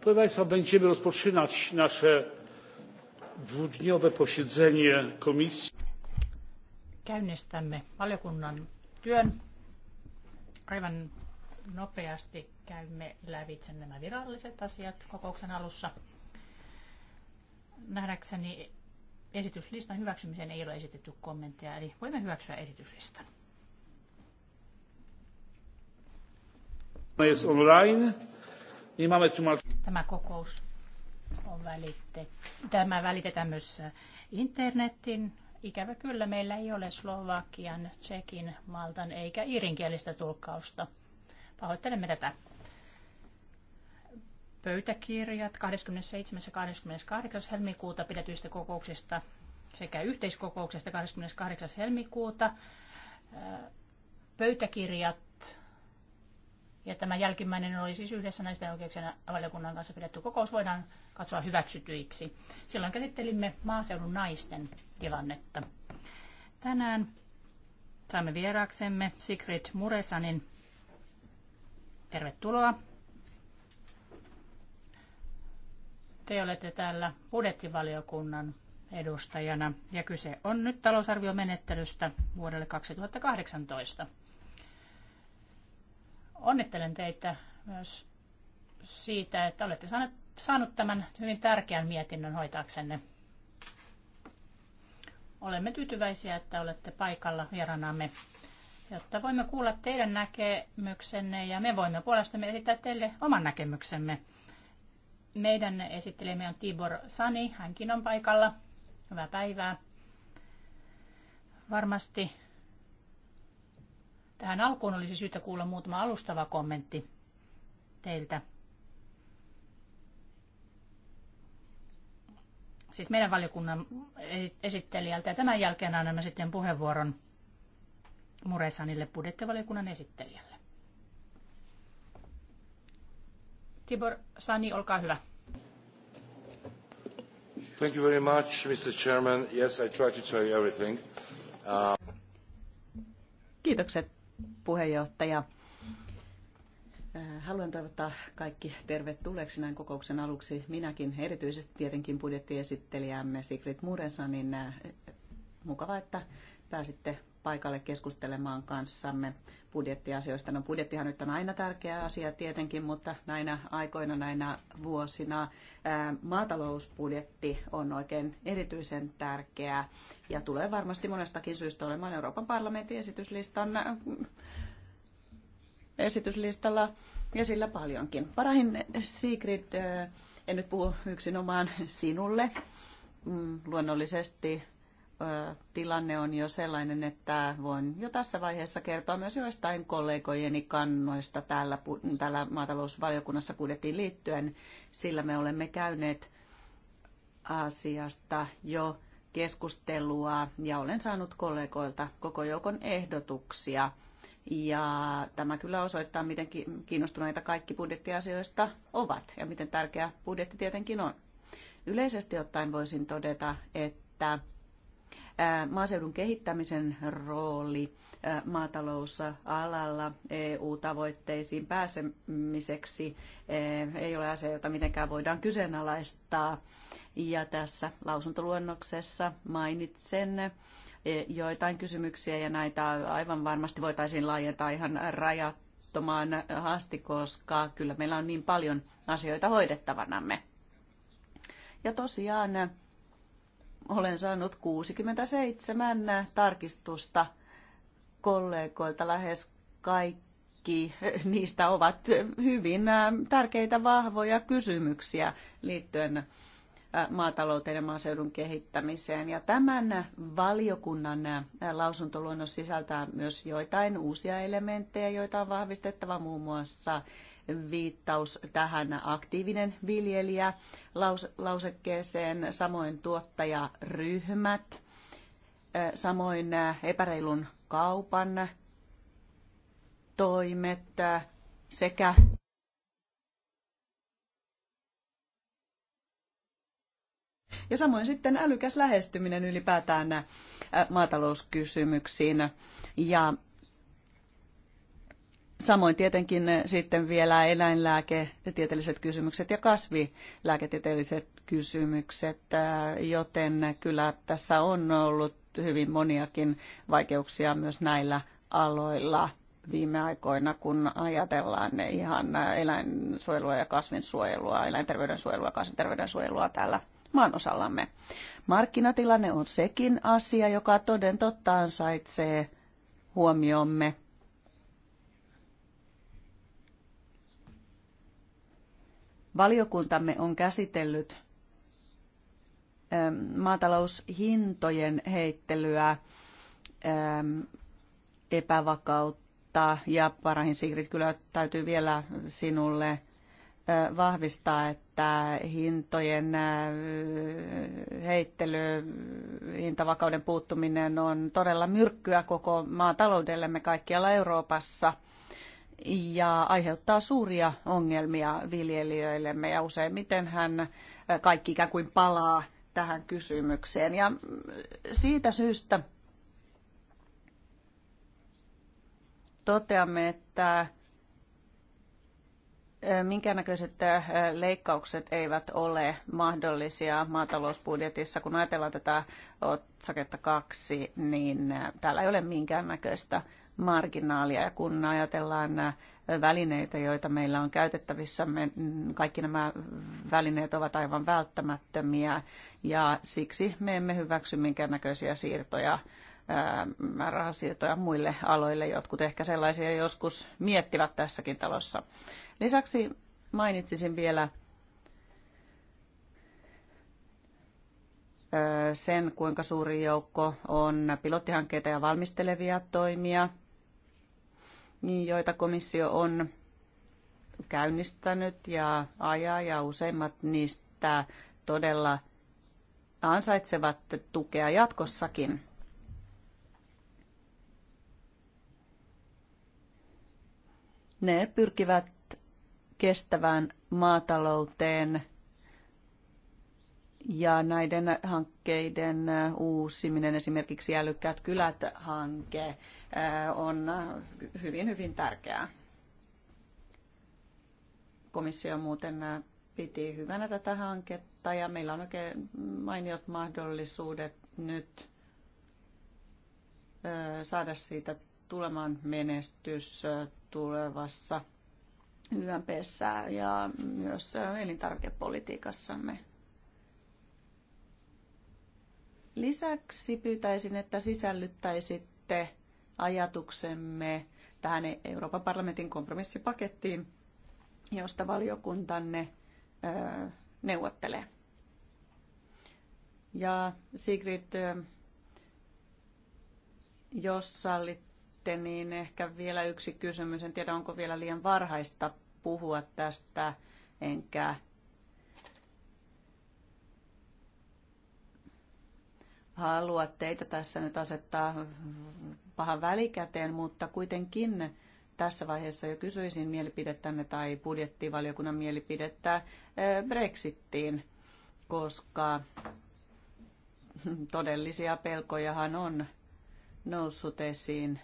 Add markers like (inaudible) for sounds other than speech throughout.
proszę państwa będziemy rozpoczynać nasze dwudniowe posiedzenie komisji. käynnistämme valiokunnan työn aivan nopeasti käymme lävitse nämä viralliset asiat kokouksen alussa. Nähdäkseni esityslistan hyväksymiseen ei ole esitetty kommentteja, eli voimme hyväksyä esityslistan. Jest online. Nie mamy tłumaczenia. Tämä kokous on välitetty. Tämä välitetään myös internetin. Ikävä kyllä meillä ei ole Slovakian, Tsekin, Maltan eikä irinkielistä tulkkausta. Pahoittelemme tätä. Pöytäkirjat 27. ja 28. helmikuuta pidetyistä kokouksista sekä yhteiskokouksesta 28. helmikuuta. Pöytäkirjat ja tämä jälkimmäinen oli siis yhdessä näistä oikeuksien valiokunnan kanssa pidetty kokous, voidaan katsoa hyväksytyiksi. Silloin käsittelimme maaseudun naisten tilannetta. Tänään saamme vieraaksemme Sigrid Muresanin. Tervetuloa. Te olette täällä budjettivaliokunnan edustajana ja kyse on nyt talousarviomenettelystä vuodelle 2018. Onnittelen teitä myös siitä, että olette saaneet, saanut tämän hyvin tärkeän mietinnön hoitaaksenne. Olemme tyytyväisiä, että olette paikalla vieraanamme, jotta voimme kuulla teidän näkemyksenne ja me voimme puolestamme esittää teille oman näkemyksemme. Meidän esittelemme on Tibor Sani, hänkin on paikalla. Hyvää päivää. Varmasti Tähän alkuun olisi syytä kuulla muutama alustava kommentti teiltä. Siis meidän valiokunnan esittelijältä ja tämän jälkeen annamme sitten puheenvuoron Muresanille budjettivaliokunnan esittelijälle. Tibor Sani, olkaa hyvä. Thank you very much, Mr. Chairman. Yes, I tried to tell you everything. Uh... Kiitokset puheenjohtaja. Äh, haluan toivottaa kaikki tervetulleeksi näin kokouksen aluksi. Minäkin erityisesti tietenkin budjettiesittelijämme Sigrid Muresanin äh, mukava, että pääsitte paikalle keskustelemaan kanssamme budjettiasioista. No budjettihan nyt on aina tärkeä asia tietenkin, mutta näinä aikoina, näinä vuosina ää, maatalousbudjetti on oikein erityisen tärkeä ja tulee varmasti monestakin syystä olemaan Euroopan parlamentin esityslistan esityslistalla esityslistalla esillä paljonkin. Parahin Sigrid, ää, en nyt puhu yksinomaan sinulle, mm, luonnollisesti tilanne on jo sellainen, että voin jo tässä vaiheessa kertoa myös joistain kollegojeni kannoista täällä, täällä maatalousvaliokunnassa budjettiin liittyen, sillä me olemme käyneet asiasta jo keskustelua ja olen saanut kollegoilta koko joukon ehdotuksia. Ja tämä kyllä osoittaa, miten kiinnostuneita kaikki budjettiasioista ovat ja miten tärkeä budjetti tietenkin on. Yleisesti ottaen voisin todeta, että maaseudun kehittämisen rooli maatalousalalla EU-tavoitteisiin pääsemiseksi ei ole asia, jota mitenkään voidaan kyseenalaistaa. Ja tässä lausuntoluonnoksessa mainitsen joitain kysymyksiä ja näitä aivan varmasti voitaisiin laajentaa ihan rajattomaan asti, koska kyllä meillä on niin paljon asioita hoidettavanamme. Ja tosiaan olen saanut 67 tarkistusta kollegoilta lähes kaikki. Niistä ovat hyvin tärkeitä vahvoja kysymyksiä liittyen maatalouteen ja maaseudun kehittämiseen. Ja tämän valiokunnan lausuntoluonnos sisältää myös joitain uusia elementtejä, joita on vahvistettava muun muassa viittaus tähän aktiivinen viljelijä lausekkeeseen, samoin tuottajaryhmät, samoin epäreilun kaupan toimet sekä Ja samoin sitten älykäs lähestyminen ylipäätään maatalouskysymyksiin. Ja Samoin tietenkin eh, sitten vielä eläinlääketieteelliset kysymykset ja kasvilääketieteelliset kysymykset, eh, joten kyllä tässä on ollut hyvin moniakin vaikeuksia myös näillä aloilla viime aikoina, kun ajatellaan ihan eläinsuojelua ja kasvinsuojelua, eläinterveyden suojelua ja kasvinterveyden suojelua täällä maanosallamme. Markkinatilanne on sekin asia, joka toden totta ansaitsee huomiomme Valiokuntamme on käsitellyt ähm, maataloushintojen heittelyä, ähm, epävakautta ja parahin Sigrid, kyllä täytyy vielä sinulle äh, vahvistaa, että hintojen äh, heittely, hintavakauden puuttuminen on todella myrkkyä koko maataloudellemme kaikkialla Euroopassa – ja aiheuttaa suuria ongelmia viljelijöillemme ja useimmiten hän kaikki ikään kuin palaa tähän kysymykseen. Ja siitä syystä toteamme, että näköiset leikkaukset eivät ole mahdollisia maatalousbudjetissa. Kun ajatellaan tätä otsaketta kaksi, niin täällä ei ole minkäännäköistä marginaalia. Ja kun ajatellaan äh, välineitä, joita meillä on käytettävissä, me, mm, kaikki nämä välineet ovat aivan välttämättömiä ja siksi me emme hyväksy minkäännäköisiä siirtoja äh, määrärahasiirtoja muille aloille. Jotkut ehkä sellaisia joskus miettivät tässäkin talossa. Lisäksi mainitsisin vielä äh, sen, kuinka suuri joukko on pilottihankkeita ja valmistelevia toimia joita komissio on käynnistänyt ja ajaa ja useimmat niistä todella ansaitsevat tukea jatkossakin. Ne pyrkivät kestävään maatalouteen ja näiden hankkeiden uusiminen, esimerkiksi älykkäät kylät-hanke, äh, on hyvin, hyvin tärkeää. Komissio muuten äh, piti hyvänä tätä hanketta ja meillä on oikein mainiot mahdollisuudet nyt äh, saada siitä tulemaan menestys tulevassa YMPssä ja myös elintarvikepolitiikassamme. Lisäksi pyytäisin, että sisällyttäisitte ajatuksemme tähän Euroopan parlamentin kompromissipakettiin, josta valiokuntanne neuvottelee. Ja Sigrid, jos sallitte, niin ehkä vielä yksi kysymys. En tiedä, onko vielä liian varhaista puhua tästä, enkä halua teitä tässä nyt asettaa pahan välikäteen, mutta kuitenkin tässä vaiheessa jo kysyisin mielipidettänne tai budjettivaliokunnan mielipidettä eh, Brexittiin, koska todellisia pelkojahan on noussut esiin.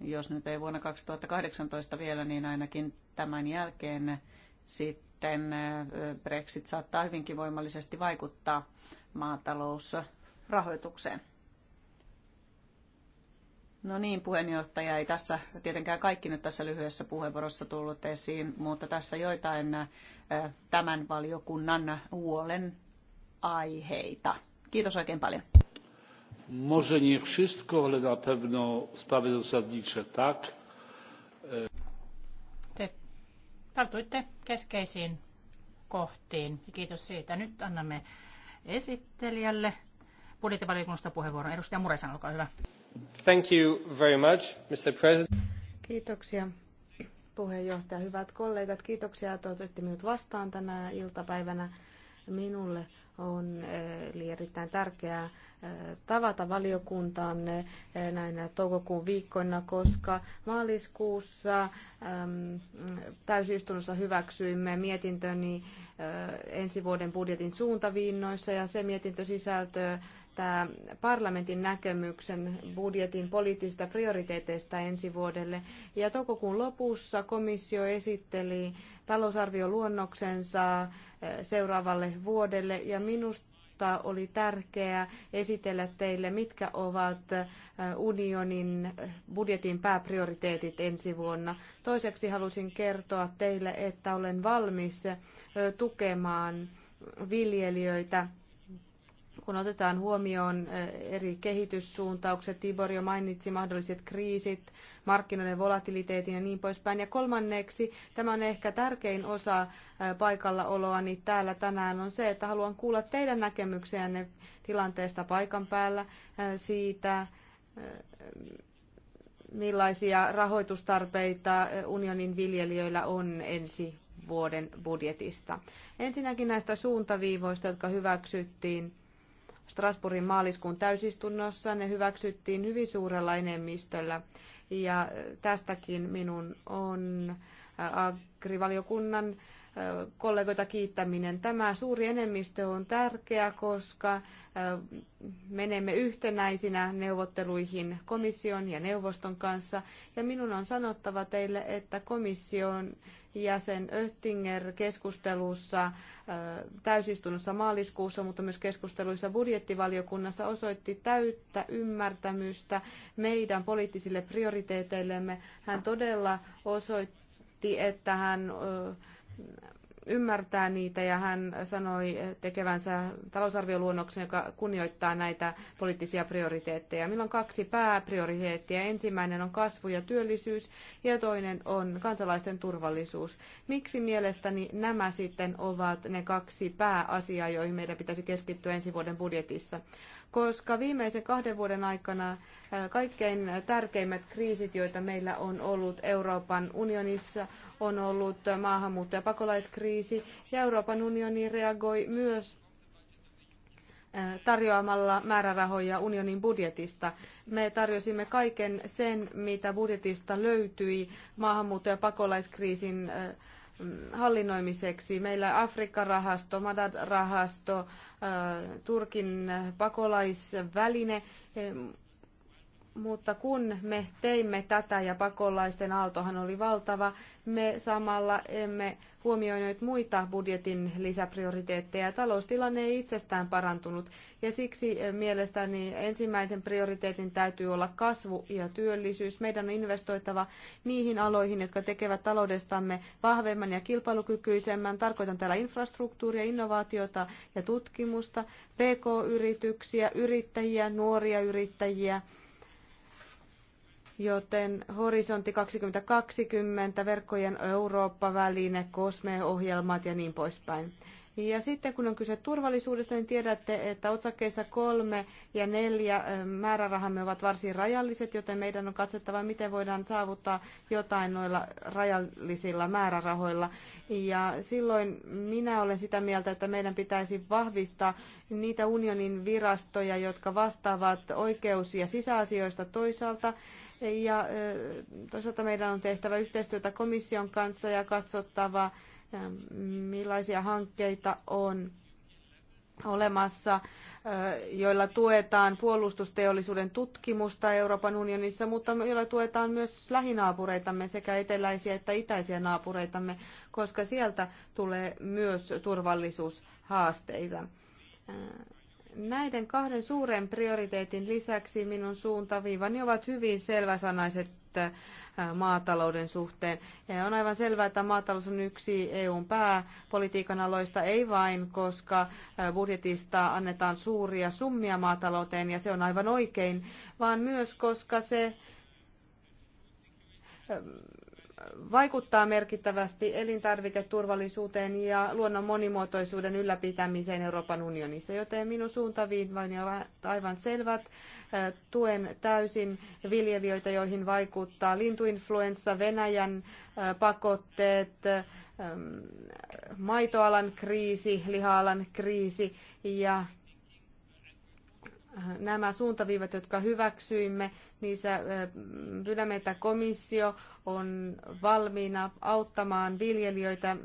Jos nyt ei vuonna 2018 vielä, niin ainakin tämän jälkeen sitten eh, Brexit saattaa hyvinkin voimallisesti vaikuttaa maatalous rahoitukseen. No niin, puheenjohtaja, ei tässä tietenkään kaikki nyt tässä lyhyessä puheenvuorossa tullut esiin, mutta tässä joitain äh, tämän valiokunnan huolen aiheita. Kiitos oikein paljon. Może nie wszystko, ale na pewno sprawy zasadnicze tak. Te tartuitte keskeisiin kohtiin. Kiitos siitä. Nyt annamme esittelijälle budjettivaliokunnasta puheenvuoron. Edustaja Muresan, olkaa hyvä. Thank you very much, Mr. President. Kiitoksia puheenjohtaja. Hyvät kollegat, kiitoksia, että otette minut vastaan tänä iltapäivänä. Minulle on eh, eli erittäin tärkeää eh, tavata valiokuntaanne eh, näinä toukokuun viikkoina, koska maaliskuussa täysistunnossa hyväksyimme mietintöni ensi vuoden budjetin suuntaviinnoissa ja se mietintö sisältö tietää parlamentin näkemyksen budjetin poliittisista prioriteeteista ensi vuodelle. Ja toukokuun lopussa komissio esitteli talousarvioluonnoksensa eh, seuraavalle vuodelle ja minusta oli tärkeää esitellä teille, mitkä ovat eh, unionin budjetin pääprioriteetit ensi vuonna. Toiseksi halusin kertoa teille, että olen valmis eh, tukemaan viljelijöitä kun otetaan huomioon eh, eri kehityssuuntaukset, Tibor jo mainitsi mahdolliset kriisit, markkinoiden volatiliteetin ja niin poispäin. Ja kolmanneksi, tämä on ehkä tärkein osa niin täällä tänään, on se, että haluan kuulla teidän näkemyksiänne tilanteesta paikan päällä, eh, siitä, millaisia rahoitustarpeita unionin viljelijöillä on ensi vuoden budjetista. Ensinnäkin näistä suuntaviivoista, jotka hyväksyttiin Strasbourgin maaliskuun täysistunnossa. Ne hyväksyttiin hyvin suurella enemmistöllä ja tästäkin minun on agrivaliokunnan kollegoita kiittäminen. Tämä suuri enemmistö on tärkeä, koska menemme yhtenäisinä neuvotteluihin komission ja neuvoston kanssa. Ja minun on sanottava teille, että komission jäsen Öttinger keskustelussa täysistunnossa maaliskuussa, mutta myös keskusteluissa budjettivaliokunnassa osoitti täyttä ymmärtämystä meidän poliittisille prioriteeteillemme. Hän todella osoitti, että hän ymmärtää niitä ja hän sanoi tekevänsä talousarvioluonnoksen, joka kunnioittaa näitä poliittisia prioriteetteja. Meillä on kaksi pääprioriteettia. Ensimmäinen on kasvu ja työllisyys ja toinen on kansalaisten turvallisuus. Miksi mielestäni nämä sitten ovat ne kaksi pääasiaa, joihin meidän pitäisi keskittyä ensi vuoden budjetissa? koska viimeisen kahden vuoden aikana kaikkein tärkeimmät kriisit, joita meillä on ollut Euroopan unionissa, on ollut maahanmuutto- ja pakolaiskriisi, ja Euroopan unioni reagoi myös tarjoamalla määrärahoja unionin budjetista. Me tarjosimme kaiken sen, mitä budjetista löytyi maahanmuutto- ja pakolaiskriisin hallinnoimiseksi. Meillä Afrikan rahasto Madad-rahasto, äh, Turkin pakolaisväline, mutta kun me teimme tätä ja pakolaisten aaltohan oli valtava, me samalla emme huomioineet muita budjetin lisäprioriteetteja. Taloustilanne ei itsestään parantunut ja siksi eh, mielestäni ensimmäisen prioriteetin täytyy olla kasvu ja työllisyys. Meidän on investoitava niihin aloihin, jotka tekevät taloudestamme vahvemman ja kilpailukykyisemmän. Tarkoitan täällä infrastruktuuria, innovaatiota ja tutkimusta, pk-yrityksiä, yrittäjiä, nuoria yrittäjiä joten Horisontti 2020, verkkojen Eurooppa-väline, COSME-ohjelmat ja niin poispäin. Ja sitten kun on kyse turvallisuudesta, niin tiedätte, että otsakkeissa kolme ja neljä eh, määrärahamme ovat varsin rajalliset, joten meidän on katsottava, miten voidaan saavuttaa jotain noilla rajallisilla määrärahoilla. Ja silloin minä olen sitä mieltä, että meidän pitäisi vahvistaa niitä unionin virastoja, jotka vastaavat oikeus- ja sisäasioista toisaalta ja toisaalta meidän on tehtävä yhteistyötä komission kanssa ja katsottava, millaisia hankkeita on olemassa, joilla tuetaan puolustusteollisuuden tutkimusta Euroopan unionissa, mutta joilla tuetaan myös lähinaapureitamme, sekä eteläisiä että itäisiä naapureitamme, koska sieltä tulee myös turvallisuushaasteita. Näiden kahden suuren prioriteetin lisäksi minun suuntaviivani ovat hyvin selväsanaiset äh, maatalouden suhteen. Ja on aivan selvää, että maatalous on yksi EUn pääpolitiikan aloista, ei vain, koska äh, budjetista annetaan suuria summia maatalouteen, ja se on aivan oikein, vaan myös, koska se äh, vaikuttaa merkittävästi elintarviketurvallisuuteen ja luonnon monimuotoisuuden ylläpitämiseen Euroopan unionissa, joten minun suuntaviivani ovat aivan selvät. Tuen täysin viljelijöitä, joihin vaikuttaa lintuinfluenssa, Venäjän pakotteet, maitoalan kriisi, lihaalan kriisi ja nämä suuntaviivat, jotka hyväksyimme, niissä pyydämme, että komissio on valmiina auttamaan viljelijöitä,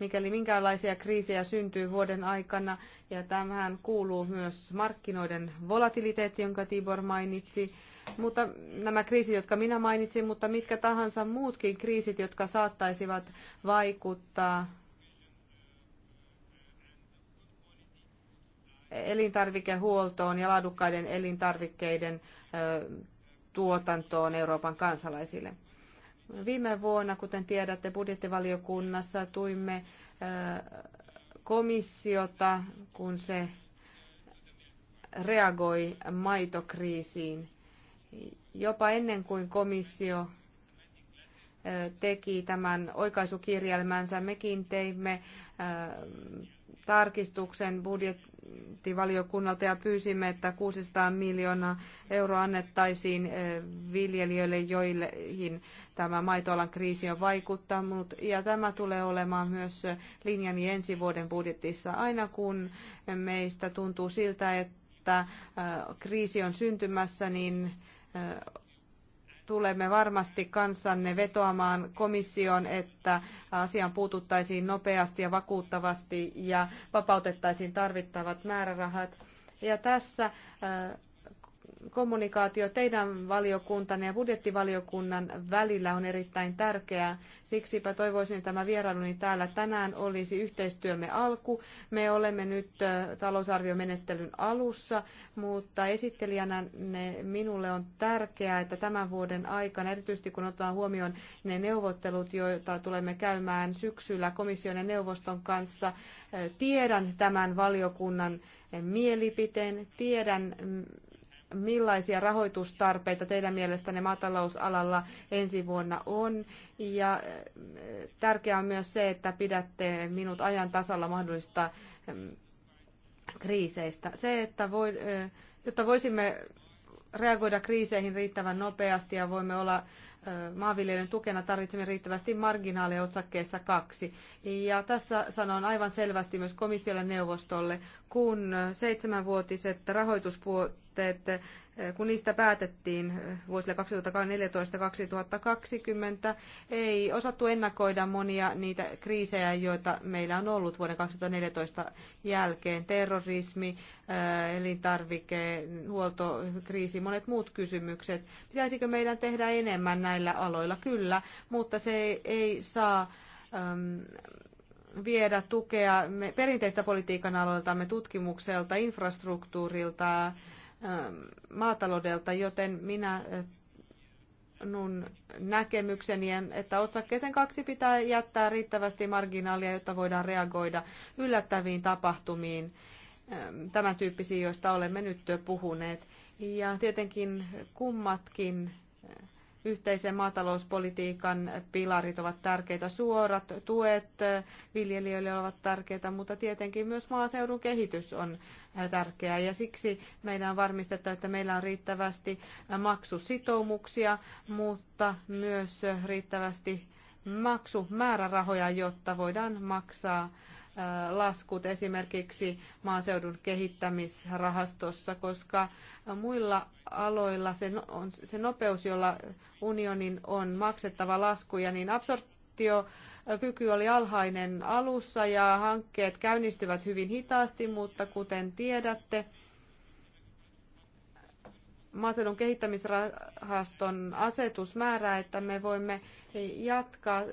mikäli minkälaisia kriisejä syntyy vuoden aikana. Ja tämähän kuuluu myös markkinoiden volatiliteetti, jonka Tibor mainitsi. Mutta nämä kriisit, jotka minä mainitsin, mutta mitkä tahansa muutkin kriisit, jotka saattaisivat vaikuttaa elintarvikehuoltoon ja laadukkaiden elintarvikkeiden tuotantoon Euroopan kansalaisille. Viime vuonna, kuten tiedätte, budjettivaliokunnassa tuimme komissiota, kun se reagoi maitokriisiin. Jopa ennen kuin komissio teki tämän oikaisukirjelmänsä, mekin teimme tarkistuksen budjettiin valiokunnalta ja pyysimme, että 600 miljoonaa euroa annettaisiin eh, viljelijöille, joihin tämä maitoalan kriisi on vaikuttanut. Ja tämä tulee olemaan myös linjani ensi vuoden budjetissa. Aina kun meistä tuntuu siltä, että eh, kriisi on syntymässä, niin eh, tulemme varmasti kanssanne vetoamaan komission, että asiaan puututtaisiin nopeasti ja vakuuttavasti ja vapautettaisiin tarvittavat määrärahat. Ja tässä äh, kommunikaatio teidän valiokuntanne ja budjettivaliokunnan välillä on erittäin tärkeää. Siksipä toivoisin, että tämä vierailuni täällä tänään olisi yhteistyömme alku. Me olemme nyt talousarviomenettelyn alussa, mutta esittelijänä ne, minulle on tärkeää, että tämän vuoden aikana, erityisesti kun otetaan huomioon ne neuvottelut, joita tulemme käymään syksyllä komission ja neuvoston kanssa, tiedän tämän valiokunnan mielipiteen, tiedän millaisia rahoitustarpeita teidän mielestänne maatalousalalla ensi vuonna on. Ja äh, tärkeää on myös se, että pidätte minut ajan tasalla mahdollisista ähm, kriiseistä. Se, että voi, äh, jotta voisimme reagoida kriiseihin riittävän nopeasti ja voimme olla äh, maanviljelyn tukena tarvitsemme riittävästi marginaaleja otsakkeessa kaksi. Ja tässä sanon aivan selvästi myös komissiolle neuvostolle, kun seitsemänvuotiset rahoituspuolet tavoitteet, eh, kun niistä päätettiin eh, vuosille 2014-2020, ei osattu ennakoida monia niitä kriisejä, joita meillä on ollut vuoden 2014 jälkeen. Terrorismi, eh, elintarvike, huoltokriisi, monet muut kysymykset. Pitäisikö meidän tehdä enemmän näillä aloilla? Kyllä, mutta se ei saa ehm, viedä tukea me, perinteistä politiikan aloiltamme tutkimukselta, infrastruktuurilta, Ähm, maataloudelta, joten minä minun äh, näkemykseni, että otsakkeeseen kaksi pitää jättää riittävästi marginaalia, jotta voidaan reagoida yllättäviin tapahtumiin, ähm, tämän tyyppisiin, joista olemme nyt puhuneet. Ja tietenkin kummatkin yhteisen maatalouspolitiikan pilarit ovat tärkeitä. Suorat tuet viljelijöille ovat tärkeitä, mutta tietenkin myös maaseudun kehitys on tärkeää. Ja siksi meidän on varmistettava, että meillä on riittävästi maksusitoumuksia, mutta myös riittävästi maksumäärärahoja, jotta voidaan maksaa Äh, laskut esimerkiksi maaseudun kehittämisrahastossa, koska muilla aloilla se, no-, on, se nopeus, jolla unionin on maksettava laskuja, niin absorptio kyky oli alhainen alussa ja hankkeet käynnistyvät hyvin hitaasti, mutta kuten tiedätte, maaseudun kehittämisrahaston asetus määrää, että me voimme jatkaa äh,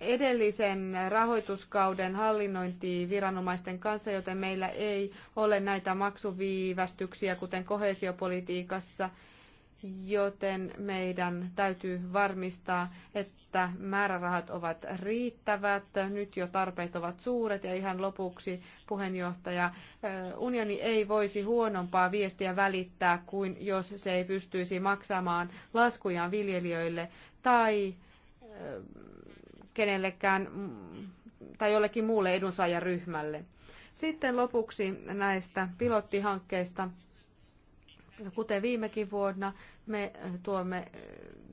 edellisen rahoituskauden hallinnointiviranomaisten kanssa, joten meillä ei ole näitä maksuviivästyksiä, kuten kohesiopolitiikassa, joten meidän täytyy varmistaa, että määrärahat ovat riittävät, nyt jo tarpeet ovat suuret ja ihan lopuksi puheenjohtaja, unioni ei voisi huonompaa viestiä välittää kuin jos se ei pystyisi maksamaan laskujaan viljelijöille tai kenellekään mm, tai jollekin muulle edunsaajaryhmälle. Sitten lopuksi näistä pilottihankkeista. Kuten viimekin vuonna, me eh, tuomme, eh,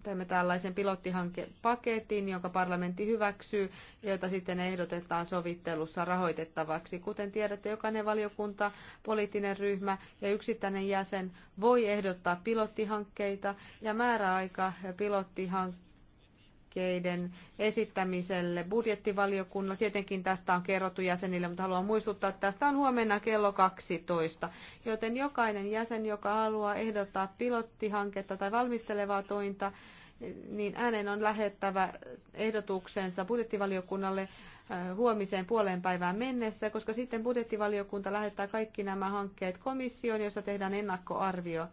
teemme tällaisen pilottihankepaketin, jonka parlamentti hyväksyy, jota sitten ehdotetaan sovittelussa rahoitettavaksi. Kuten tiedätte, jokainen valiokunta, poliittinen ryhmä ja yksittäinen jäsen voi ehdottaa pilottihankkeita, ja määräaika pilottihankkeita hankkeiden esittämiselle budjettivaliokunnalle. Tietenkin tästä on kerrottu jäsenille, mutta haluan muistuttaa, että tästä on huomenna kello 12. Joten jokainen jäsen, joka haluaa ehdottaa pilottihanketta tai valmistelevaa tointa, niin äänen on lähettävä ehdotuksensa budjettivaliokunnalle äh, huomiseen puoleen päivään mennessä, koska sitten budjettivaliokunta lähettää kaikki nämä hankkeet komissioon, jossa tehdään ennakkoarvio.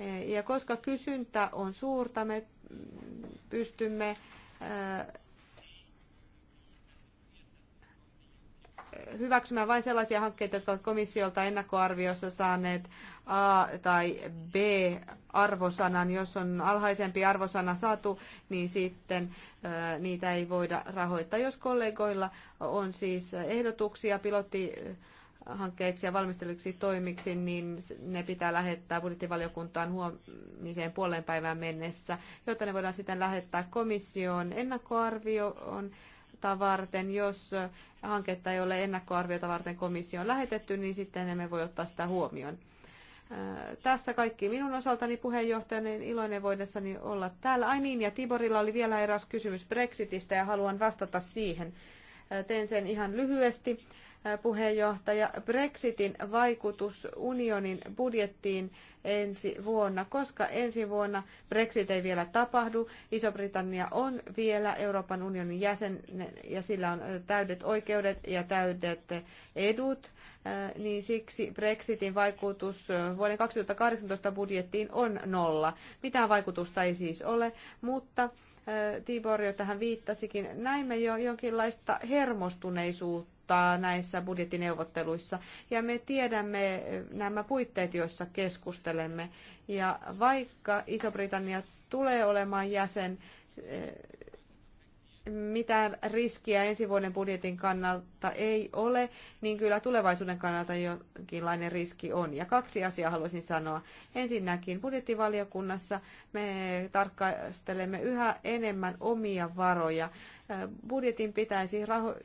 Äh, ja koska kysyntä on suurta, me pystymme hyväksymään vain sellaisia hankkeita, jotka ovat komissiolta ennakkoarviossa saaneet A- tai B-arvosanan. Jos on alhaisempi arvosana saatu, niin sitten niitä ei voida rahoittaa. Jos kollegoilla on siis ehdotuksia pilotti hankkeiksi ja valmisteluksi toimiksi, niin ne pitää lähettää budjettivaliokuntaan huomiseen puoleen päivään mennessä, jotta ne voidaan sitten lähettää komissioon ennakkoarvioon varten. Jos hanketta ei ole ennakkoarviota varten komissioon lähetetty, niin sitten emme voi ottaa sitä huomioon. Tässä kaikki minun osaltani puheenjohtajana iloinen voidessani olla täällä. Ai niin, ja Tiborilla oli vielä eräs kysymys Brexitistä ja haluan vastata siihen. Teen sen ihan lyhyesti Äh, puheenjohtaja, Brexitin vaikutus unionin budjettiin ensi vuonna, koska ensi vuonna Brexit ei vielä tapahdu. Iso-Britannia on vielä Euroopan unionin jäsen ja sillä on äh, täydet oikeudet ja täydet äh, edut, niin siksi Brexitin vaikutus vuoden 2018 budjettiin on nolla. Mitään vaikutusta ei siis ole, mutta Tibor jo tähän viittasikin, näimme jo jonkinlaista hermostuneisuutta ottaa näissä budjettineuvotteluissa. Ja me tiedämme nämä puitteet, joissa keskustelemme. Ja vaikka Iso-Britannia tulee olemaan jäsen, eh, mitään riskiä ensi vuoden budjetin kannalta ei ole, niin kyllä tulevaisuuden kannalta jonkinlainen riski on. Ja kaksi asiaa haluaisin sanoa. Ensinnäkin budjettivaliokunnassa me tarkastelemme yhä enemmän omia varoja. Eh, budjetin pitäisi raho-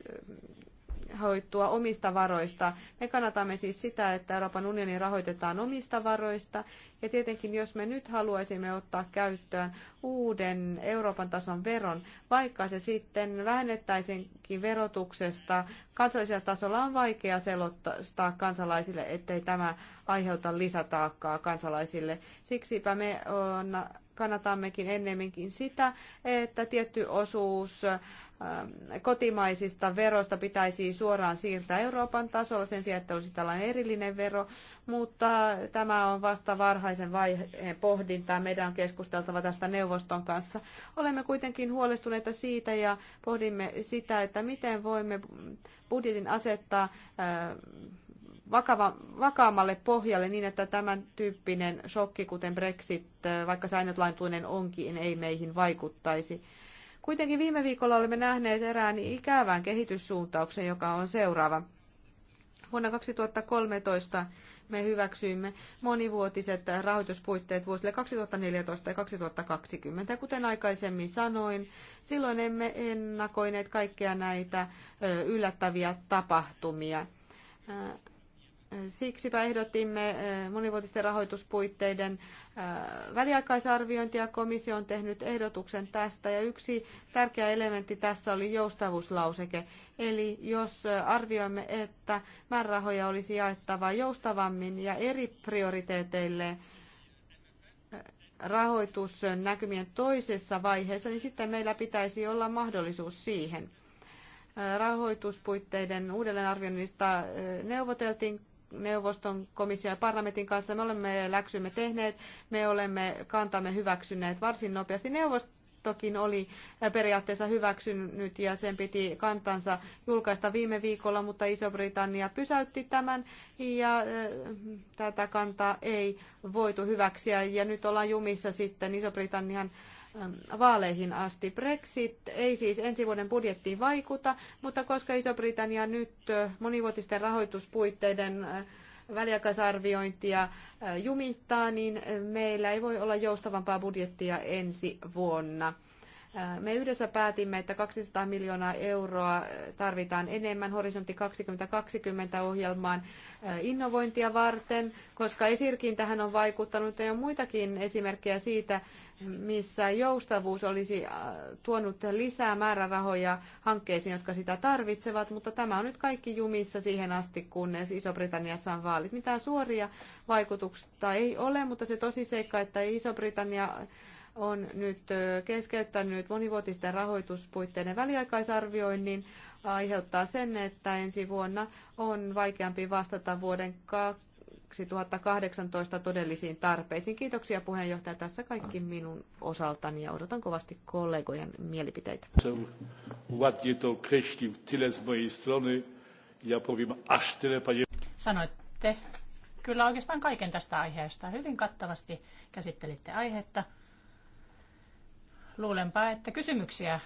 rahoittua omista varoista. Me kannatamme siis sitä, että Euroopan unioni rahoitetaan omista varoista. Ja tietenkin, jos me nyt haluaisimme ottaa käyttöön uuden Euroopan tason veron, vaikka se sitten vähennettäisinkin verotuksesta, kansallisella tasolla on vaikea selottaa kansalaisille, ettei tämä aiheuta lisätaakkaa kansalaisille. Siksipä me on, kannatammekin ennemminkin sitä, että tietty osuus kotimaisista veroista pitäisi suoraan siirtää Euroopan tasolla sen sijaan, että olisi tällainen erillinen vero, mutta tämä on vasta varhaisen vaiheen pohdintaa. Meidän on keskusteltava tästä neuvoston kanssa. Olemme kuitenkin huolestuneita siitä ja pohdimme sitä, että miten voimme budjetin asettaa vakava, vakaammalle pohjalle niin, että tämän tyyppinen shokki, kuten Brexit, vaikka se ainutlaintuinen onkin, ei meihin vaikuttaisi Kuitenkin viime viikolla olemme nähneet erään ikävän kehityssuuntauksen, joka on seuraava. Vuonna 2013 me hyväksyimme monivuotiset rahoituspuitteet vuosille 2014 ja 2020. Kuten aikaisemmin sanoin, silloin emme ennakoineet kaikkia näitä yllättäviä tapahtumia. Siksipä ehdotimme eh, monivuotisten rahoituspuitteiden eh, väliaikaisarviointia. Komissio on tehnyt ehdotuksen tästä ja yksi tärkeä elementti tässä oli joustavuuslauseke. Eli jos eh, arvioimme, että määrärahoja olisi jaettava joustavammin ja eri prioriteeteille rahoitusnäkymien toisessa vaiheessa, niin sitten meillä pitäisi olla mahdollisuus siihen rahoituspuitteiden uudelleenarvioinnista neuvoteltiin neuvoston, komission ja parlamentin kanssa. Me olemme läksymme tehneet, me olemme kantamme hyväksyneet varsin nopeasti. Neuvostokin oli periaatteessa hyväksynyt ja sen piti kantansa julkaista viime viikolla, mutta Iso-Britannia pysäytti tämän ja äh, tätä kantaa ei voitu hyväksyä. Ja nyt ollaan jumissa sitten Iso-Britannian Ähm, vaaleihin asti. Brexit ei siis ensi vuoden budjettiin vaikuta, mutta koska Iso-Britannia nyt monivuotisten rahoituspuitteiden väliaikaisarviointia jumittaa, niin meillä ei voi olla joustavampaa budjettia ensi vuonna. Me yhdessä päätimme, että 200 miljoonaa euroa tarvitaan enemmän horisontti 2020 ohjelmaan innovointia varten, koska esirkin tähän on vaikuttanut ja on muitakin esimerkkejä siitä, missä joustavuus olisi tuonut lisää määrärahoja hankkeisiin, jotka sitä tarvitsevat, mutta tämä on nyt kaikki jumissa siihen asti, kunnes Iso-Britanniassa on vaalit. Mitään suoria vaikutuksia ei ole, mutta se tosiseikka, että Iso-Britannia on nyt keskeyttänyt monivuotisten rahoituspuitteiden väliaikaisarvioinnin, aiheuttaa sen, että ensi vuonna on vaikeampi vastata vuoden 2018 todellisiin tarpeisiin. Kiitoksia puheenjohtaja. Tässä kaikki minun osaltani ja odotan kovasti kollegojen mielipiteitä. Ładnie to tyle z mojej strony. Ja powiem aż tyle, panie... Sanoitte kyllä oikeastaan kaiken tästä aiheesta. Hyvin kattavasti käsittelitte aihetta. Luulenpa, että kysymyksiä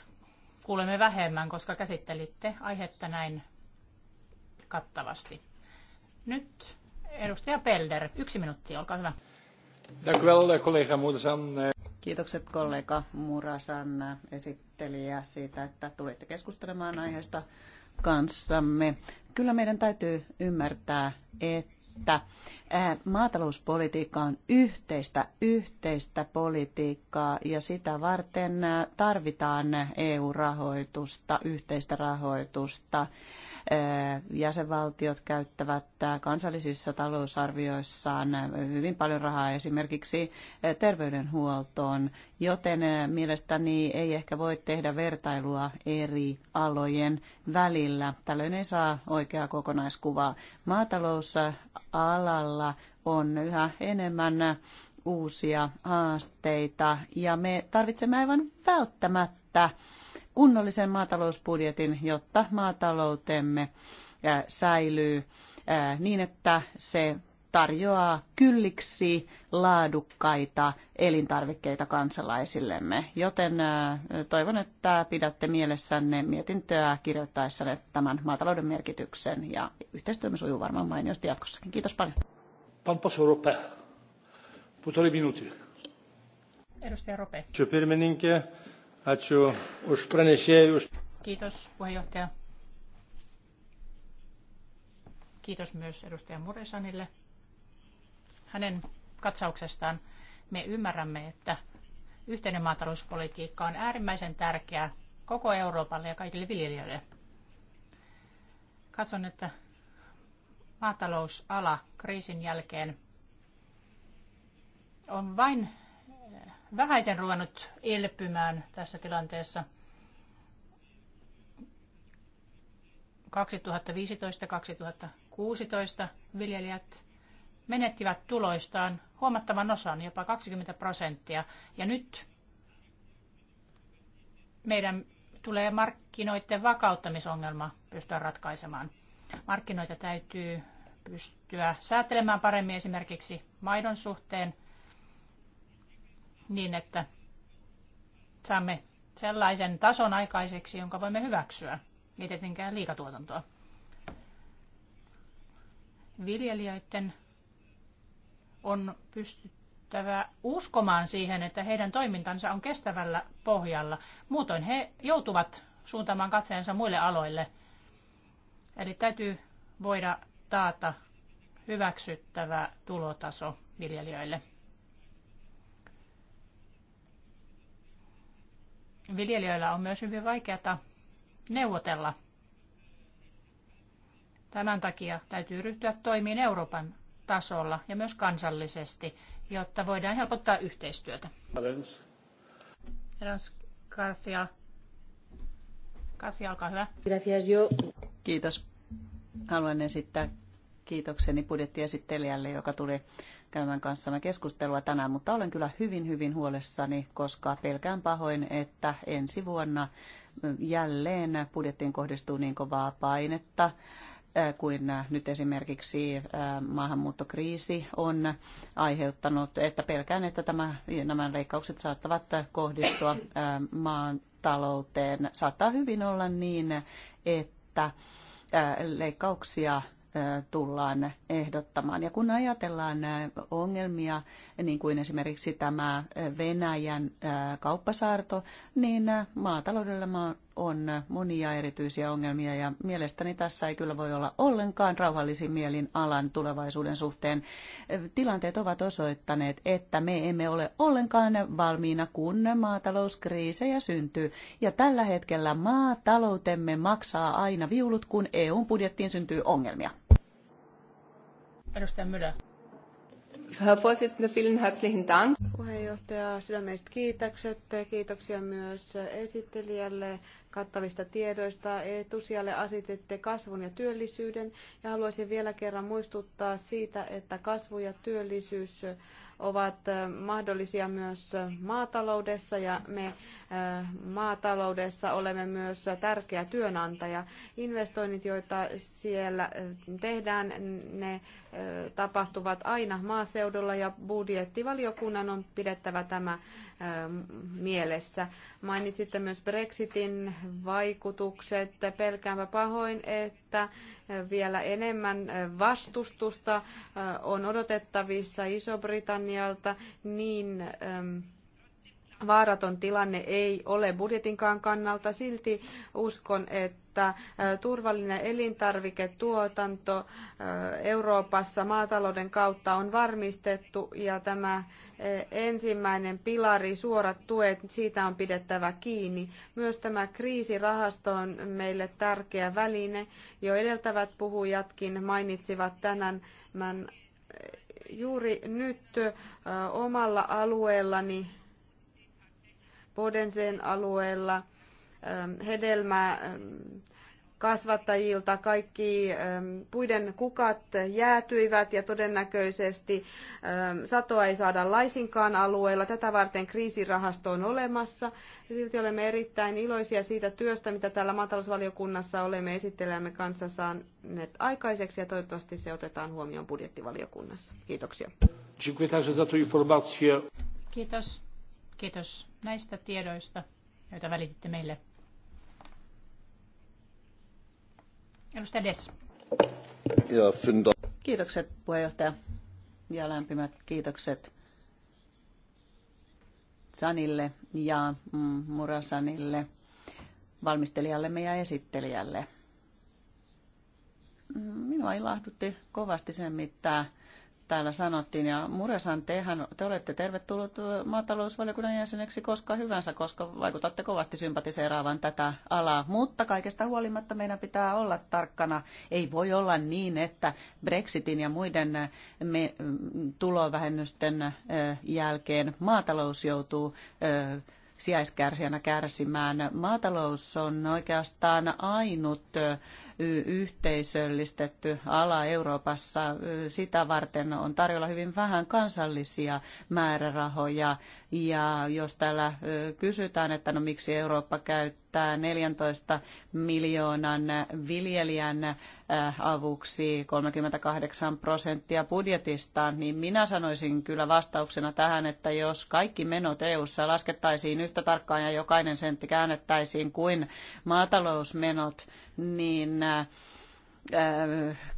kuulemme vähemmän, koska käsittelitte aihetta näin kattavasti. Nyt edustaja Pelder, yksi minuutti, olkaa hyvä. Eh, eh. Kiitokset kollega Murasan eh, esittelijä siitä, että tulitte keskustelemaan aiheesta kanssamme. Kyllä meidän täytyy ymmärtää, että maatalouspolitiikka on yhteistä, yhteistä politiikkaa ja sitä varten tarvitaan EU-rahoitusta, yhteistä rahoitusta. Jäsenvaltiot käyttävät kansallisissa talousarvioissaan hyvin paljon rahaa esimerkiksi terveydenhuoltoon, joten mielestäni ei ehkä voi tehdä vertailua eri alojen välillä. Tällöin ei saa oikeaa kokonaiskuvaa. Maatalousalalla alalla on yhä enemmän uusia haasteita ja me tarvitsemme aivan välttämättä kunnollisen maatalousbudjetin, jotta maataloutemme säilyy niin, että se tarjoaa kylliksi laadukkaita elintarvikkeita kansalaisillemme. Joten toivon, että pidätte mielessänne mietintöä kirjoittaessanne tämän maatalouden merkityksen ja yhteistyömme sujuu varmaan mainiosti jatkossakin. Kiitos paljon. Pan poseł Rope. Półtorej minuty. Edustaja Rope. Ačiū pirmininkė, ačiū už pranešėjus. Kiitos puheenjohtaja. Kiitos myös edustaja Muresanille hänen katsauksestaan. Me ymmärrämme, että yhteinen maatalouspolitiikka on äärimmäisen tärkeää koko Euroopalle ja kaikille viljelijöille. Katson, että maatalousala kriisin jälkeen on vain eh, vähäisen ruvennut elpymään tässä tilanteessa. 2015-2016 viljelijät menettivät tuloistaan huomattavan osan, jopa 20 prosenttia. Ja nyt meidän tulee markkinoiden vakauttamisongelma pystyä ratkaisemaan. Markkinoita täytyy pystyä säätelemään paremmin esimerkiksi maidon suhteen niin, että saamme sellaisen tason aikaiseksi, jonka voimme hyväksyä. Ei tietenkään liikatuotantoa. Viljelijöiden on pystyttävä uskomaan siihen, että heidän toimintansa on kestävällä pohjalla. Muutoin he joutuvat suuntaamaan katseensa muille aloille. Eli täytyy voida taata hyväksyttävä tulotaso viljelijöille. Viljelijöillä on myös hyvin vaikeata neuvotella. Tämän takia täytyy ryhtyä toimiin Euroopan tasolla ja myös kansallisesti, jotta voidaan helpottaa yhteistyötä. olkaa hyvä. Kiitos. Haluan esittää kiitokseni budjettiesittelijälle, joka tuli käymään kanssamme keskustelua tänään, mutta olen kyllä hyvin, hyvin huolessani, koska pelkään pahoin, että ensi vuonna jälleen budjettiin kohdistuu niin kovaa painetta eh, kuin nyt esimerkiksi eh, maahanmuuttokriisi on aiheuttanut, että pelkään, että tämä, nämä leikkaukset saattavat kohdistua eh, maan talouteen. Saattaa hyvin olla niin, että leikkauksia tullaan ehdottamaan. Ja kun ajatellaan ongelmia, niin kuin esimerkiksi tämä Venäjän kauppasaarto, niin maataloudella on monia erityisiä ongelmia ja mielestäni tässä ei kyllä voi olla ollenkaan rauhallisin mielin alan tulevaisuuden suhteen. Tilanteet ovat osoittaneet, että me emme ole ollenkaan valmiina, kun maatalouskriisejä syntyy. Ja tällä hetkellä maataloutemme maksaa aina viulut, kun EUn budjettiin syntyy ongelmia. Edustaja Mylä. Herr Vorsitzende, vielen herzlichen Dank. Puheenjohtaja, sydämelliset kiitokset. Kiitoksia myös esittelijälle kattavista tiedoista. Etusijalle asetitte kasvun ja työllisyyden. Ja haluaisin vielä kerran muistuttaa siitä, että kasvu ja työllisyys ovat mahdollisia myös maataloudessa ja me äh, maataloudessa olemme myös tärkeä työnantaja. Investoinnit, joita siellä äh, tehdään, ne tapahtuvat aina maaseudulla ja budjettivaliokunnan on pidettävä tämä mielessä. Mainitsitte myös Brexitin vaikutukset. Pelkäänpä pahoin, että vielä enemmän vastustusta on odotettavissa Iso-Britannialta niin vaaraton tilanne ei ole budjetinkaan kannalta. Silti uskon, että äh, turvallinen elintarviketuotanto äh, Euroopassa maatalouden kautta on varmistettu ja tämä äh, ensimmäinen pilari, suorat tuet, siitä on pidettävä kiinni. Myös tämä kriisirahasto on meille tärkeä väline. Jo edeltävät puhujatkin mainitsivat tänään juuri nyt omalla alueellani Podenseen alueella, ähm, hedelmää ähm, kasvattajilta kaikki ähm, puiden kukat jäätyivät ja todennäköisesti satoa ei saada laisinkaan alueella. Tätä varten kriisirahasto on olemassa. Silti olemme erittäin iloisia siitä työstä, mitä täällä maatalousvaliokunnassa olemme esittelemme kanssa saaneet aikaiseksi ja toivottavasti se otetaan huomioon budjettivaliokunnassa. Kiitoksia. Kiitos. Kiitos näistä tiedoista, joita välititte meille. Edustaja Des. Kiitokset puheenjohtaja ja lämpimät kiitokset Sanille ja mm, Murasanille, valmistelijallemme ja esittelijälle. Mm, Minua ilahdutti kovasti sen, mitä täällä sanottiin. Ja Muresan, tehän, te olette tervetullut maatalousvaliokunnan jäseneksi koska hyvänsä, koska vaikutatte kovasti sympatiseeraavan tätä alaa. Mutta kaikesta huolimatta meidän pitää olla tarkkana. Ei voi olla niin, että Brexitin ja muiden me, tulovähennysten jälkeen maatalous joutuu sijaiskärsijänä kärsimään. Maatalous on oikeastaan ainut yhteisöllistetty ala Euroopassa. Sitä varten on tarjolla hyvin vähän kansallisia määrärahoja. Ja jos täällä kysytään, että no miksi Eurooppa käyttää 14 miljoonan viljelijän avuksi 38 prosenttia budjetistaan, niin minä sanoisin kyllä vastauksena tähän, että jos kaikki menot EU-ssa laskettaisiin yhtä tarkkaan ja jokainen sentti käännettäisiin kuin maatalousmenot, niin äh,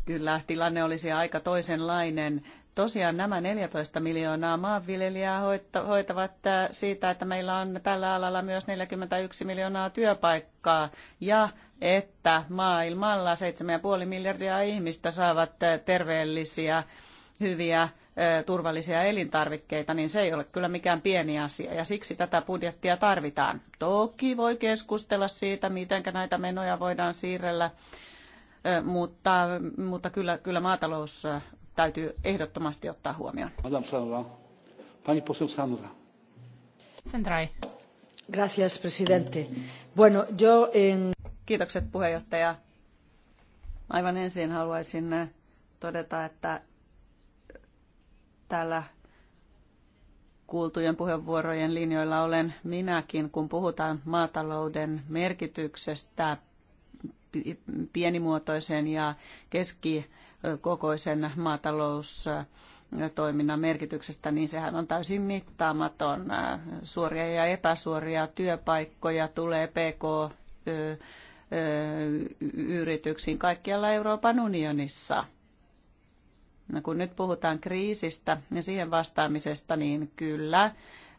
kyllä tilanne olisi aika toisenlainen. Tosiaan nämä 14 miljoonaa maanviljelijää hoitavat äh, siitä, että meillä on tällä alalla myös 41 miljoonaa työpaikkaa ja että maailmalla 7,5 miljardia ihmistä saavat äh, terveellisiä, hyviä turvallisia elintarvikkeita, niin se ei ole kyllä mikään pieni asia ja siksi tätä budjettia tarvitaan. Toki voi keskustella siitä, miten näitä menoja voidaan siirrellä, mutta, mutta kyllä, kyllä maatalous täytyy ehdottomasti ottaa huomioon. Madame Sanra. Pani poseł Sanra. Sandrai. Gracias, presidente. Bueno, yo en... Kiitokset puheenjohtaja. Aivan ensin haluaisin todeta, että täällä kuultujen puheenvuorojen linjoilla olen minäkin, kun puhutaan maatalouden merkityksestä pienimuotoisen ja keskikokoisen maataloustoiminnan merkityksestä, niin sehän on täysin mittaamaton. Suoria ja epäsuoria työpaikkoja tulee PK yrityksiin kaikkialla Euroopan unionissa – No, kun nyt puhutaan kriisistä ja siihen vastaamisesta, niin kyllä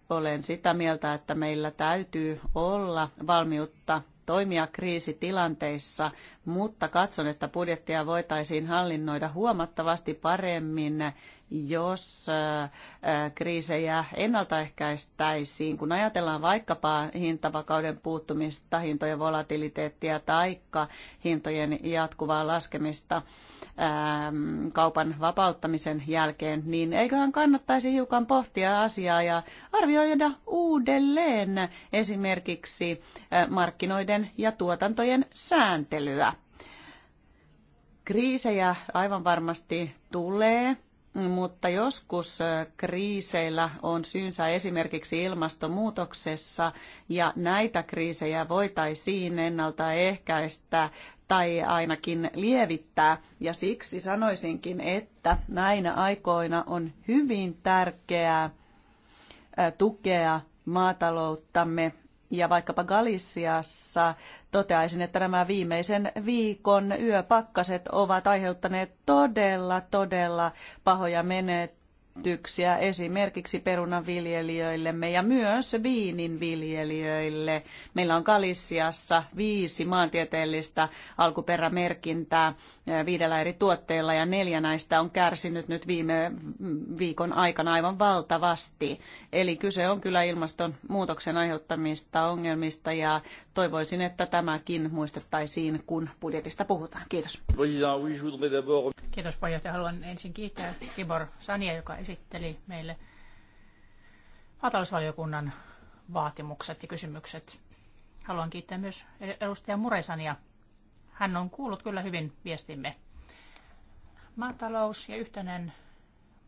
olen sitä mieltä, että meillä täytyy olla valmiutta toimia kriisitilanteissa, mutta katson, että budjettia voitaisiin hallinnoida huomattavasti paremmin, jos kriisejä ennaltaehkäistäisiin. Kun ajatellaan vaikkapa hintavakauden puuttumista, hintojen volatiliteettia tai hintojen jatkuvaa laskemista, Ähm, kaupan vapauttamisen jälkeen, niin eiköhän kannattaisi hiukan pohtia asiaa ja arvioida uudelleen esimerkiksi äh, markkinoiden ja tuotantojen sääntelyä. Kriisejä aivan varmasti tulee mutta joskus kriiseillä on syynsä esimerkiksi ilmastonmuutoksessa ja näitä kriisejä voitaisiin ennaltaehkäistä tai ainakin lievittää. Ja siksi sanoisinkin, että näinä aikoina on hyvin tärkeää tukea maatalouttamme ja vaikkapa Galissiassa toteaisin, että nämä viimeisen viikon yöpakkaset ovat aiheuttaneet todella, todella pahoja menet edellytyksiä esimerkiksi perunanviljelijöillemme ja myös viininviljelijöille. Meillä on Kalissiassa viisi maantieteellistä alkuperämerkintää eh, viidellä eri tuotteella ja neljä näistä on kärsinyt nyt viime viikon aikana aivan valtavasti. Eli kyse on kyllä ilmastonmuutoksen aiheuttamista ongelmista ja toivoisin, että tämäkin muistettaisiin, kun budjetista puhutaan. Kiitos. Kiitos puheenjohtaja. Haluan ensin kiittää Tibor Sania, joka esitteli meille maatalousvaliokunnan vaatimukset ja kysymykset. Haluan kiittää myös edustaja Muresania. Hän on kuullut kyllä hyvin viestimme. Maatalous ja yhtenäinen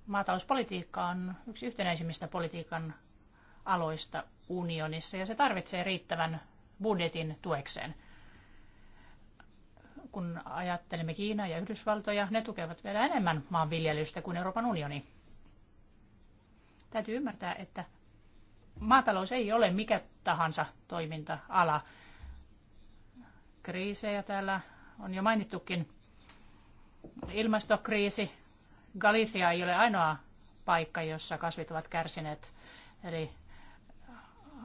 maatalouspolitiikka on yksi yhtenäisimmistä politiikan aloista unionissa ja se tarvitsee riittävän budjetin tuekseen. Kun ajattelemme Kiinaa ja Yhdysvaltoja, ne tukevat vielä enemmän maanviljelystä kuin Euroopan unioni. Täytyy ymmärtää, että maatalous ei ole mikä tahansa toiminta-ala. Kriisejä täällä on jo mainittukin. Ilmastokriisi. Galicia ei ole ainoa paikka, jossa kasvit ovat kärsineet. Eli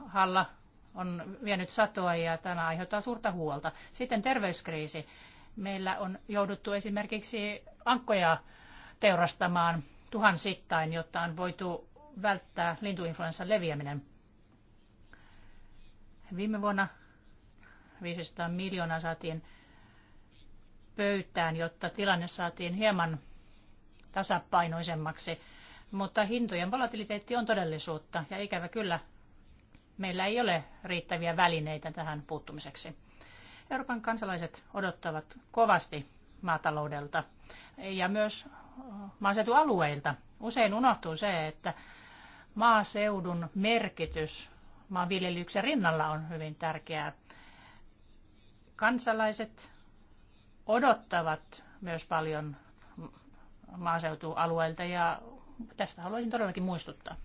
halla on vienyt satoa ja tämä aiheuttaa suurta huolta. Sitten terveyskriisi. Meillä on jouduttu esimerkiksi ankkoja teurastamaan tuhansittain, jotta on voitu välttää lintuinfluenssan leviäminen. Viime vuonna 500 miljoonaa saatiin pöytään, jotta tilanne saatiin hieman tasapainoisemmaksi. Mutta hintojen volatiliteetti on todellisuutta ja ikävä kyllä meillä ei ole riittäviä välineitä tähän puuttumiseksi. Euroopan kansalaiset odottavat kovasti maataloudelta ja myös maaseutualueilta. Usein unohtuu se, että maaseudun merkitys maanviljelyksen rinnalla on hyvin tärkeää. Kansalaiset odottavat myös paljon maaseutualueilta ja tästä haluaisin todellakin muistuttaa.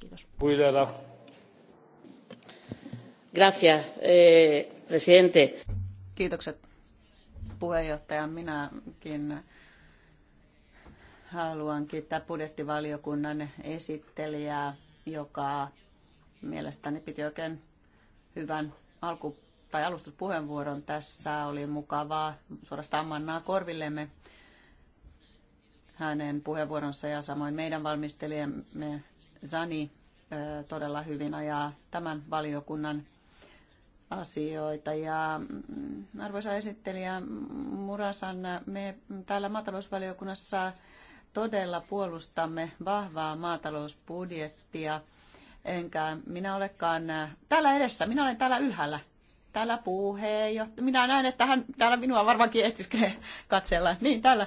Kiitos. Puilera. Gracias, eh, presidente. Kiitokset puheenjohtaja. Minäkin haluan kiittää budjettivaliokunnan esittelijää, joka mielestäni piti oikein hyvän alku- tai alustuspuheenvuoron tässä. Oli mukavaa suorastaan mannaa korvillemme hänen puheenvuoronsa ja samoin meidän valmistelijamme Zani todella hyvin ajaa tämän valiokunnan asioita. Ja mm, arvoisa esittelijä Murasan, me täällä maatalousvaliokunnassa todella puolustamme vahvaa maatalousbudjettia. Enkä minä olekaan äh, täällä edessä, minä olen täällä ylhäällä. Täällä puheenjohtaja. Minä näen, että hän täällä minua varmaankin etsiskelee katsella. Niin, täällä.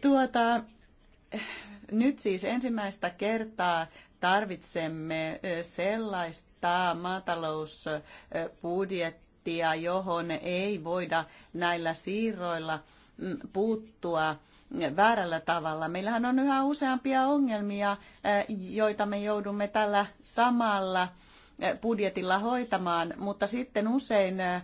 Tuota, nyt siis ensimmäistä kertaa tarvitsemme äh, sellaista maatalousbudjettia, johon ei voida näillä siirroilla mm, puuttua väärällä tavalla. Meillähän on yhä useampia ongelmia, eh, joita me joudumme tällä samalla eh, budjetilla hoitamaan, mutta sitten usein, eh,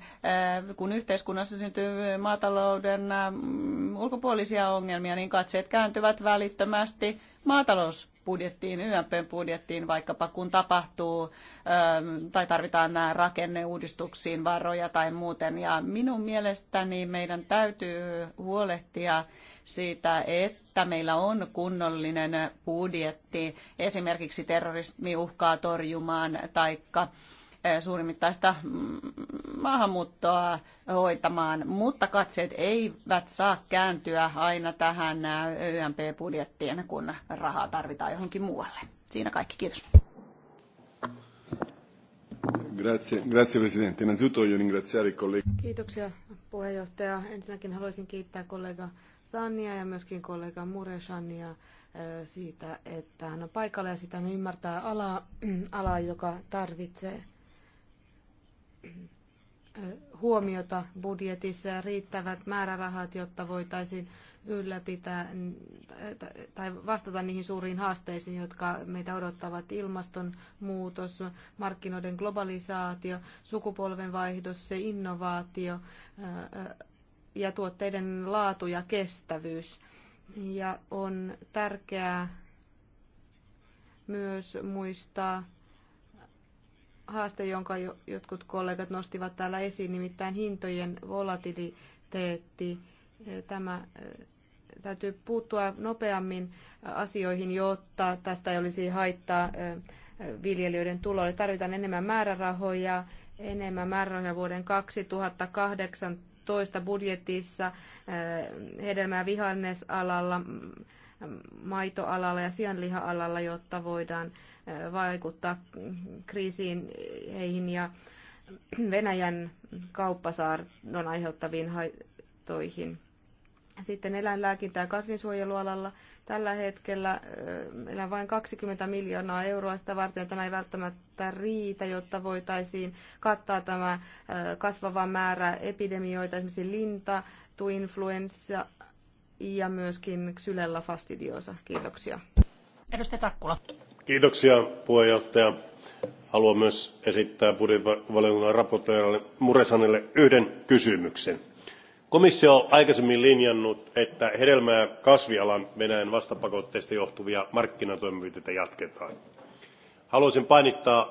kun yhteiskunnassa syntyy maatalouden mm, ulkopuolisia ongelmia, niin katseet kääntyvät välittömästi maatalousbudjettiin, YMP-budjettiin vaikkapa, kun tapahtuu ähm, tai tarvitaan nämä rakenneuudistuksiin varoja tai muuten. Ja minun mielestäni meidän täytyy huolehtia siitä, että meillä on kunnollinen budjetti esimerkiksi terrorismiuhkaa torjumaan taikka Eh, suurimittaista mm, maahanmuuttoa hoitamaan, mutta katseet eivät saa kääntyä aina tähän eh, YMP-budjettiin, kun rahaa tarvitaan johonkin muualle. Siinä kaikki, kiitos. Grazie, grazie Presidente. Innanzitutto voglio ringraziare il collega. Kiitoksia puheenjohtaja. Ensinnäkin haluaisin kiittää kollega Sannia ja myöskin kollega Mureshania eh, siitä, että hän on paikalla ja sitä hän ymmärtää alaa, (clears throat) ala, joka tarvitsee huomiota budjetissa ja riittävät määrärahat, jotta voitaisiin ylläpitää tai vastata niihin suuriin haasteisiin, jotka meitä odottavat. Ilmastonmuutos, markkinoiden globalisaatio, sukupolvenvaihdos, se innovaatio ja tuotteiden laatu ja kestävyys. Ja on tärkeää myös muistaa haaste, jonka jotkut kollegat nostivat täällä esiin, nimittäin hintojen volatiliteetti. Tämä eh, täytyy puuttua nopeammin eh, asioihin, jotta tästä ei olisi haittaa eh, viljelijöiden tuloille. Tarvitaan enemmän määrärahoja, enemmän määrärahoja vuoden 2018 budjetissa hedelmää vihannesalalla, mm, maitoalalla ja sianliha-alalla, jotta voidaan vaikuttaa kriisiin heihin ja Venäjän kauppasaarnon aiheuttaviin haitoihin. Sitten eläinlääkintä- ja kasvinsuojelualalla. Tällä hetkellä meillä on vain 20 miljoonaa euroa sitä varten, tämä ei välttämättä riitä, jotta voitaisiin kattaa tämä kasvava määrä epidemioita, esimerkiksi linta, tuinfluenssa ja myöskin ksylella fastidiosa. Kiitoksia. Edustaja Takkula. Kiitoksia puhemies Haluan myös esittää budjettivaliokunnan raportoijalle Muresanille yhden kysymyksen. Komissio on aikaisemmin linjannut, että hedelmä- ja kasvialan Venäjän vastapakotteista johtuvia markkinatoimenpiteitä jatketaan. Haluaisin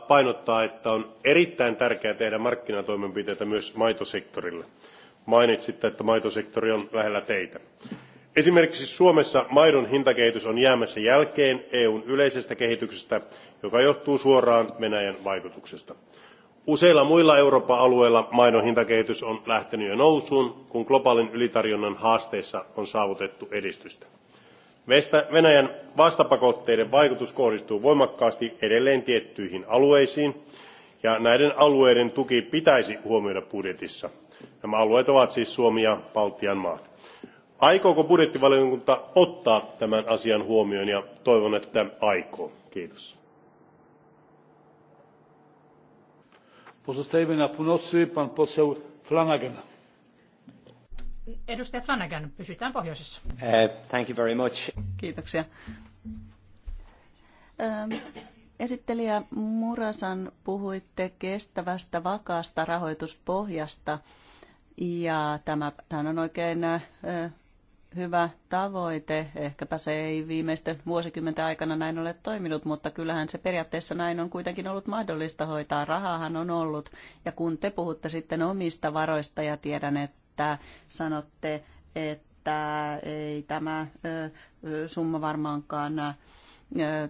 painottaa, että on erittäin tärkeää tehdä markkinatoimenpiteitä myös maitosektorille. Mainitsitte, että maitosektori on lähellä teitä esimerkiksi suomessa maidon hintakehitys on jäämässä jälkeen eun yleisestä kehityksestä joka johtuu suoraan venäjän vaikutuksesta. useilla muilla euroopan alueilla maidon hintakehitys on lähtenyt jo nousuun kun globaalin ylitarjonnan haasteissa on saavutettu edistystä. venäjän vastapakotteiden vaikutus kohdistuu voimakkaasti edelleen tiettyihin alueisiin ja näiden alueiden tuki pitäisi huomioida budjetissa. nämä alueet ovat siis suomi ja baltian maat aikooko budjettivaliokunta ottaa tämän asian huomioon ja toivon että aikoo. kiitos. Pozostajemy na północy. Pan poseł Flanagan. Edustaja Flanagan, pysytään pohjoisessa. Uh, thank you very much. Kiitoksia. Ähm, esittelijä Murasan, puhuitte kestävästä vakaasta rahoituspohjasta. Ja tämä, tämä on oikein äh, hyvä tavoite. Ehkäpä se ei viimeisten vuosikymmenten aikana näin ole toiminut, mutta kyllähän se periaatteessa näin on kuitenkin ollut mahdollista hoitaa. Rahaahan on ollut. Ja kun te puhutte sitten omista varoista ja tiedän, että sanotte, että ei tämä summa varmaankaan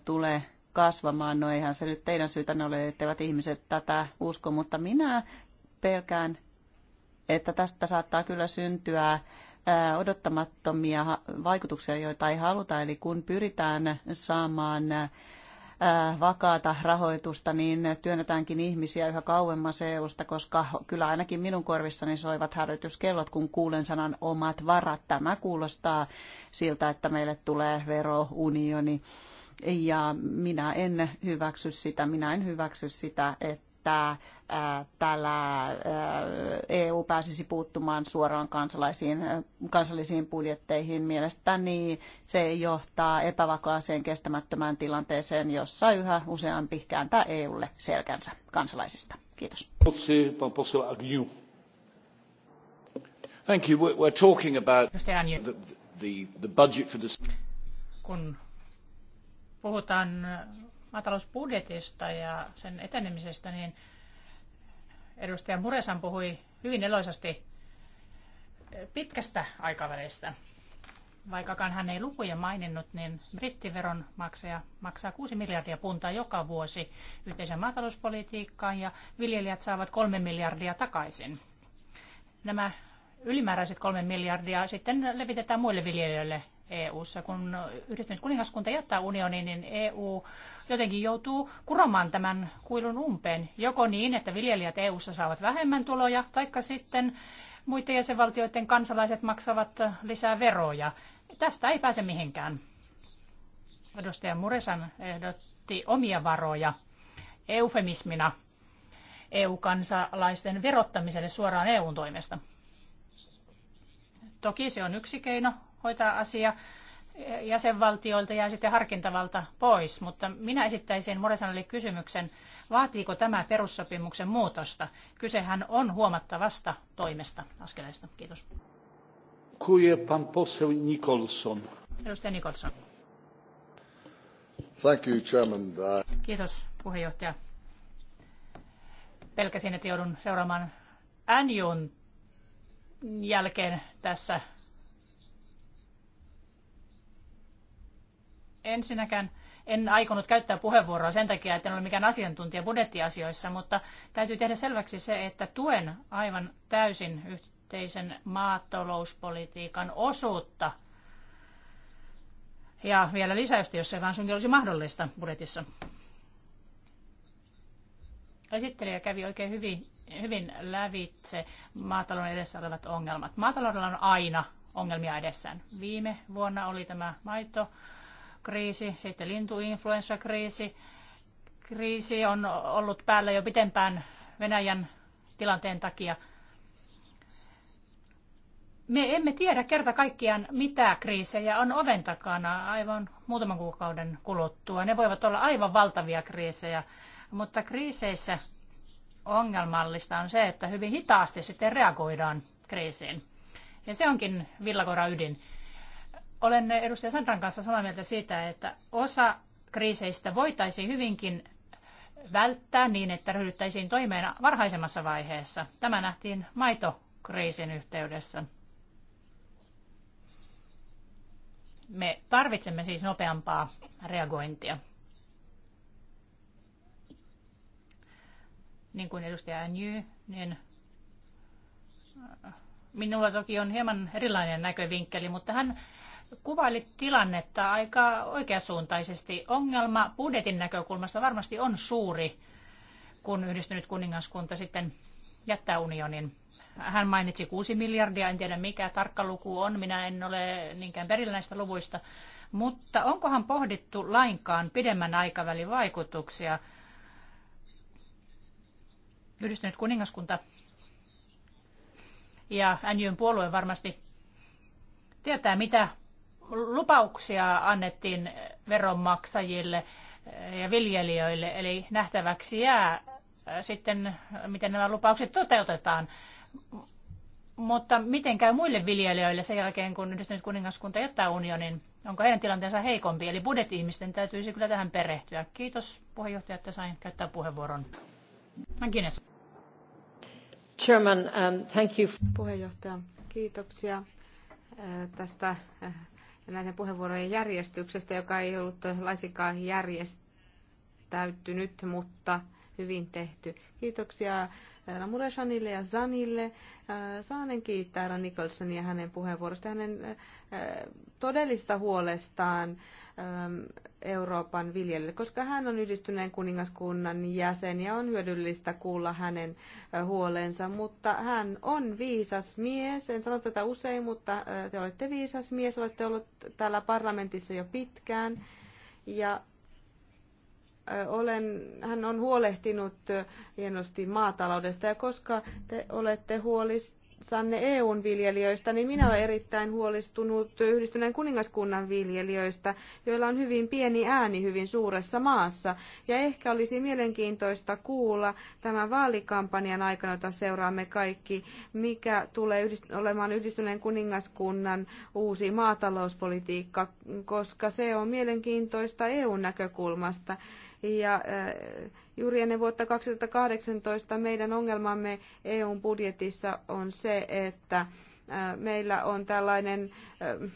tule kasvamaan. No eihän se nyt teidän syytänne ole, etteivät ihmiset tätä usko, mutta minä pelkään, että tästä saattaa kyllä syntyä odottamattomia vaikutuksia, joita ei haluta. Eli kun pyritään saamaan vakaata rahoitusta, niin työnnetäänkin ihmisiä yhä kauemmas eu koska kyllä ainakin minun korvissani soivat hälytyskellot, kun kuulen sanan omat varat. Tämä kuulostaa siltä, että meille tulee verounioni. Ja minä en hyväksy sitä, minä en hyväksy sitä, että että täällä EU pääsisi puuttumaan suoraan kansalaisiin, kansallisiin budjetteihin. Mielestäni se johtaa epävakaaseen kestämättömään tilanteeseen, jossa yhä useampi kääntää EUlle selkänsä kansalaisista. Kiitos. Thank you. We're talking about the, the, the budget for this. Kun puhutaan maatalousbudjetista ja sen etenemisestä, niin edustaja Muresan puhui hyvin eloisasti pitkästä aikavälistä. Vaikkakaan hän ei lukuja maininnut, niin brittiveron maksaja maksaa 6 miljardia puntaa joka vuosi yhteisen maatalouspolitiikkaan ja viljelijät saavat 3 miljardia takaisin. Nämä ylimääräiset 3 miljardia sitten levitetään muille viljelijöille EU:ssa. Kun yhdistynyt kuningaskunta jättää unionin, niin EU jotenkin joutuu kuromaan tämän kuilun umpeen. Joko niin, että viljelijät EU:ssa saavat vähemmän tuloja, taikka sitten muiden jäsenvaltioiden kansalaiset maksavat lisää veroja. Tästä ei pääse mihinkään. Edustaja Muresan ehdotti omia varoja eufemismina EU-kansalaisten verottamiselle suoraan eu toimesta. Toki se on yksi keino hoitaa asia jäsenvaltioilta ja sitten harkintavalta pois, mutta minä esittäisin Moresanalle kysymyksen, vaatiiko tämä perussopimuksen muutosta? Kysehän on huomattavasta toimesta, askeleesta. Kiitos. Kuje pan poseu Nicholson. Edustaja Nicholson. Thank you, Chairman. Kiitos, puheenjohtaja. Pelkäsin, että joudun seuraamaan Anjun jälkeen tässä Ensinnäkään en aikonut käyttää puheenvuoroa sen takia, että en ole mikään asiantuntija budjettiasioissa, mutta täytyy tehdä selväksi se, että tuen aivan täysin yhteisen maatalouspolitiikan osuutta ja vielä lisäystä, jos se vaan sunkin olisi mahdollista budjetissa. Esittelijä kävi oikein hyvin, hyvin lävitse maatalouden edessä olevat ongelmat. Maataloudella on aina ongelmia edessään. Viime vuonna oli tämä maito kriisi, sitten lintuinfluenssakriisi. Kriisi on ollut päällä jo pitempään Venäjän tilanteen takia. Me emme tiedä kerta kaikkiaan, mitä kriisejä on oven takana aivan muutaman kuukauden kuluttua. Ne voivat olla aivan valtavia kriisejä, mutta kriiseissä ongelmallista on se, että hyvin hitaasti sitten reagoidaan kriisiin. Ja se onkin villakoira ydin. Olen edustaja Sandran kanssa samaa mieltä siitä, että osa kriiseistä voitaisiin hyvinkin välttää niin, että ryhdyttäisiin toimeen varhaisemmassa vaiheessa. Tämä nähtiin maitokriisin yhteydessä. Me tarvitsemme siis nopeampaa reagointia. Niin kuin edustaja Nyy, niin äh, minulla toki on hieman erilainen näkövinkkeli, mutta hän kuvailit tilannetta aika oikeasuuntaisesti. Ongelma budjetin näkökulmasta varmasti on suuri, kun yhdistynyt kuningaskunta sitten jättää unionin. Hän mainitsi 6 miljardia, en tiedä mikä tarkka luku on, minä en ole niinkään perillä näistä luvuista. Mutta onkohan pohdittu lainkaan pidemmän aikavälin vaikutuksia? Yhdistynyt kuningaskunta ja NYn puolue varmasti tietää, mitä lupauksia annettiin veronmaksajille ja viljelijöille, eli nähtäväksi jää äh, sitten, miten nämä lupaukset toteutetaan. Mutta miten käy muille viljelijöille sen jälkeen, kun yhdistynyt kuningaskunta jättää unionin? Onko heidän tilanteensa heikompi? Eli budjetti-ihmisten täytyisi kyllä tähän perehtyä. Kiitos puheenjohtaja, että sain käyttää puheenvuoron. Mäkines. Chairman, um, thank you. Puheenjohtaja, kiitoksia äh, tästä äh, näiden puheenvuorojen järjestyksestä, joka ei ollut laisinkaan järjestäytynyt, mutta hyvin tehty. Kiitoksia herra Mureshanille ja Zanille. Saanen äh, kiittää herra Nicholsonia hänen puheenvuorostaan, hänen äh, todellista huolestaan ähm, Euroopan viljelijöille, koska hän on yhdistyneen kuningaskunnan jäsen ja on hyödyllistä kuulla hänen äh, huolensa, mutta hän on viisas mies. En sano tätä usein, mutta te olette viisas mies, olette ollut täällä parlamentissa jo pitkään ja olen, hän on huolehtinut hienosti maataloudesta ja koska te olette huolissanne EUn viljelijöistä, niin minä olen erittäin huolestunut yhdistyneen kuningaskunnan viljelijöistä, joilla on hyvin pieni ääni hyvin suuressa maassa. Ja ehkä olisi mielenkiintoista kuulla tämän vaalikampanjan aikana, jota seuraamme kaikki, mikä tulee olemaan yhdistyneen kuningaskunnan uusi maatalouspolitiikka, koska se on mielenkiintoista EUn näkökulmasta ja äh, juuri ennen vuotta 2018 meidän ongelmamme EUn budjetissa on se, että äh, meillä on tällainen äh,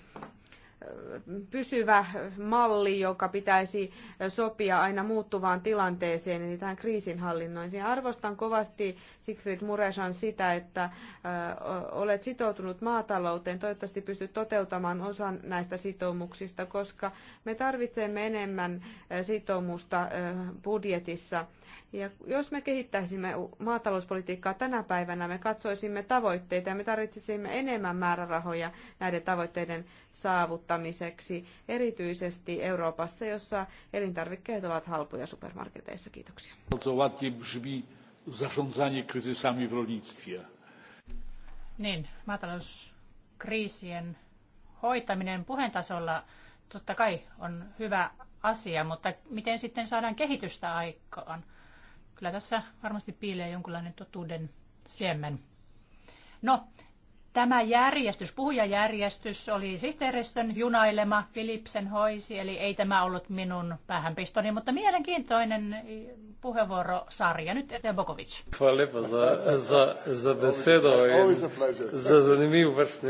pysyvä malli, joka pitäisi sopia aina muuttuvaan tilanteeseen, eli tähän kriisinhallinnointiin. Arvostan kovasti Sigfrid Muresan sitä, että olet sitoutunut maatalouteen. Toivottavasti pystyt toteutamaan osan näistä sitoumuksista, koska me tarvitsemme enemmän sitoumusta budjetissa ja jos me kehittäisimme maatalouspolitiikkaa tänä päivänä, me katsoisimme tavoitteita ja me tarvitsisimme enemmän määrärahoja näiden tavoitteiden saavuttamiseksi, erityisesti Euroopassa, jossa elintarvikkeet ovat halpoja supermarketeissa. Kiitoksia. Niin, maatalouskriisien hoitaminen puheen tasolla totta kai on hyvä asia, mutta miten sitten saadaan kehitystä aikaan? Kyllä tässä varmasti piilee jonkinlainen totuuden siemen. No, tämä järjestys, puhujajärjestys, oli sihteeristön junailema, Philipsen hoisi, eli ei tämä ollut minun päähänpistoni, mutta mielenkiintoinen eh, puheenvuorosarja. Nyt Ete Bokovic. Hvala za, za, za besedo za zanimivu vrstni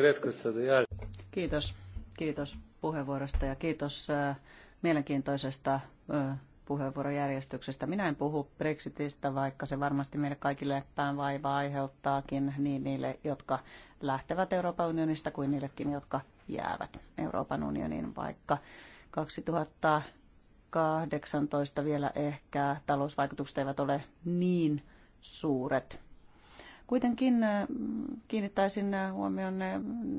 Kiitos, kiitos puheenvuorosta ja kiitos eh, mielenkiintoisesta eh, puheenvuorojärjestyksestä. Minä en puhu Brexitistä, vaikka se varmasti meille kaikille päänvaivaa aiheuttaakin niin niille, jotka lähtevät Euroopan unionista kuin niillekin, jotka jäävät Euroopan unioniin, vaikka 2018 vielä ehkä talousvaikutukset eivät ole niin suuret. Kuitenkin äh, kiinnittäisin huomioon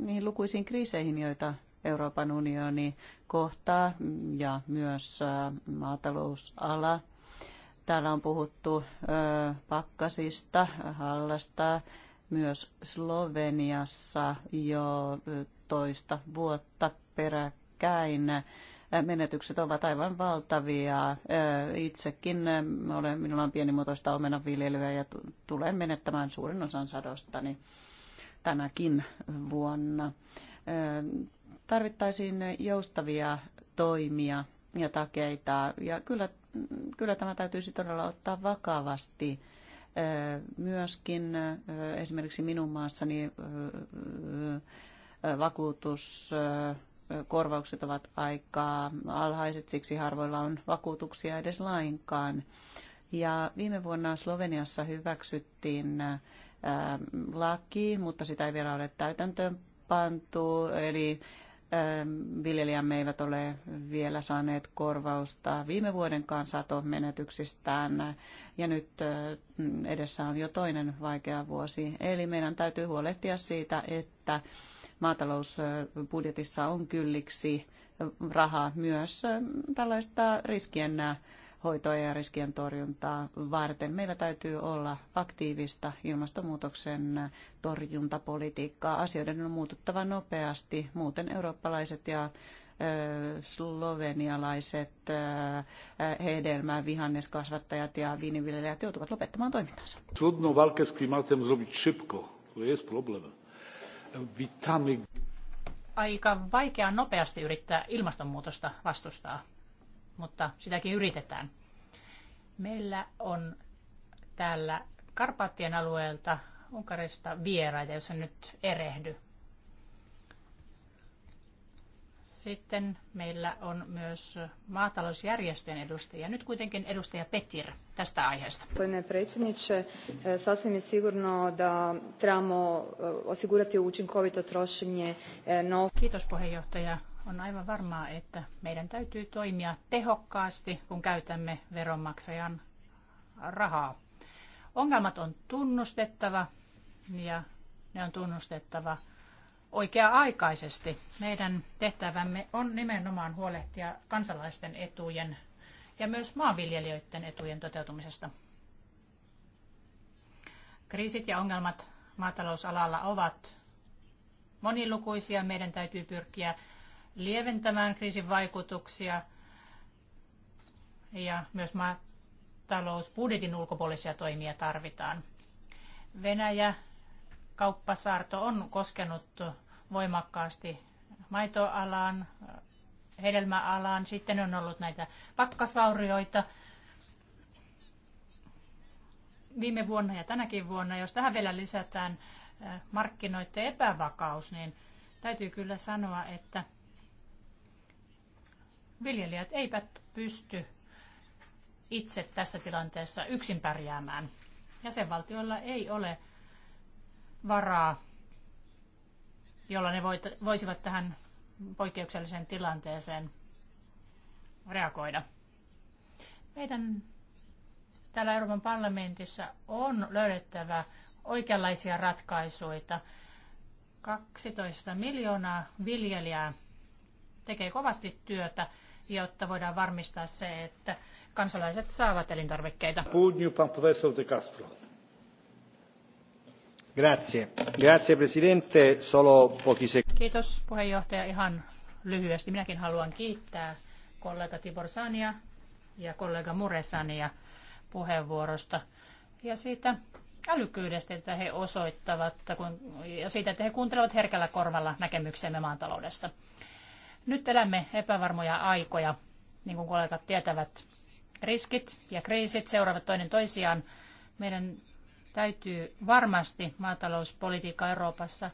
niihin lukuisiin kriiseihin, joita Euroopan unioni kohtaa ja myös äh, maatalousala. Täällä on puhuttu äh, pakkasista, hallasta, myös Sloveniassa jo toista vuotta peräkkäin. Menetykset ovat aivan valtavia. Itsekin olen, minulla on pienimuotoista omenanviljelyä ja tulen menettämään suurin osan sadostani tänäkin vuonna tarvittaisiin joustavia toimia ja takeita. Ja kyllä, kyllä tämä täytyisi todella ottaa vakavasti. Myöskin esimerkiksi minun maassani vakuutuskorvaukset ovat aika alhaiset, siksi harvoilla on vakuutuksia edes lainkaan. Ja viime vuonna Sloveniassa hyväksyttiin laki, mutta sitä ei vielä ole täytäntöön pantu, eli viljelijämme eivät ole vielä saaneet korvausta viime vuodenkaan satomenetyksistään ja nyt edessä on jo toinen vaikea vuosi. Eli meidän täytyy huolehtia siitä, että maatalousbudjetissa on kylliksi rahaa myös tällaista riskien hoitoa ja riskien torjuntaa varten. Meillä täytyy olla aktiivista ilmastonmuutoksen torjuntapolitiikkaa. Asioiden on muututtava nopeasti, muuten eurooppalaiset ja slovenialaiset hedelmä, vihanneskasvattajat ja viiniviljelijät joutuvat lopettamaan toimintansa. Trudno walkę z klimatem zrobić szybko. To jest problem. Aika vaikea nopeasti yrittää ilmastonmuutosta vastustaa mutta sitäkin yritetään. Meillä on täällä Karpaattien alueelta Unkarista vieraita, jos nyt erehdy. Sitten meillä on myös maatalousjärjestöjen edustajia. Nyt kuitenkin edustaja Petir tästä aiheesta. Pane predsjedniče, sasvim je sigurno da trebamo eh, osigurati učinkovito trošenje eh, Kiitos puheenjohtaja on aivan varmaa, että meidän täytyy toimia tehokkaasti, kun käytämme veronmaksajan rahaa. Ongelmat on tunnustettava ja ne on tunnustettava oikea-aikaisesti. Meidän tehtävämme on nimenomaan huolehtia kansalaisten etujen ja myös maanviljelijöiden etujen toteutumisesta. Kriisit ja ongelmat maatalousalalla ovat monilukuisia. Meidän täytyy pyrkiä lieventämään kriisin vaikutuksia ja myös maatalousbudjetin ulkopuolisia toimia tarvitaan. Venäjä kauppasaarto on koskenut voimakkaasti maitoalaan, hedelmäalaan. Sitten on ollut näitä pakkasvaurioita viime vuonna ja tänäkin vuonna. Jos tähän vielä lisätään eh, markkinoiden epävakaus, niin täytyy kyllä sanoa, että viljelijät eivät pysty itse tässä tilanteessa yksin pärjäämään. Jäsenvaltioilla ei ole varaa, jolla ne voisivat tähän poikkeukselliseen tilanteeseen reagoida. Meidän täällä Euroopan parlamentissa on löydettävä oikeanlaisia ratkaisuja. 12 miljoonaa viljelijää tekee kovasti työtä jotta voidaan varmistaa se, että kansalaiset saavat elintarvikkeita. Grazie. Grazie Presidente. Solo pochi Kiitos puheenjohtaja. Ihan lyhyesti minäkin haluan kiittää kollega Tibor Sania ja kollega Muresania puheenvuorosta ja siitä älykkyydestä, että he osoittavat ja siitä, että he kuuntelevat herkällä korvalla näkemyksemme maantaloudesta. Nyt elämme epävarmoja aikoja, niin kuin kollegat tietävät. Riskit ja kriisit seuraavat toinen toisiaan. Meidän täytyy varmasti maatalouspolitiikka Euroopassa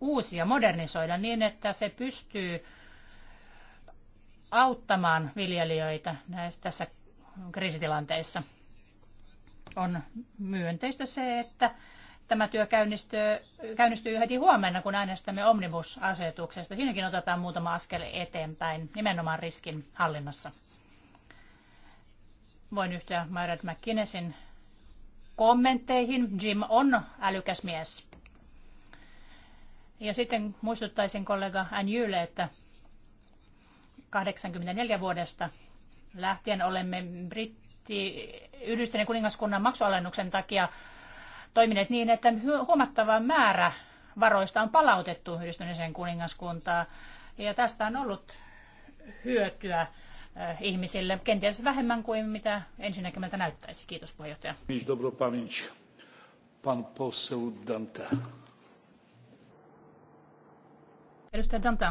uusia modernisoida niin, että se pystyy auttamaan viljelijöitä näissä, tässä kriisitilanteessa. On myönteistä se, että Tämä työ käynnistyy, käynnistyy heti huomenna, kun äänestämme omnibus-asetuksesta. Siinäkin otetaan muutama askel eteenpäin, nimenomaan riskin hallinnassa. Voin yhtyä Myred McKinnesin kommentteihin. Jim on älykäs mies. Ja sitten muistuttaisin kollega Anjyle, että 84 vuodesta lähtien olemme britti Yhdistyneen kuningaskunnan maksualennuksen takia toimineet niin, että huomattava määrä varoista on palautettu yhdistyneeseen kuningaskuntaa. Ja tästä on ollut hyötyä äh, ihmisille, kenties vähemmän kuin mitä ensinnäkemältä näyttäisi. Kiitos puheenjohtaja. Pan poseł Dante. Edustaja Dante.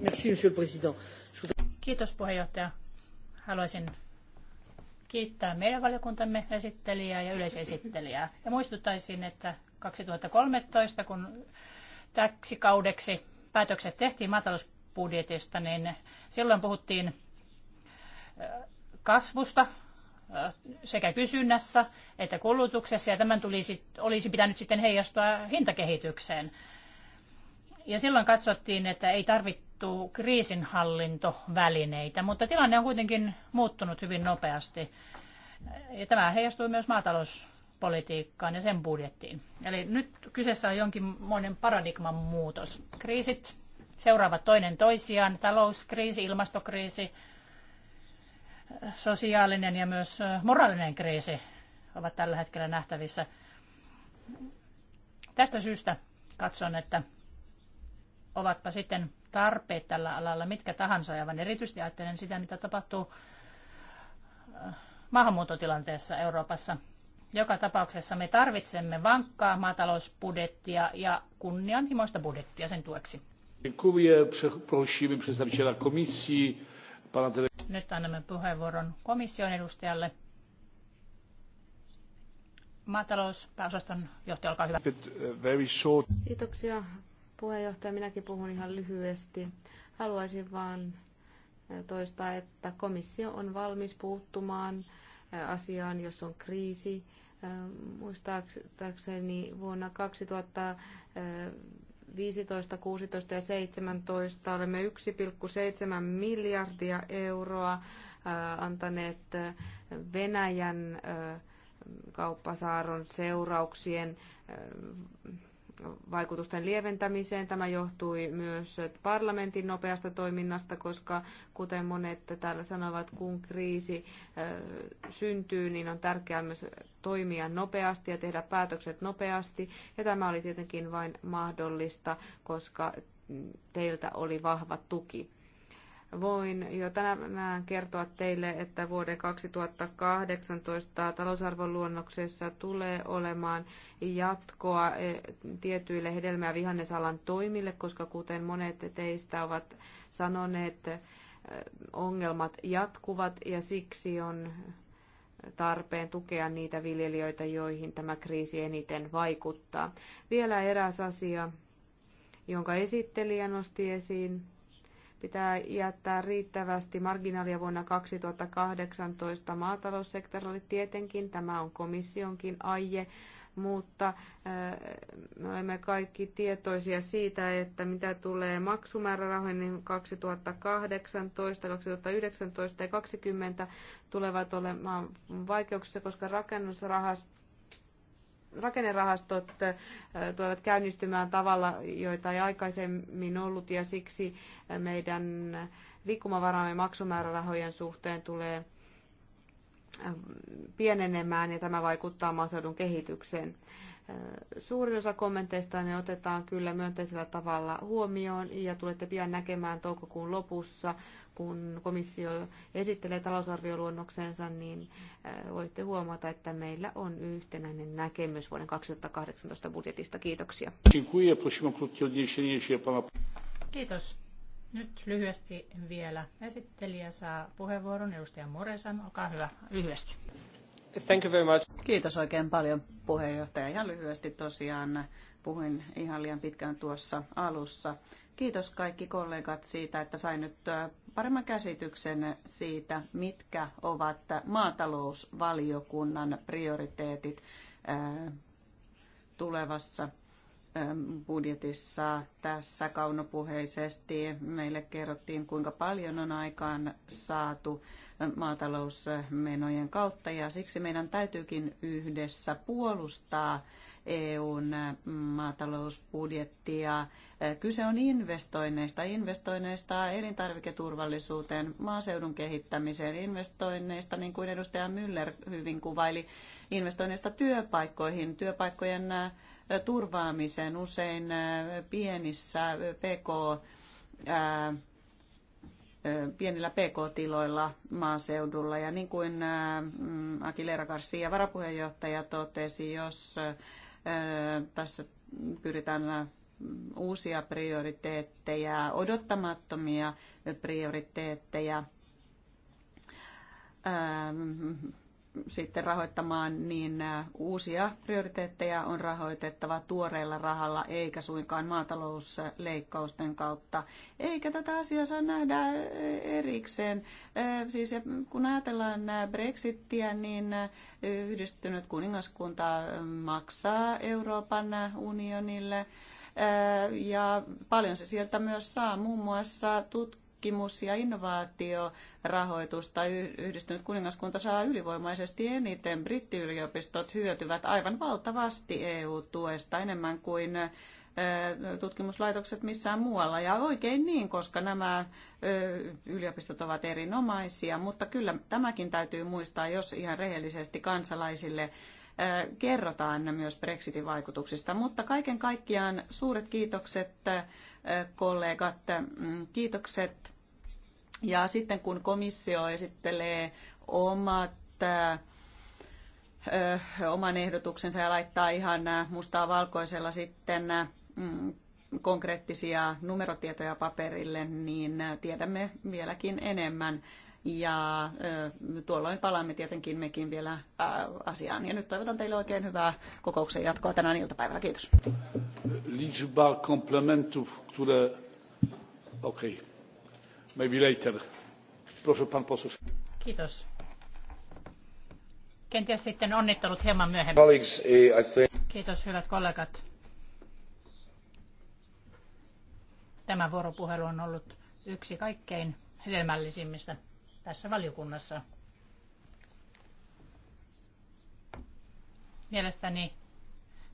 Merci, monsieur le président. Kiitos puheenjohtaja. Haluaisin kiittää meidän valiokuntamme esittelijää ja yleisesittelijää. Ja muistuttaisin, että 2013, kun täksi kaudeksi päätökset tehtiin maatalousbudjetista, niin silloin puhuttiin kasvusta sekä kysynnässä että kulutuksessa, ja tämän tulisi, olisi pitänyt sitten heijastua hintakehitykseen. Ja silloin katsottiin, että ei tarvittu kriisinhallintovälineitä, mutta tilanne on kuitenkin muuttunut hyvin nopeasti. Ja tämä heijastui myös maatalouspolitiikkaan ja sen budjettiin. Eli nyt kyseessä on jonkinmoinen paradigman muutos. Kriisit seuraavat toinen toisiaan, talouskriisi, ilmastokriisi, sosiaalinen ja myös moraalinen kriisi ovat tällä hetkellä nähtävissä. Tästä syystä katson, että ovatpa sitten tarpeet tällä alalla mitkä tahansa, ja vaan erityisesti ajattelen sitä, mitä tapahtuu äh, maahanmuuttotilanteessa Euroopassa. Joka tapauksessa me tarvitsemme vankkaa maatalousbudjettia ja kunnianhimoista budjettia sen tueksi. Nyt annamme puheenvuoron komission edustajalle. Maatalouspääosaston johtaja, olkaa hyvä. Uh, Kiitoksia puheenjohtaja, minäkin puhun ihan lyhyesti. Haluaisin vain toistaa, että komissio on valmis puuttumaan asiaan, jos on kriisi. Muistaakseni vuonna 2015, 16 ja 17 olemme 1,7 miljardia euroa antaneet Venäjän kauppasaaron seurauksien vaikutusten lieventämiseen. Tämä johtui myös parlamentin nopeasta toiminnasta, koska kuten monet täällä sanovat, kun kriisi syntyy, niin on tärkeää myös toimia nopeasti ja tehdä päätökset nopeasti. Ja tämä oli tietenkin vain mahdollista, koska teiltä oli vahva tuki. Voin jo tänään kertoa teille, että vuoden 2018 talousarvon luonnoksessa tulee olemaan jatkoa eh, tietyille hedelmä- ja vihannesalan toimille, koska kuten monet teistä ovat sanoneet, eh, ongelmat jatkuvat ja siksi on tarpeen tukea niitä viljelijöitä, joihin tämä kriisi eniten vaikuttaa. Vielä eräs asia, jonka esittelijä nosti esiin Pitää jättää riittävästi marginaalia vuonna 2018 maataloussektorille tietenkin. Tämä on komissionkin aie mutta äh, me olemme kaikki tietoisia siitä, että mitä tulee maksumäärärahoihin, niin 2018, 2019 ja 2020 tulevat olemaan vaikeuksissa, koska rakennusrahasto rakennerahastot tulevat käynnistymään tavalla, joita ei aikaisemmin ollut, ja siksi meidän liikkumavaramme maksumäärärahojen suhteen tulee pienenemään, ja tämä vaikuttaa maaseudun kehitykseen. Suurin osa kommenteista ne otetaan kyllä myönteisellä tavalla huomioon ja tulette pian näkemään toukokuun lopussa, kun komissio esittelee talousarvioluonnoksensa, niin äh, voitte huomata, että meillä on yhtenäinen näkemys vuoden 2018 budjetista. Kiitoksia. Kiitos. Nyt lyhyesti vielä. Esittelijä saa puheenvuoron. Edustaja Moresan, olkaa hyvä lyhyesti. Thank you very much. Kiitos oikein paljon puheenjohtaja. Ihan lyhyesti tosiaan puhuin ihan liian pitkään tuossa alussa. Kiitos kaikki kollegat siitä, että sain nyt paremman käsityksen siitä, mitkä ovat maatalousvaliokunnan prioriteetit tulevassa budjetissa tässä kaunopuheisesti. Meille kerrottiin, kuinka paljon on aikaan saatu maatalousmenojen kautta ja siksi meidän täytyykin yhdessä puolustaa EUn maatalousbudjettia. Kyse on investoinneista, investoinneista elintarviketurvallisuuteen, maaseudun kehittämiseen, investoinneista, niin kuin edustaja Müller hyvin kuvaili, investoinneista työpaikkoihin, työpaikkojen turvaamisen usein äh, pienissä pk äh, pienillä PK-tiloilla maaseudulla. Ja niin kuin äh, mm, Akilera Garcia varapuheenjohtaja totesi, jos tässä pyritään uusia prioriteetteja, odottamattomia prioriteetteja sitten rahoittamaan, niin uusia prioriteetteja on rahoitettava tuoreella rahalla eikä suinkaan maatalousleikkausten kautta. Eikä tätä asiaa saa nähdä erikseen. Siis kun ajatellaan Brexittiä, niin yhdistynyt kuningaskunta maksaa Euroopan unionille ja paljon se sieltä myös saa muun muassa tutkimuksia tutkimus- ja innovaatiorahoitusta yhdistynyt kuningaskunta saa ylivoimaisesti eniten. Brittiyliopistot hyötyvät aivan valtavasti EU-tuesta enemmän kuin tutkimuslaitokset missään muualla. Ja oikein niin, koska nämä yliopistot ovat erinomaisia, mutta kyllä tämäkin täytyy muistaa, jos ihan rehellisesti kansalaisille kerrotaan myös Brexitin vaikutuksista. Mutta kaiken kaikkiaan suuret kiitokset kollegat, mm, kiitokset ja sitten kun komissio esittelee omat äh, oman ehdotuksensa ja laittaa ihan äh, mustaa valkoisella sitten äh, mm, konkreettisia numerotietoja paperille, niin tiedämme vieläkin enemmän. Ja tuolloin palaamme tietenkin mekin vielä asiaan. Ja nyt toivotan teille oikein hyvää kokouksen jatkoa tänään iltapäivällä. Kiitos. Okay. Maybe later. Proszę pan poseł. Kiitos. Kenties sitten onnittelut hieman myöhemmin. Eh, Kiitos hyvät kollegat. Tämä vuoropuhelu on ollut yksi kaikkein hedelmällisimmistä tässä valiokunnassa. Mielestäni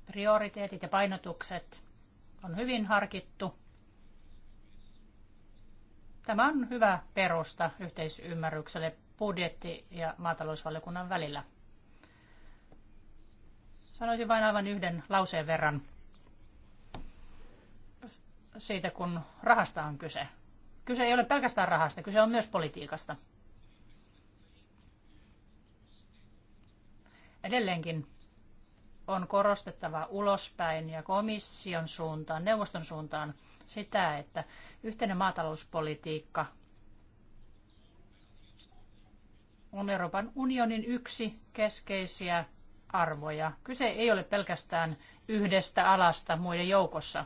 prioriteetit ja painotukset on hyvin harkittu Tämä on hyvä perusta yhteisymmärrykselle budjetti- ja maatalousvaliokunnan välillä. Sanoisin vain aivan yhden lauseen verran siitä, kun rahasta on kyse. Kyse ei ole pelkästään rahasta, kyse on myös politiikasta. Edelleenkin on korostettava ulospäin ja komission suuntaan, neuvoston suuntaan – sitä, että yhteinen maatalouspolitiikka on Euroopan unionin yksi keskeisiä arvoja. Kyse ei ole pelkästään yhdestä alasta muiden joukossa.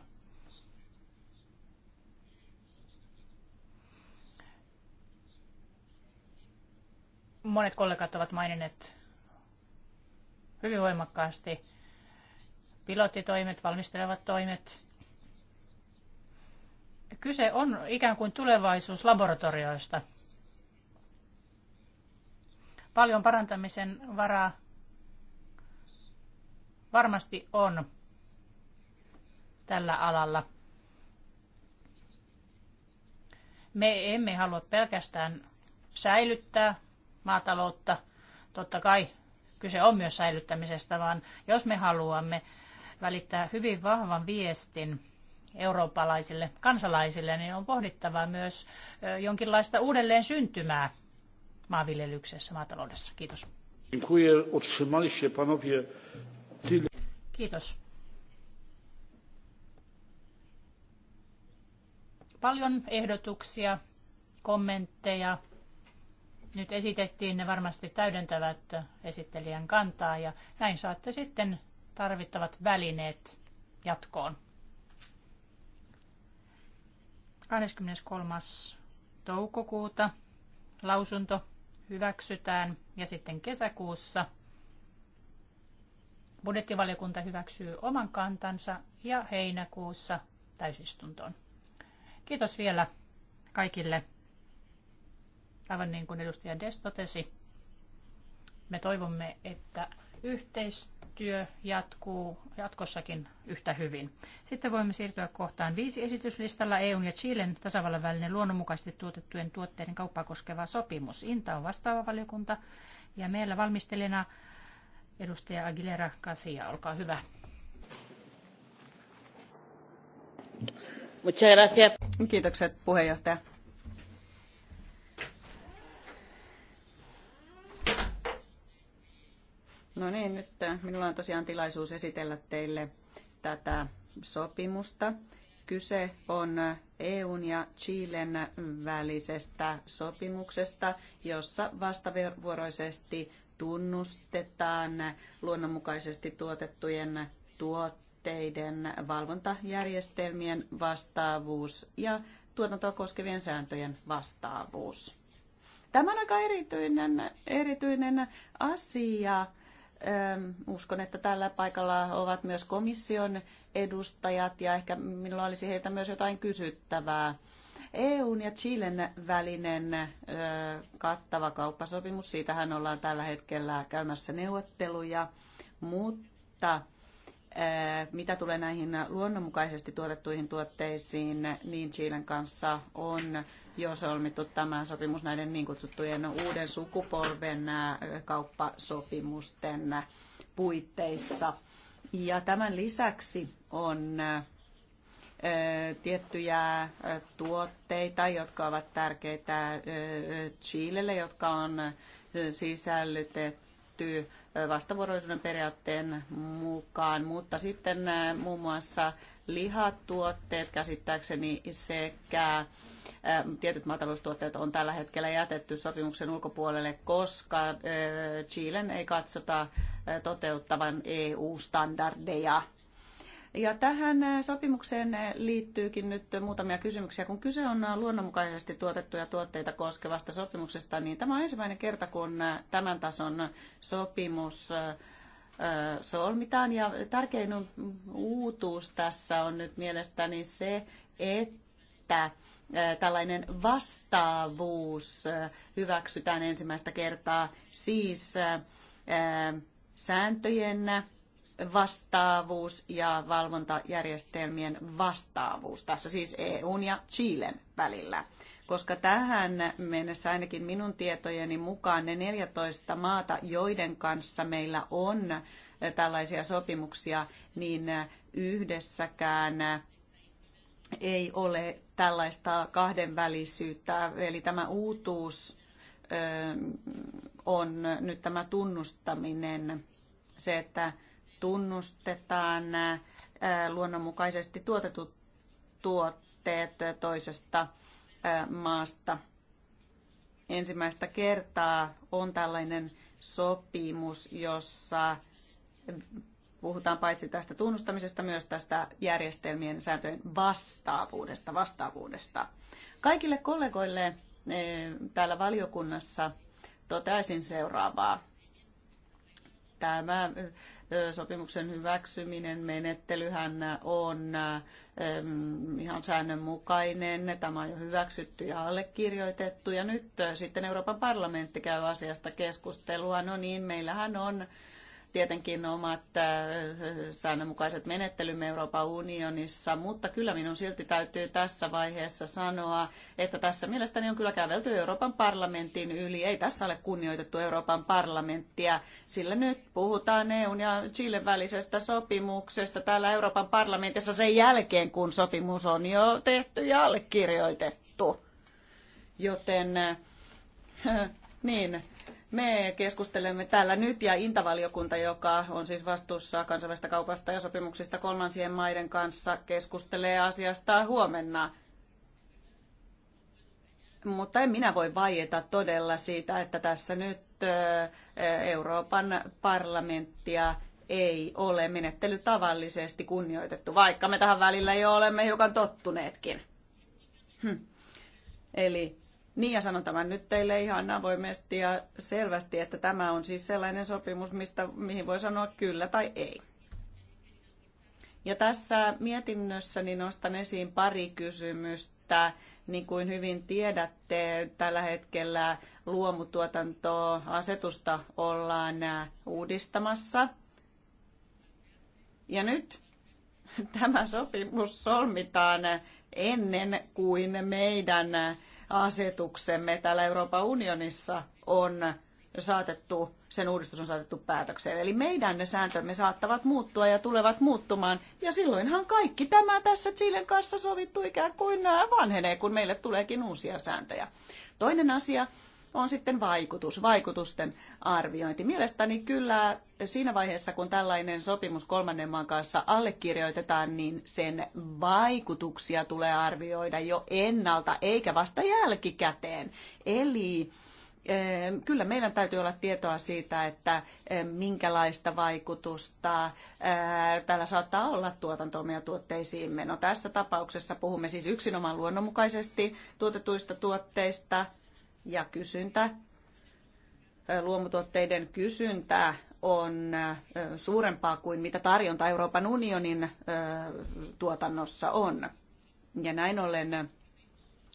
Monet kollegat ovat maininneet hyvin voimakkaasti pilottitoimet, valmistelevat toimet. Kyse on ikään kuin tulevaisuuslaboratorioista. Paljon parantamisen varaa varmasti on tällä alalla. Me emme halua pelkästään säilyttää maataloutta. Totta kai kyse on myös säilyttämisestä, vaan jos me haluamme välittää hyvin vahvan viestin eurooppalaisille kansalaisille, niin on pohdittava myös jonkinlaista uudelleen syntymää maanviljelyksessä, maataloudessa. Kiitos. Kiitos. Paljon ehdotuksia, kommentteja. Nyt esitettiin, ne varmasti täydentävät esittelijän kantaa ja näin saatte sitten tarvittavat välineet jatkoon. 23. toukokuuta lausunto hyväksytään ja sitten kesäkuussa budjettivaliokunta hyväksyy oman kantansa ja heinäkuussa täysistuntoon. Kiitos vielä kaikille. Aivan niin kuin edustaja Des totesi, me toivomme, että yhteistyö työ jatkuu jatkossakin yhtä hyvin. Sitten voimme siirtyä kohtaan viisi esityslistalla EUn ja Chilen tasavallan välinen luonnonmukaisesti tuotettujen tuotteiden kauppaa koskeva sopimus. Inta on vastaava valiokunta ja meillä valmistelijana edustaja Aguilera Casia, olkaa hyvä. Kiitokset puheenjohtaja. No niin, nyt äh, minulla on tosiaan tilaisuus esitellä teille tätä sopimusta. Kyse on äh, EUn ja Chilen välisestä sopimuksesta, jossa vastavuoroisesti tunnustetaan luonnonmukaisesti tuotettujen tuotteiden valvontajärjestelmien vastaavuus ja tuotantoa koskevien sääntöjen vastaavuus. Tämä on aika erityinen, erityinen asia Uskon, että tällä paikalla ovat myös komission edustajat ja ehkä minulla olisi heiltä myös jotain kysyttävää. EUn ja Chilen välinen kattava kauppasopimus, siitähän ollaan tällä hetkellä käymässä neuvotteluja, mutta Äh, mitä tulee näihin luonnonmukaisesti tuotettuihin tuotteisiin, niin Chilen kanssa on jo solmittu tämä sopimus näiden niin kutsuttujen uuden sukupolven äh, kauppasopimusten puitteissa. Ja tämän lisäksi on äh, tiettyjä tuotteita, jotka ovat tärkeitä Chilelle, jotka on sisällytetty vastavuoroisuuden periaatteen mukaan, mutta sitten muun muassa lihatuotteet käsittääkseni sekä tietyt maataloustuotteet on tällä hetkellä jätetty sopimuksen ulkopuolelle, koska Chilen ei katsota toteuttavan EU-standardeja ja tähän eh, sopimukseen eh, liittyykin nyt muutamia kysymyksiä. Kun kyse on eh, luonnonmukaisesti tuotettuja tuotteita koskevasta sopimuksesta, niin tämä on ensimmäinen kerta, kun tämän tason sopimus solmitaan. Ja tärkein uutuus tässä on nyt mielestäni se, että tällainen vastaavuus hyväksytään ensimmäistä kertaa, siis sääntöjen vastaavuus ja valvontajärjestelmien vastaavuus, tässä siis EUn ja Chilen välillä. Koska tähän mennessä ainakin minun tietojeni mukaan ne 14 maata, joiden kanssa meillä on tällaisia sopimuksia, niin yhdessäkään ei ole tällaista kahdenvälisyyttä. Eli tämä uutuus on nyt tämä tunnustaminen, se, että tunnustetaan luonnonmukaisesti tuotetut tuotteet toisesta maasta. Ensimmäistä kertaa on tällainen sopimus, jossa puhutaan paitsi tästä tunnustamisesta, myös tästä järjestelmien sääntöjen vastaavuudesta, vastaavuudesta. Kaikille kollegoille täällä valiokunnassa toteaisin seuraavaa tämä sopimuksen hyväksyminen, menettelyhän on ihan säännönmukainen. Tämä on jo hyväksytty ja allekirjoitettu. Ja nyt sitten Euroopan parlamentti käy asiasta keskustelua. No niin, meillähän on tietenkin omat äh, säännönmukaiset menettelymme Euroopan unionissa, mutta kyllä minun silti täytyy tässä vaiheessa sanoa, että tässä mielestäni on kyllä kävelty Euroopan parlamentin yli. Ei tässä ole kunnioitettu Euroopan parlamenttia, sillä nyt puhutaan EUn ja Chilen välisestä sopimuksesta täällä Euroopan parlamentissa sen jälkeen, kun sopimus on jo tehty ja allekirjoitettu. Joten äh, niin, me keskustelemme täällä nyt ja Intavaliokunta, joka on siis vastuussa kansainvälisestä kaupasta ja sopimuksista kolmansien maiden kanssa, keskustelee asiasta huomenna. Mutta en minä voi vaieta todella siitä, että tässä nyt Euroopan parlamenttia ei ole menettely tavallisesti kunnioitettu, vaikka me tähän välillä jo olemme hiukan tottuneetkin. Hm. Eli niin ja sanon tämän nyt teille ihan avoimesti ja selvästi, että tämä on siis sellainen sopimus, mistä, mihin voi sanoa kyllä tai ei. Ja tässä mietinnössäni niin nostan esiin pari kysymystä. Niin kuin hyvin tiedätte, tällä hetkellä luomutuotantoasetusta ollaan äh, uudistamassa. Ja nyt (laughs) tämä sopimus solmitaan ennen kuin meidän äh, asetuksemme täällä Euroopan unionissa on saatettu, sen uudistus on saatettu päätökseen. Eli meidän ne sääntömme saattavat muuttua ja tulevat muuttumaan. Ja silloinhan kaikki tämä tässä Chilen kanssa sovittu ikään kuin äh, vanhenee, kun meille tuleekin uusia sääntöjä. Toinen asia, on sitten vaikutus, vaikutusten arviointi. Mielestäni kyllä siinä vaiheessa, kun tällainen sopimus kolmannen maan kanssa allekirjoitetaan, niin sen vaikutuksia tulee arvioida jo ennalta eikä vasta jälkikäteen. Eli eh, Kyllä meidän täytyy olla tietoa siitä, että eh, minkälaista vaikutusta eh, tällä saattaa olla tuotantoomme tuotteisiin. tuotteisiimme. No, tässä tapauksessa puhumme siis yksinomaan luonnonmukaisesti tuotetuista tuotteista, ja kysyntä, luomutuotteiden kysyntää on suurempaa kuin mitä tarjonta Euroopan unionin tuotannossa on. Ja näin ollen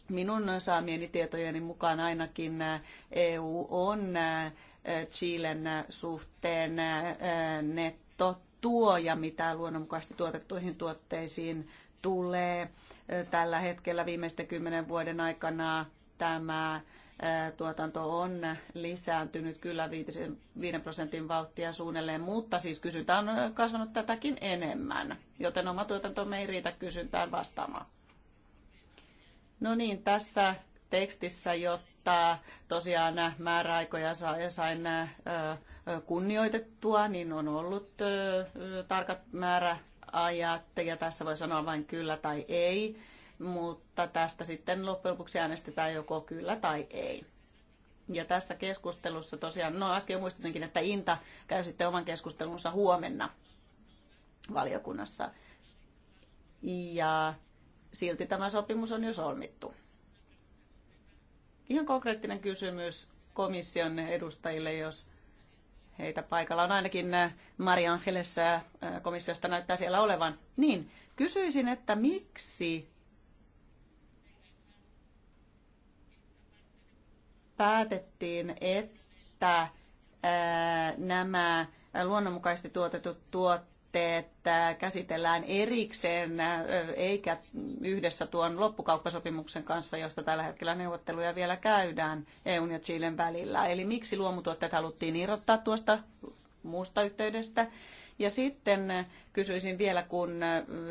minun saamieni tietojeni mukaan ainakin EU on Chilen suhteen nettotuoja, mitä luonnonmukaisesti tuotettuihin tuotteisiin tulee. Tällä hetkellä viimeisten kymmenen vuoden aikana tämä tuotanto on lisääntynyt kyllä 5 prosentin vauhtia suunnilleen, mutta siis kysyntä on kasvanut tätäkin enemmän, joten oma tuotanto ei riitä kysyntään vastaamaan. No niin, tässä tekstissä, jotta tosiaan määräaikoja sain kunnioitettua, niin on ollut tarkat määräajat, ja tässä voi sanoa vain kyllä tai ei mutta tästä sitten loppujen lopuksi äänestetään joko kyllä tai ei. Ja tässä keskustelussa tosiaan, no äsken muistutinkin, että Inta käy sitten oman keskustelunsa huomenna valiokunnassa. Ja silti tämä sopimus on jo solmittu. Ihan konkreettinen kysymys komission edustajille, jos heitä paikalla on ainakin äh, Maria Angeles äh, komissiosta näyttää siellä olevan. Niin, kysyisin, että miksi päätettiin, että nämä luonnonmukaisesti tuotetut tuotteet käsitellään erikseen eikä yhdessä tuon loppukauppasopimuksen kanssa, josta tällä hetkellä neuvotteluja vielä käydään EUn ja Chilen välillä. Eli miksi luomutuotteet haluttiin irrottaa tuosta muusta yhteydestä? Ja sitten kysyisin vielä, kun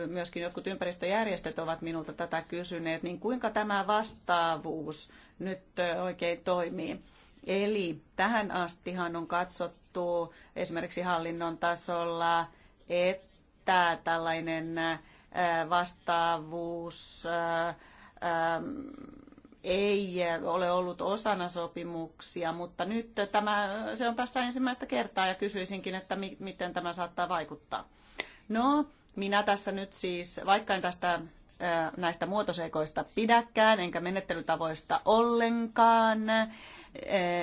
myöskin jotkut ympäristöjärjestöt ovat minulta tätä kysyneet, niin kuinka tämä vastaavuus nyt oikein toimii? Eli tähän astihan on katsottu esimerkiksi hallinnon tasolla, että tällainen vastaavuus ei ole ollut osana sopimuksia, mutta nyt tämä, se on tässä ensimmäistä kertaa ja kysyisinkin, että mi, miten tämä saattaa vaikuttaa. No, minä tässä nyt siis, vaikka en tästä näistä muotoseikoista pidäkään, enkä menettelytavoista ollenkaan,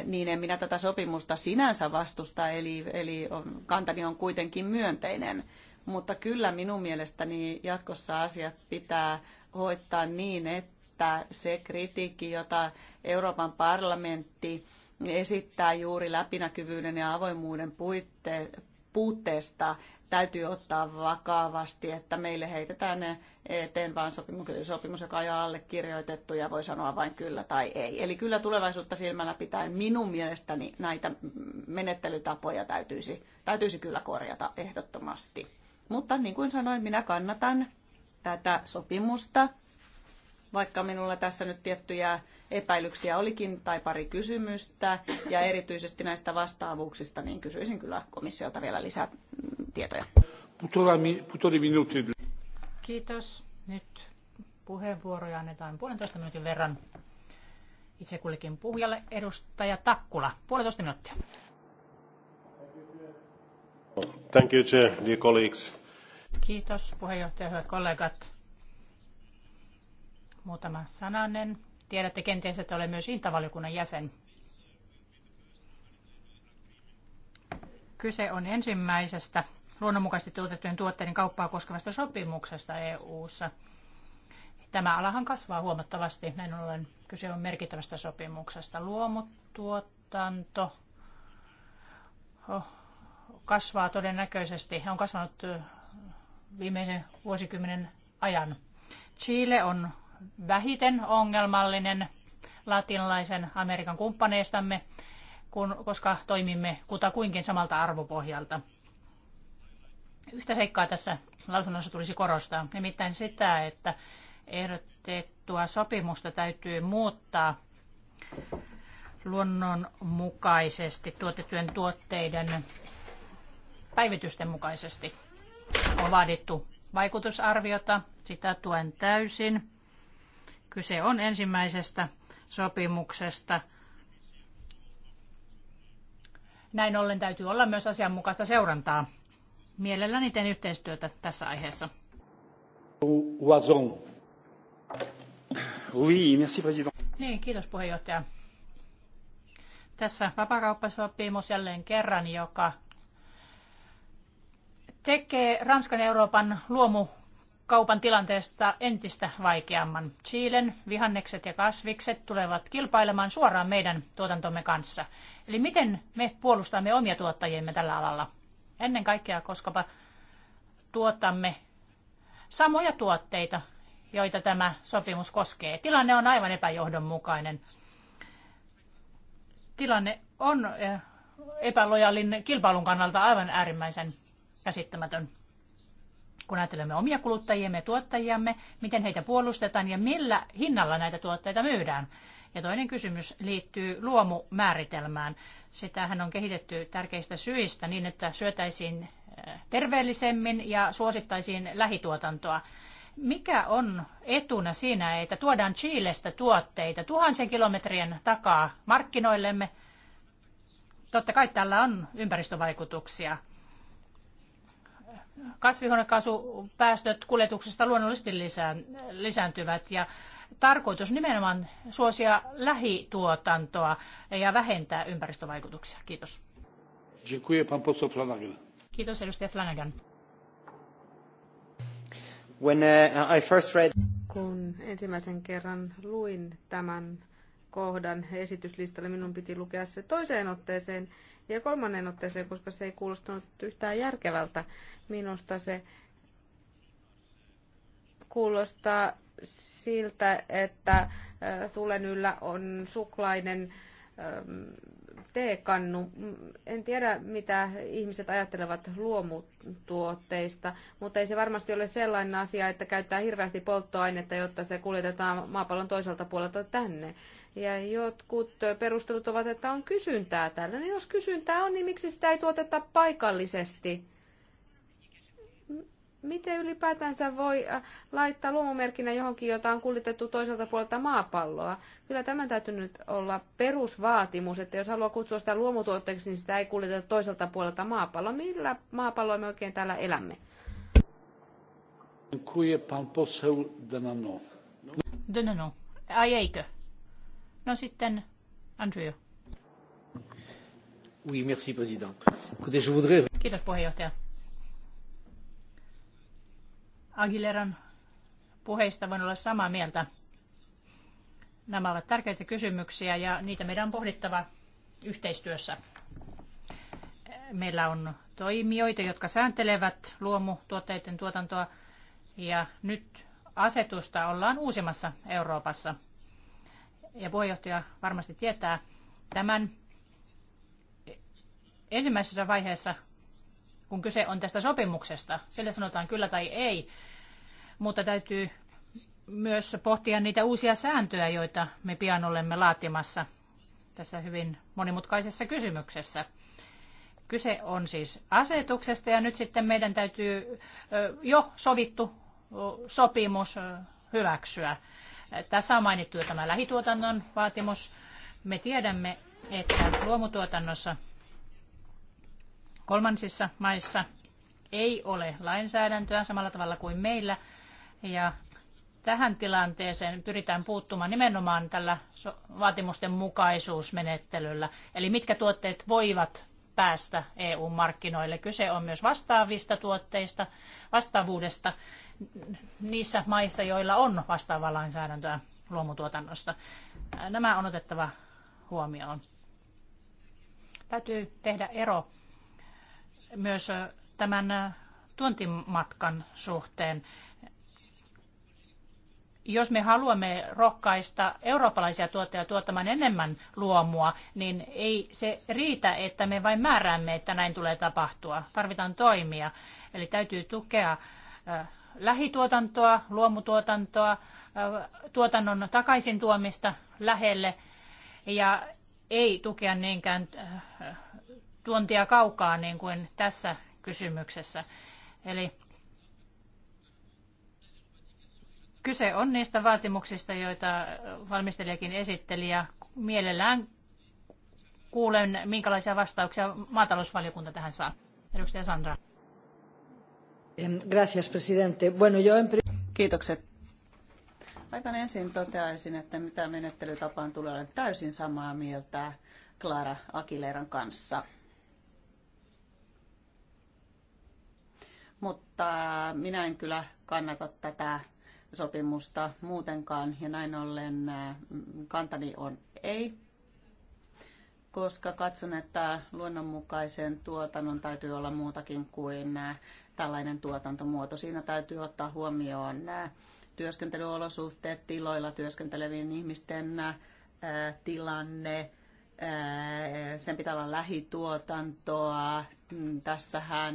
niin en minä tätä sopimusta sinänsä vastusta, eli, eli kantani on kuitenkin myönteinen. Mutta kyllä minun mielestäni jatkossa asiat pitää hoitaa niin, että että se kritiikki, jota Euroopan parlamentti esittää juuri läpinäkyvyyden ja avoimuuden puitte, puutteesta, täytyy ottaa vakavasti, että meille heitetään eteen vain sopimus, joka on jo allekirjoitettu ja voi sanoa vain kyllä tai ei. Eli kyllä tulevaisuutta silmällä pitäen minun mielestäni näitä menettelytapoja täytyisi, täytyisi kyllä korjata ehdottomasti. Mutta niin kuin sanoin, minä kannatan tätä sopimusta vaikka minulla tässä nyt tiettyjä epäilyksiä olikin tai pari kysymystä ja erityisesti näistä vastaavuuksista, niin kysyisin kyllä komissiolta vielä lisää mm, tietoja. Kiitos. Nyt puheenvuoroja annetaan puolentoista minuutin verran itse kullekin puhujalle. Edustaja Takkula, puolentoista minuuttia. Thank you, Chair, dear colleagues. Kiitos puheenjohtaja, hyvät kollegat muutama sananen. Tiedätte kenties, että olen myös Intavaliokunnan jäsen. Kyse on ensimmäisestä luonnonmukaisesti tuotettujen tuotteiden kauppaa koskevasta sopimuksesta EU:ssa. Tämä alahan kasvaa huomattavasti, näin ollen kyse on merkittävästä sopimuksesta. Luomutuotanto oh, kasvaa todennäköisesti, on kasvanut eh, viimeisen vuosikymmenen ajan. Chile on vähiten ongelmallinen latinalaisen Amerikan kumppaneistamme, kun, koska toimimme kutakuinkin samalta arvopohjalta. Yhtä seikkaa tässä lausunnossa tulisi korostaa, nimittäin sitä, että ehdotettua sopimusta täytyy muuttaa luonnonmukaisesti tuotettujen tuotteiden päivitysten mukaisesti. On vaadittu vaikutusarviota, sitä tuen täysin. Kyse on ensimmäisestä sopimuksesta. Näin ollen täytyy olla myös asianmukaista seurantaa. Mielelläni teen yhteistyötä tässä aiheessa. Oui, merci, president. Niin, kiitos puheenjohtaja. Tässä vapakauppasopimus jälleen kerran, joka tekee Ranskan Euroopan luomu kaupan tilanteesta entistä vaikeamman. Chilen vihannekset ja kasvikset tulevat kilpailemaan suoraan meidän tuotantomme kanssa. Eli miten me puolustamme omia tuottajiemme tällä alalla? Ennen kaikkea, koska tuotamme samoja tuotteita, joita tämä sopimus koskee. Tilanne on aivan epäjohdonmukainen. Tilanne on eh, epälojallinen kilpailun kannalta aivan äärimmäisen käsittämätön kun ajattelemme omia kuluttajiamme ja tuottajiamme, miten heitä puolustetaan ja millä hinnalla näitä tuotteita myydään. Ja toinen kysymys liittyy luomumääritelmään. Sitähän on kehitetty tärkeistä syistä niin, että syötäisiin eh, terveellisemmin ja suosittaisiin lähituotantoa. Mikä on etuna siinä, että tuodaan Chiilestä tuotteita tuhansien kilometrien takaa markkinoillemme? Totta kai tällä on ympäristövaikutuksia kasvihuonekaasupäästöt kuljetuksesta luonnollisesti lisään, lisääntyvät ja tarkoitus nimenomaan suosia lähituotantoa ja vähentää ympäristövaikutuksia. Kiitos. Dziękuję pan poseł Flanagan. Kiitos edustaja Flanagan. When, uh, I first read... Kun ensimmäisen kerran luin tämän kohdan esityslistalle, minun piti lukea se toiseen otteeseen ja kolmannen otteeseen, koska se ei kuulostanut yhtään järkevältä. Minusta se kuulostaa siltä, että tulen yllä on suklainen teekannu. En tiedä, mitä ihmiset ajattelevat luomutuotteista, mutta ei se varmasti ole sellainen asia, että käyttää hirveästi polttoainetta, jotta se kuljetetaan maapallon toiselta puolelta tänne. Ja jotkut perustelut ovat, että on kysyntää tällä. Niin no jos kysyntää on, niin miksi sitä ei tuoteta paikallisesti? Miten ylipäätänsä voi äh, laittaa luomumerkinä johonkin, jota on kuljetettu toiselta puolelta maapalloa? Kyllä tämän täytyy nyt olla perusvaatimus, että jos haluaa kutsua sitä luomutuotteeksi, niin sitä ei kuljeteta toiselta puolelta maapalloa. Millä maapalloa me oikein täällä elämme? Dziękuję pan poseł Denano. Denano. Ai eikö? No sitten Andrew. Oui, merci président. je voudrais... Kiitos puheenjohtaja Aguileran puheista voin olla samaa mieltä. Nämä ovat tärkeitä kysymyksiä ja niitä meidän on pohdittava yhteistyössä. Meillä on toimijoita, jotka sääntelevät luomutuotteiden tuotantoa ja nyt asetusta ollaan uusimassa Euroopassa. Ja puheenjohtaja varmasti tietää tämän. Ensimmäisessä vaiheessa kun kyse on tästä sopimuksesta. Sille sanotaan kyllä tai ei, mutta täytyy myös pohtia niitä uusia sääntöjä, joita me pian olemme laatimassa tässä hyvin monimutkaisessa kysymyksessä. Kyse on siis asetuksesta ja nyt sitten meidän täytyy jo sovittu sopimus hyväksyä. Tässä on mainittu jo tämä lähituotannon vaatimus. Me tiedämme, että luomutuotannossa Kolmansissa maissa ei ole lainsäädäntöä samalla tavalla kuin meillä. Ja tähän tilanteeseen pyritään puuttumaan nimenomaan tällä vaatimusten mukaisuusmenettelyllä. Eli mitkä tuotteet voivat päästä EU-markkinoille. Kyse on myös vastaavista tuotteista, vastaavuudesta niissä maissa, joilla on vastaavaa lainsäädäntöä luomutuotannosta. Nämä on otettava huomioon. Täytyy tehdä ero myös tämän tuontimatkan suhteen. Jos me haluamme rohkaista eurooppalaisia tuottajia tuottamaan enemmän luomua, niin ei se riitä, että me vain määräämme, että näin tulee tapahtua. Tarvitaan toimia. Eli täytyy tukea lähituotantoa, luomutuotantoa, tuotannon takaisin tuomista lähelle ja ei tukea niinkään tuontia kaukaa, niin kuin tässä kysymyksessä. Eli kyse on niistä vaatimuksista, joita valmistelijakin esitteli, ja mielellään kuulen, minkälaisia vastauksia maatalousvaliokunta tähän saa. Edustaja Sandra. Gracias, presidente. Bueno, yo en... Kiitokset aivan ensin toteaisin, että mitä menettelytapaan tulee olen täysin samaa mieltä Clara Akileran kanssa. mutta minä en kyllä kannata tätä sopimusta muutenkaan ja näin ollen äh, kantani on ei, koska katson, että luonnonmukaisen tuotannon täytyy olla muutakin kuin äh, tällainen tuotantomuoto. Siinä täytyy ottaa huomioon äh, työskentelyolosuhteet, tiloilla työskentelevien ihmisten tilanne, sen pitää olla lähituotantoa. Mm, tässähän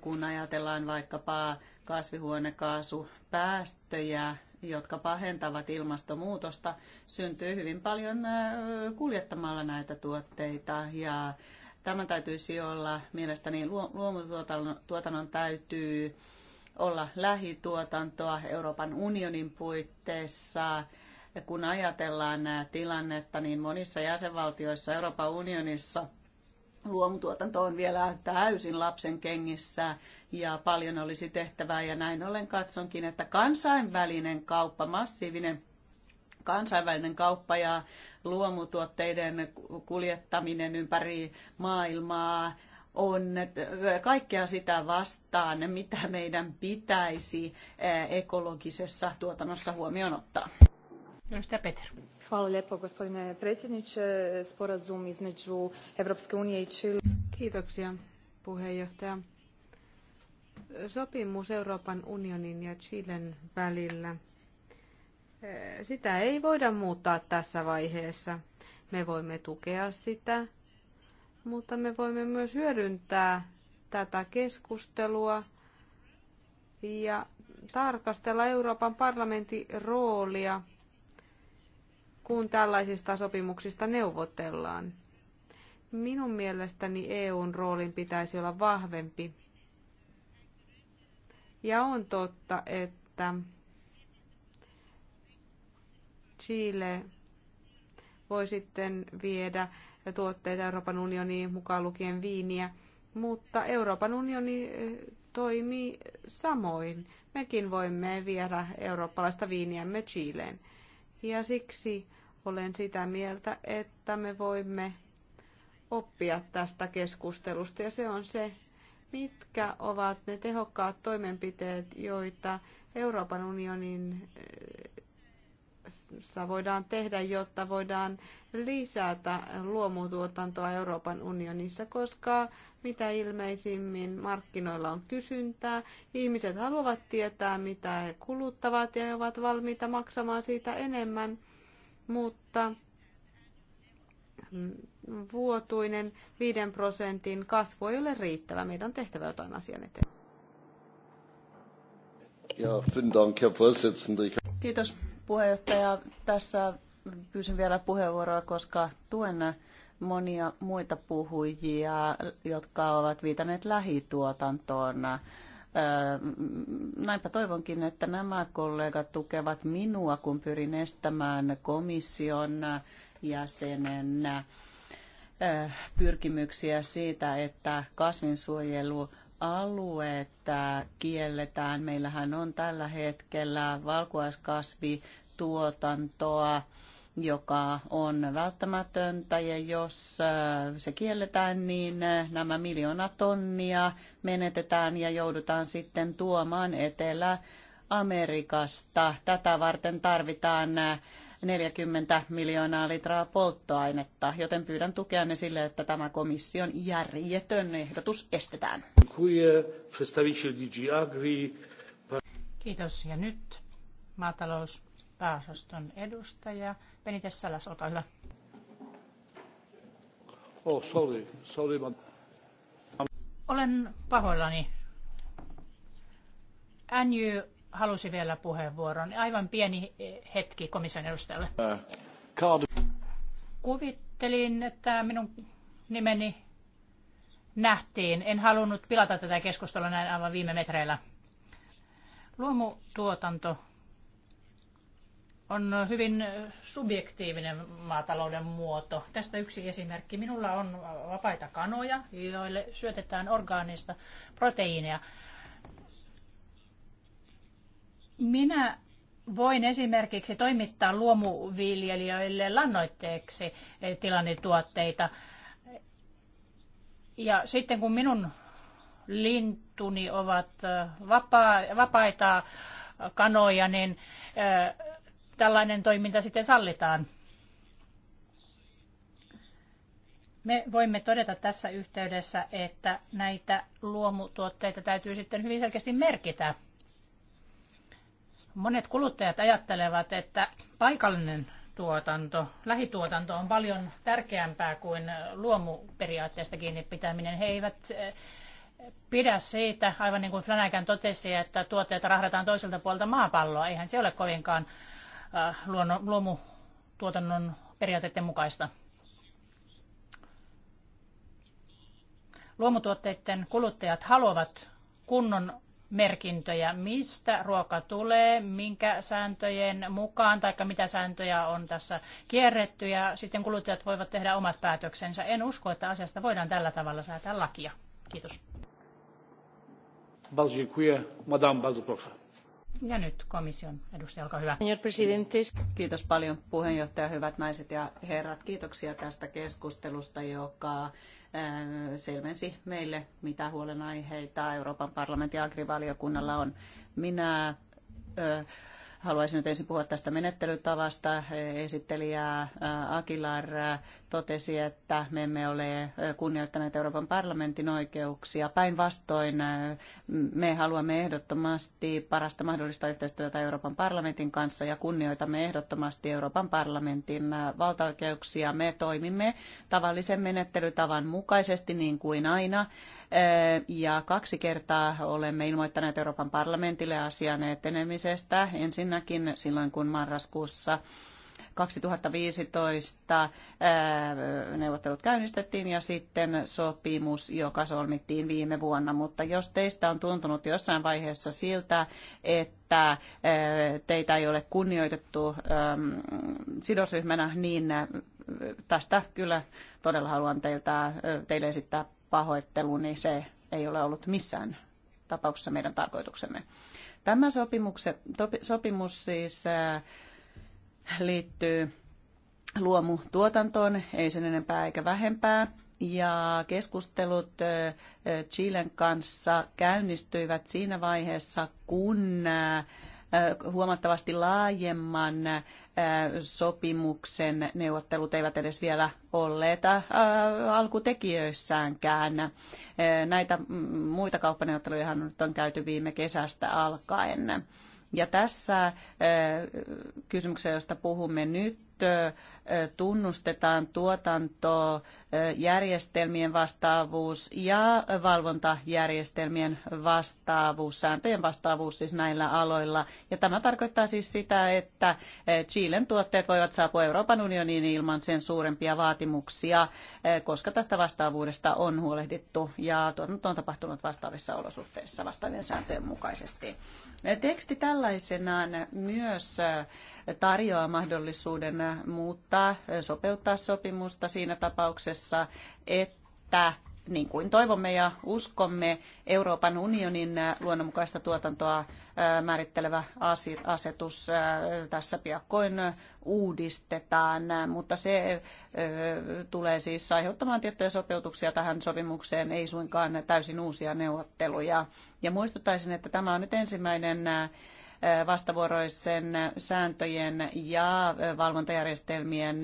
kun ajatellaan vaikkapa kasvihuonekaasupäästöjä, jotka pahentavat ilmastonmuutosta, syntyy hyvin paljon kuljettamalla näitä tuotteita ja tämän täytyisi olla mielestäni luomutuotannon täytyy olla lähituotantoa Euroopan unionin puitteissa. Kun ajatellaan tilannetta, niin monissa jäsenvaltioissa Euroopan unionissa – luomutuotanto on vielä täysin lapsen kengissä ja paljon olisi tehtävää ja näin ollen katsonkin, että kansainvälinen kauppa, massiivinen kansainvälinen kauppa ja luomutuotteiden kuljettaminen ympäri maailmaa on kaikkea sitä vastaan, mitä meidän pitäisi eh, ekologisessa tuotannossa huomioon ottaa. Edustaja Peter gospodine predsjedniče. Sporazum između Europske unije i Chile. Sopimus Euroopan unionin ja Chilen välillä. Eh, sitä ei voida muuttaa tässä vaiheessa. Me voimme tukea sitä, mutta me voimme myös hyödyntää tätä keskustelua ja tarkastella Euroopan parlamentin roolia kun tällaisista sopimuksista neuvotellaan. Minun mielestäni EUn roolin pitäisi olla vahvempi. Ja on totta, että Chile voi sitten viedä tuotteita Euroopan unioniin, mukaan lukien viiniä, mutta Euroopan unioni eh, toimii samoin. Mekin voimme viedä eurooppalaista viiniämme Chileen. Ja siksi olen sitä mieltä, että me voimme oppia tästä keskustelusta. Ja se on se, mitkä ovat ne tehokkaat toimenpiteet, joita Euroopan unionin eh, voidaan tehdä, jotta voidaan lisätä luomutuotantoa Euroopan unionissa, koska mitä ilmeisimmin markkinoilla on kysyntää. Ihmiset haluavat tietää, mitä he kuluttavat ja he ovat valmiita maksamaan siitä enemmän, mutta vuotuinen 5 prosentin kasvu ei ole riittävä. Meidän on tehtävä jotain asian eteen. Kiitos puheenjohtaja. Tässä pyysin vielä puheenvuoroa, koska tuen monia muita puhujia, jotka ovat viitanneet lähituotantoon. Näinpä toivonkin, että nämä kollegat tukevat minua, kun pyrin estämään komission jäsenen pyrkimyksiä siitä, että kasvinsuojelu alueet kielletään. Meillähän on tällä hetkellä valkuaiskasvituotantoa joka on välttämätöntä ja jos äh, se kielletään, niin äh, nämä miljoona tonnia menetetään ja joudutaan sitten tuomaan Etelä-Amerikasta. Tätä varten tarvitaan 40 äh, miljoonaa litraa polttoainetta, joten pyydän tukeanne sille, että tämä komission järjetön ehdotus estetään. Kiitos. Ja nyt maatalouspääosaston edustaja Benitez Salas, olkaa hyvä. Oh, sorry, sorry, but... Olen pahoillani. Anju halusi vielä puheenvuoron. Aivan pieni hetki komission edustajalle. Uh, Kuvittelin, että minun nimeni nähtiin. En halunnut pilata tätä keskustelua näin aivan viime metreillä. Luomutuotanto on hyvin subjektiivinen maatalouden muoto. Tästä yksi esimerkki. Minulla on vapaita kanoja, joille syötetään orgaanista proteiineja. Minä voin esimerkiksi toimittaa luomuviljelijöille lannoitteeksi tilannetuotteita. Ja sitten kun minun lintuni ovat vapaa, vapaita kanoja, niin tällainen toiminta sitten sallitaan. Me voimme todeta tässä yhteydessä, että näitä luomutuotteita täytyy sitten hyvin selkeästi merkitä. Monet kuluttajat ajattelevat, että paikallinen tuotanto, lähituotanto on paljon tärkeämpää kuin luomuperiaatteesta kiinni pitäminen. He eivät eh, pidä siitä, aivan niin kuin Flanagan totesi, että tuotteita rahdataan toiselta puolta maapalloa. Eihän se ole kovinkaan Äh, luomutuotannon periaatteiden mukaista. Luomutuotteiden kuluttajat haluavat kunnon merkintöjä, mistä ruoka tulee, minkä sääntöjen mukaan tai mitä sääntöjä on tässä kierretty ja sitten kuluttajat voivat tehdä omat päätöksensä. En usko, että asiasta voidaan tällä tavalla säätää lakia. Kiitos. Bardzo dziękuję. Madame, bardzo proszę. Ja nyt komission edustaja, olkaa hyvä. Kiitos paljon puheenjohtaja, hyvät naiset ja herrat. Kiitoksia tästä keskustelusta, joka äh, selvensi meille, mitä huolenaiheita Euroopan parlamentin agrivaliokunnalla on. Minä äh, haluaisin nyt ensin puhua tästä menettelytavasta. Esittelijä äh, Akilar totesi, että me emme ole kunnioittaneet Euroopan parlamentin oikeuksia. Päinvastoin me haluamme ehdottomasti parasta mahdollista yhteistyötä Euroopan parlamentin kanssa ja kunnioitamme ehdottomasti Euroopan parlamentin valtaoikeuksia. Me toimimme tavallisen menettelytavan mukaisesti niin kuin aina. Ja kaksi kertaa olemme ilmoittaneet Euroopan parlamentille asian etenemisestä. Ensinnäkin silloin, kun marraskuussa 2015 neuvottelut käynnistettiin ja sitten sopimus, joka solmittiin viime vuonna. Mutta jos teistä on tuntunut jossain vaiheessa siltä, että teitä ei ole kunnioitettu sidosryhmänä, niin tästä kyllä todella haluan teiltä, teille esittää pahoitteluni. Niin se ei ole ollut missään tapauksessa meidän tarkoituksemme. Tämä sopimus siis liittyy luomutuotantoon, ei sen enempää eikä vähempää. Ja keskustelut Chilen kanssa käynnistyivät siinä vaiheessa, kun huomattavasti laajemman sopimuksen neuvottelut eivät edes vielä olleet alkutekijöissäänkään. Näitä muita kauppaneuvotteluja on käyty viime kesästä alkaen. Ja tässä kysymyksessä, josta puhumme nyt, tunnustetaan tuotanto, järjestelmien vastaavuus ja valvontajärjestelmien vastaavuus, sääntöjen vastaavuus siis näillä aloilla. Ja tämä tarkoittaa siis sitä, että Chilen tuotteet voivat saapua Euroopan unioniin ilman sen suurempia vaatimuksia, koska tästä vastaavuudesta on huolehdittu ja tuotanto on tapahtunut vastaavissa olosuhteissa vastaavien sääntöjen mukaisesti. Teksti tällaisenaan myös tarjoaa mahdollisuuden muuttaa muuttaa, sopeuttaa sopimusta siinä tapauksessa, että niin kuin toivomme ja uskomme, Euroopan unionin luonnonmukaista tuotantoa määrittelevä asetus tässä piakkoin uudistetaan, mutta se tulee siis aiheuttamaan tiettyjä sopeutuksia tähän sopimukseen, ei suinkaan täysin uusia neuvotteluja. Ja muistuttaisin, että tämä on nyt ensimmäinen vastavuoroisen sääntöjen ja valvontajärjestelmien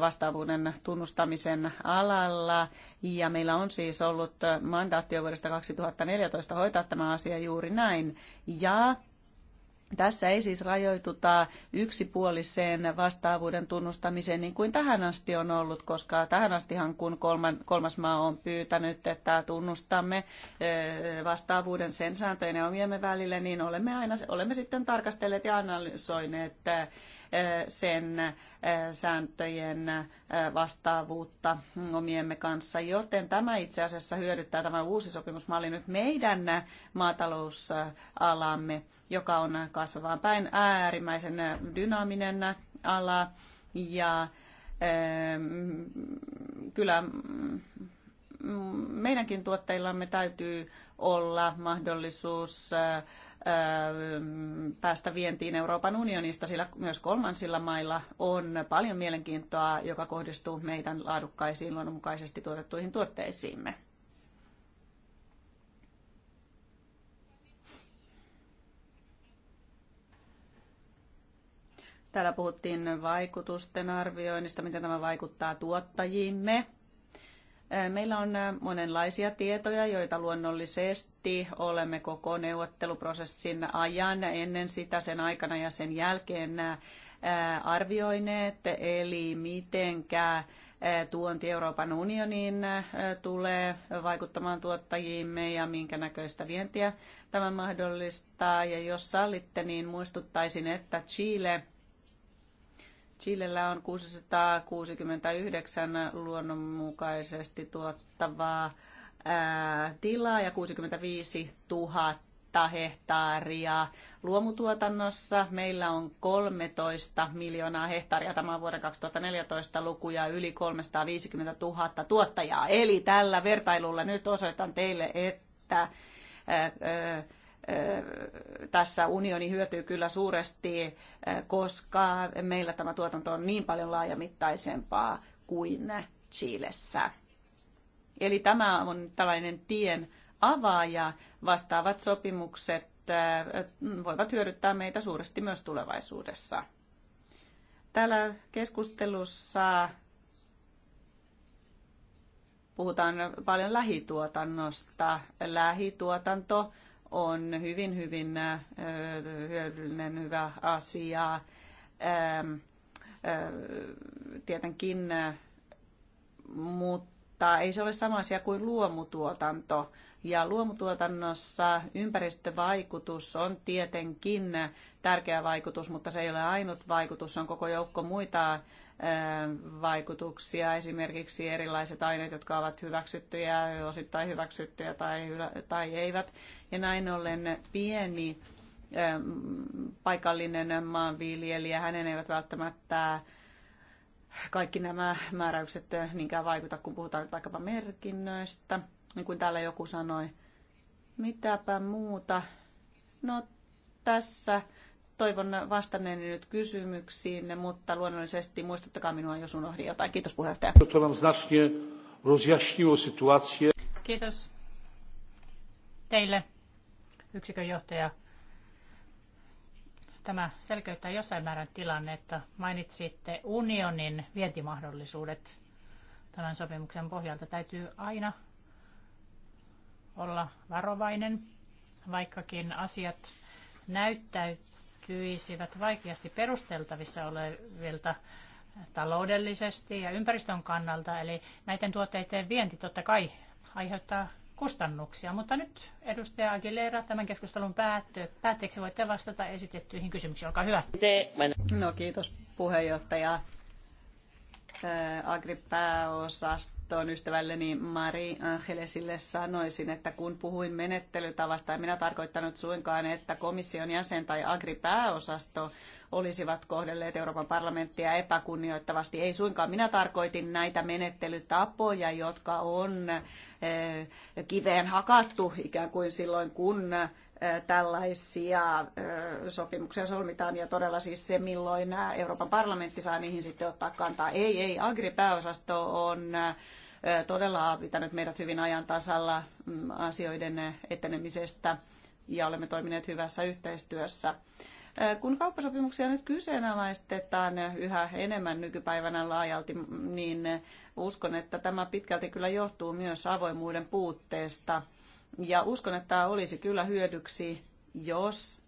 vastaavuuden tunnustamisen alalla. Ja meillä on siis ollut mandaatti jo vuodesta 2014 hoitaa tämä asia juuri näin. Ja tässä ei siis rajoituta yksipuoliseen vastaavuuden tunnustamiseen niin kuin tähän asti on ollut, koska tähän astihan kun kolmas maa on pyytänyt, että tunnustamme vastaavuuden sen sääntöjen ja omiemme välille, niin olemme, aina, olemme sitten tarkastelleet ja analysoineet sen sääntöjen vastaavuutta mm, omiemme kanssa, joten tämä itse asiassa hyödyttää tämä uusi sopimusmalli nyt meidän maatalousalamme joka on kasvavaan päin äärimmäisen dynaaminen ala. Ja ähm, kyllä mm, meidänkin tuotteillamme täytyy olla mahdollisuus ähm, päästä vientiin Euroopan unionista, sillä myös kolmansilla mailla on paljon mielenkiintoa, joka kohdistuu meidän laadukkaisiin luonnonmukaisesti tuotettuihin tuotteisiimme. Täällä puhuttiin vaikutusten arvioinnista, miten tämä vaikuttaa tuottajiimme. Meillä on monenlaisia tietoja, joita luonnollisesti olemme koko neuvotteluprosessin ajan ennen sitä, sen aikana ja sen jälkeen arvioineet, eli mitenkä tuonti Euroopan unioniin tulee vaikuttamaan tuottajiimme ja minkä näköistä vientiä tämä mahdollistaa. Ja jos sallitte, niin muistuttaisin, että Chile – Chilellä on 669 luonnonmukaisesti tuottavaa ää, tilaa ja 65 000 hehtaaria luomutuotannossa. Meillä on 13 miljoonaa hehtaaria, tämä on vuoden 2014 lukuja, yli 350 000 tuottajaa. Eli tällä vertailulla nyt osoitan teille, että ää, ää, tässä unioni hyötyy kyllä suuresti, koska meillä tämä tuotanto on niin paljon laajamittaisempaa kuin Chiilessä. Eli tämä on tällainen tien avaaja. Vastaavat sopimukset voivat hyödyttää meitä suuresti myös tulevaisuudessa. Täällä keskustelussa puhutaan paljon lähituotannosta. Lähituotanto on hyvin, hyvin äh, hyödyllinen, hyvä asia. Ähm, äh, tietenkin, äh, mutta ei se ole sama asia kuin luomutuotanto. Ja luomutuotannossa ympäristövaikutus on tietenkin tärkeä vaikutus, mutta se ei ole ainut vaikutus, on koko joukko muita vaikutuksia, esimerkiksi erilaiset aineet, jotka ovat hyväksyttyjä, osittain hyväksyttyjä tai, tai eivät. Ja näin ollen pieni ähm, paikallinen maanviljelijä, hänen eivät välttämättä kaikki nämä määräykset äh, niinkään vaikuta, kun puhutaan vaikkapa merkinnöistä, niin kuin täällä joku sanoi. Mitäpä muuta? No tässä toivon vastanneeni nyt kysymyksiin, mutta luonnollisesti muistuttakaa minua, jos unohdin jotain. Kiitos puheenjohtaja. Kiitos teille, yksikön johtaja. Tämä selkeyttää jossain määrän tilannetta. Mainitsitte unionin vientimahdollisuudet tämän sopimuksen pohjalta. Täytyy aina olla varovainen, vaikkakin asiat näyttäytyy löytyisivät vaikeasti perusteltavissa olevilta taloudellisesti ja ympäristön kannalta. Eli näiden tuotteiden vienti totta kai aiheuttaa kustannuksia. Mutta nyt edustaja Aguilera, tämän keskustelun päättö, päätteeksi voitte vastata esitettyihin kysymyksiin. Olkaa hyvä. No kiitos puheenjohtaja. Agri-pääosasta tuon ystävälleni Mari Angelesille sanoisin, että kun puhuin menettelytavasta, en minä tarkoittanut suinkaan, että komission jäsen tai agripääosasto olisivat kohdelleet Euroopan parlamenttia epäkunnioittavasti. Ei suinkaan. Minä tarkoitin näitä menettelytapoja, jotka on eh, kiveen hakattu ikään kuin silloin, kun eh, tällaisia eh, sopimuksia solmitaan ja todella siis se, milloin Euroopan parlamentti saa niihin sitten ottaa kantaa. Ei, ei, agripääosasto on todella pitänyt meidät hyvin ajan tasalla mm, asioiden etenemisestä ja olemme toimineet hyvässä yhteistyössä. Kun kauppasopimuksia nyt kyseenalaistetaan yhä enemmän nykypäivänä laajalti, niin uskon, että tämä pitkälti kyllä johtuu myös avoimuuden puutteesta. Ja uskon, että tämä olisi kyllä hyödyksi, jos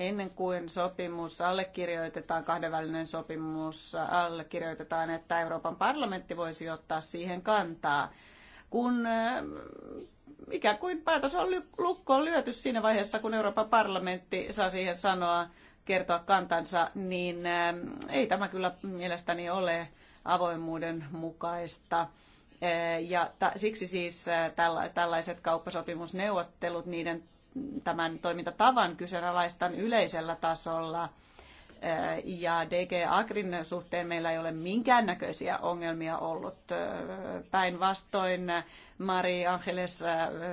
ennen kuin sopimus allekirjoitetaan, kahdenvälinen sopimus allekirjoitetaan, että Euroopan parlamentti voisi ottaa siihen kantaa. Kun eh, ikään kuin päätös on lukkoon lyöty siinä vaiheessa, kun Euroopan parlamentti saa siihen sanoa, kertoa kantansa, niin eh, ei tämä kyllä mielestäni ole avoimuuden mukaista. Eh, ja siksi siis tällaiset kauppasopimusneuvottelut, niiden tämän toimintatavan kyseenalaistan yleisellä tasolla. Ja DG Agrin suhteen meillä ei ole minkäännäköisiä ongelmia ollut. Päinvastoin Mari Angeles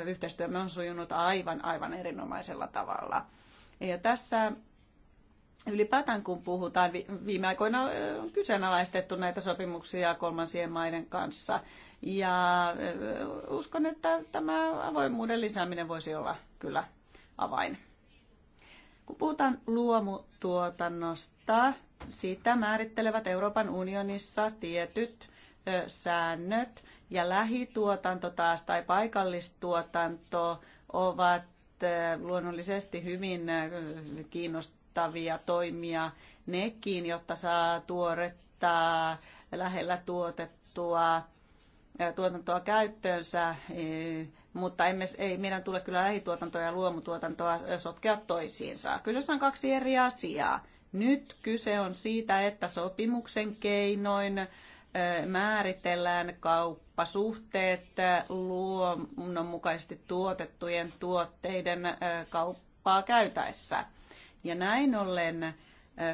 yhteistyömme on sujunut aivan, aivan erinomaisella tavalla. Ja tässä Ylipäätään kun puhutaan, viime aikoina on kyseenalaistettu näitä sopimuksia kolmansien maiden kanssa. Ja uskon, että tämä avoimuuden lisääminen voisi olla kyllä avain. Kun puhutaan luomutuotannosta, sitä määrittelevät Euroopan unionissa tietyt säännöt ja lähituotanto taas tai paikallistuotanto ovat luonnollisesti hyvin kiinnostavia vaikuttavia toimia nekin, jotta saa tuoretta, lähellä tuotettua tuotantoa käyttöönsä, mutta emme, ei meidän tule kyllä lähituotantoa ja luomutuotantoa sotkea toisiinsa. Kyseessä on kaksi eri asiaa. Nyt kyse on siitä, että sopimuksen keinoin määritellään kauppasuhteet luonnonmukaisesti tuotettujen tuotteiden kauppaa käytäessä. Ja näin ollen, äh,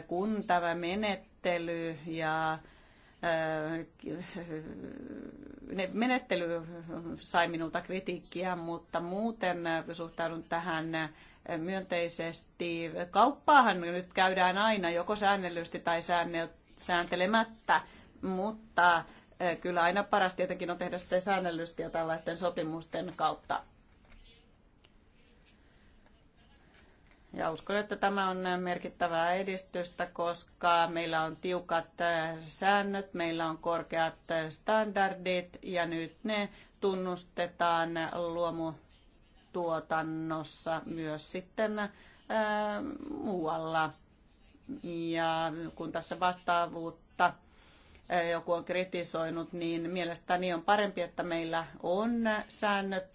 kun tämä menettely ja äh, ne menettely sai minulta kritiikkiä, mutta muuten äh, suhtaudun tähän myönteisesti. Kauppaahan nyt käydään aina joko säännellysti tai sääntelemättä, mutta kyllä aina paras tietenkin on tehdä se säännellysti ja tällaisten sopimusten kautta. Ja uskon, että tämä on merkittävää edistystä, koska meillä on tiukat äh, säännöt, meillä on korkeat äh, standardit ja nyt ne tunnustetaan luomutuotannossa myös sitten ää, äh, muualla. Ja kun tässä vastaavuutta joku on kritisoinut, niin mielestäni on parempi, että meillä on säännöt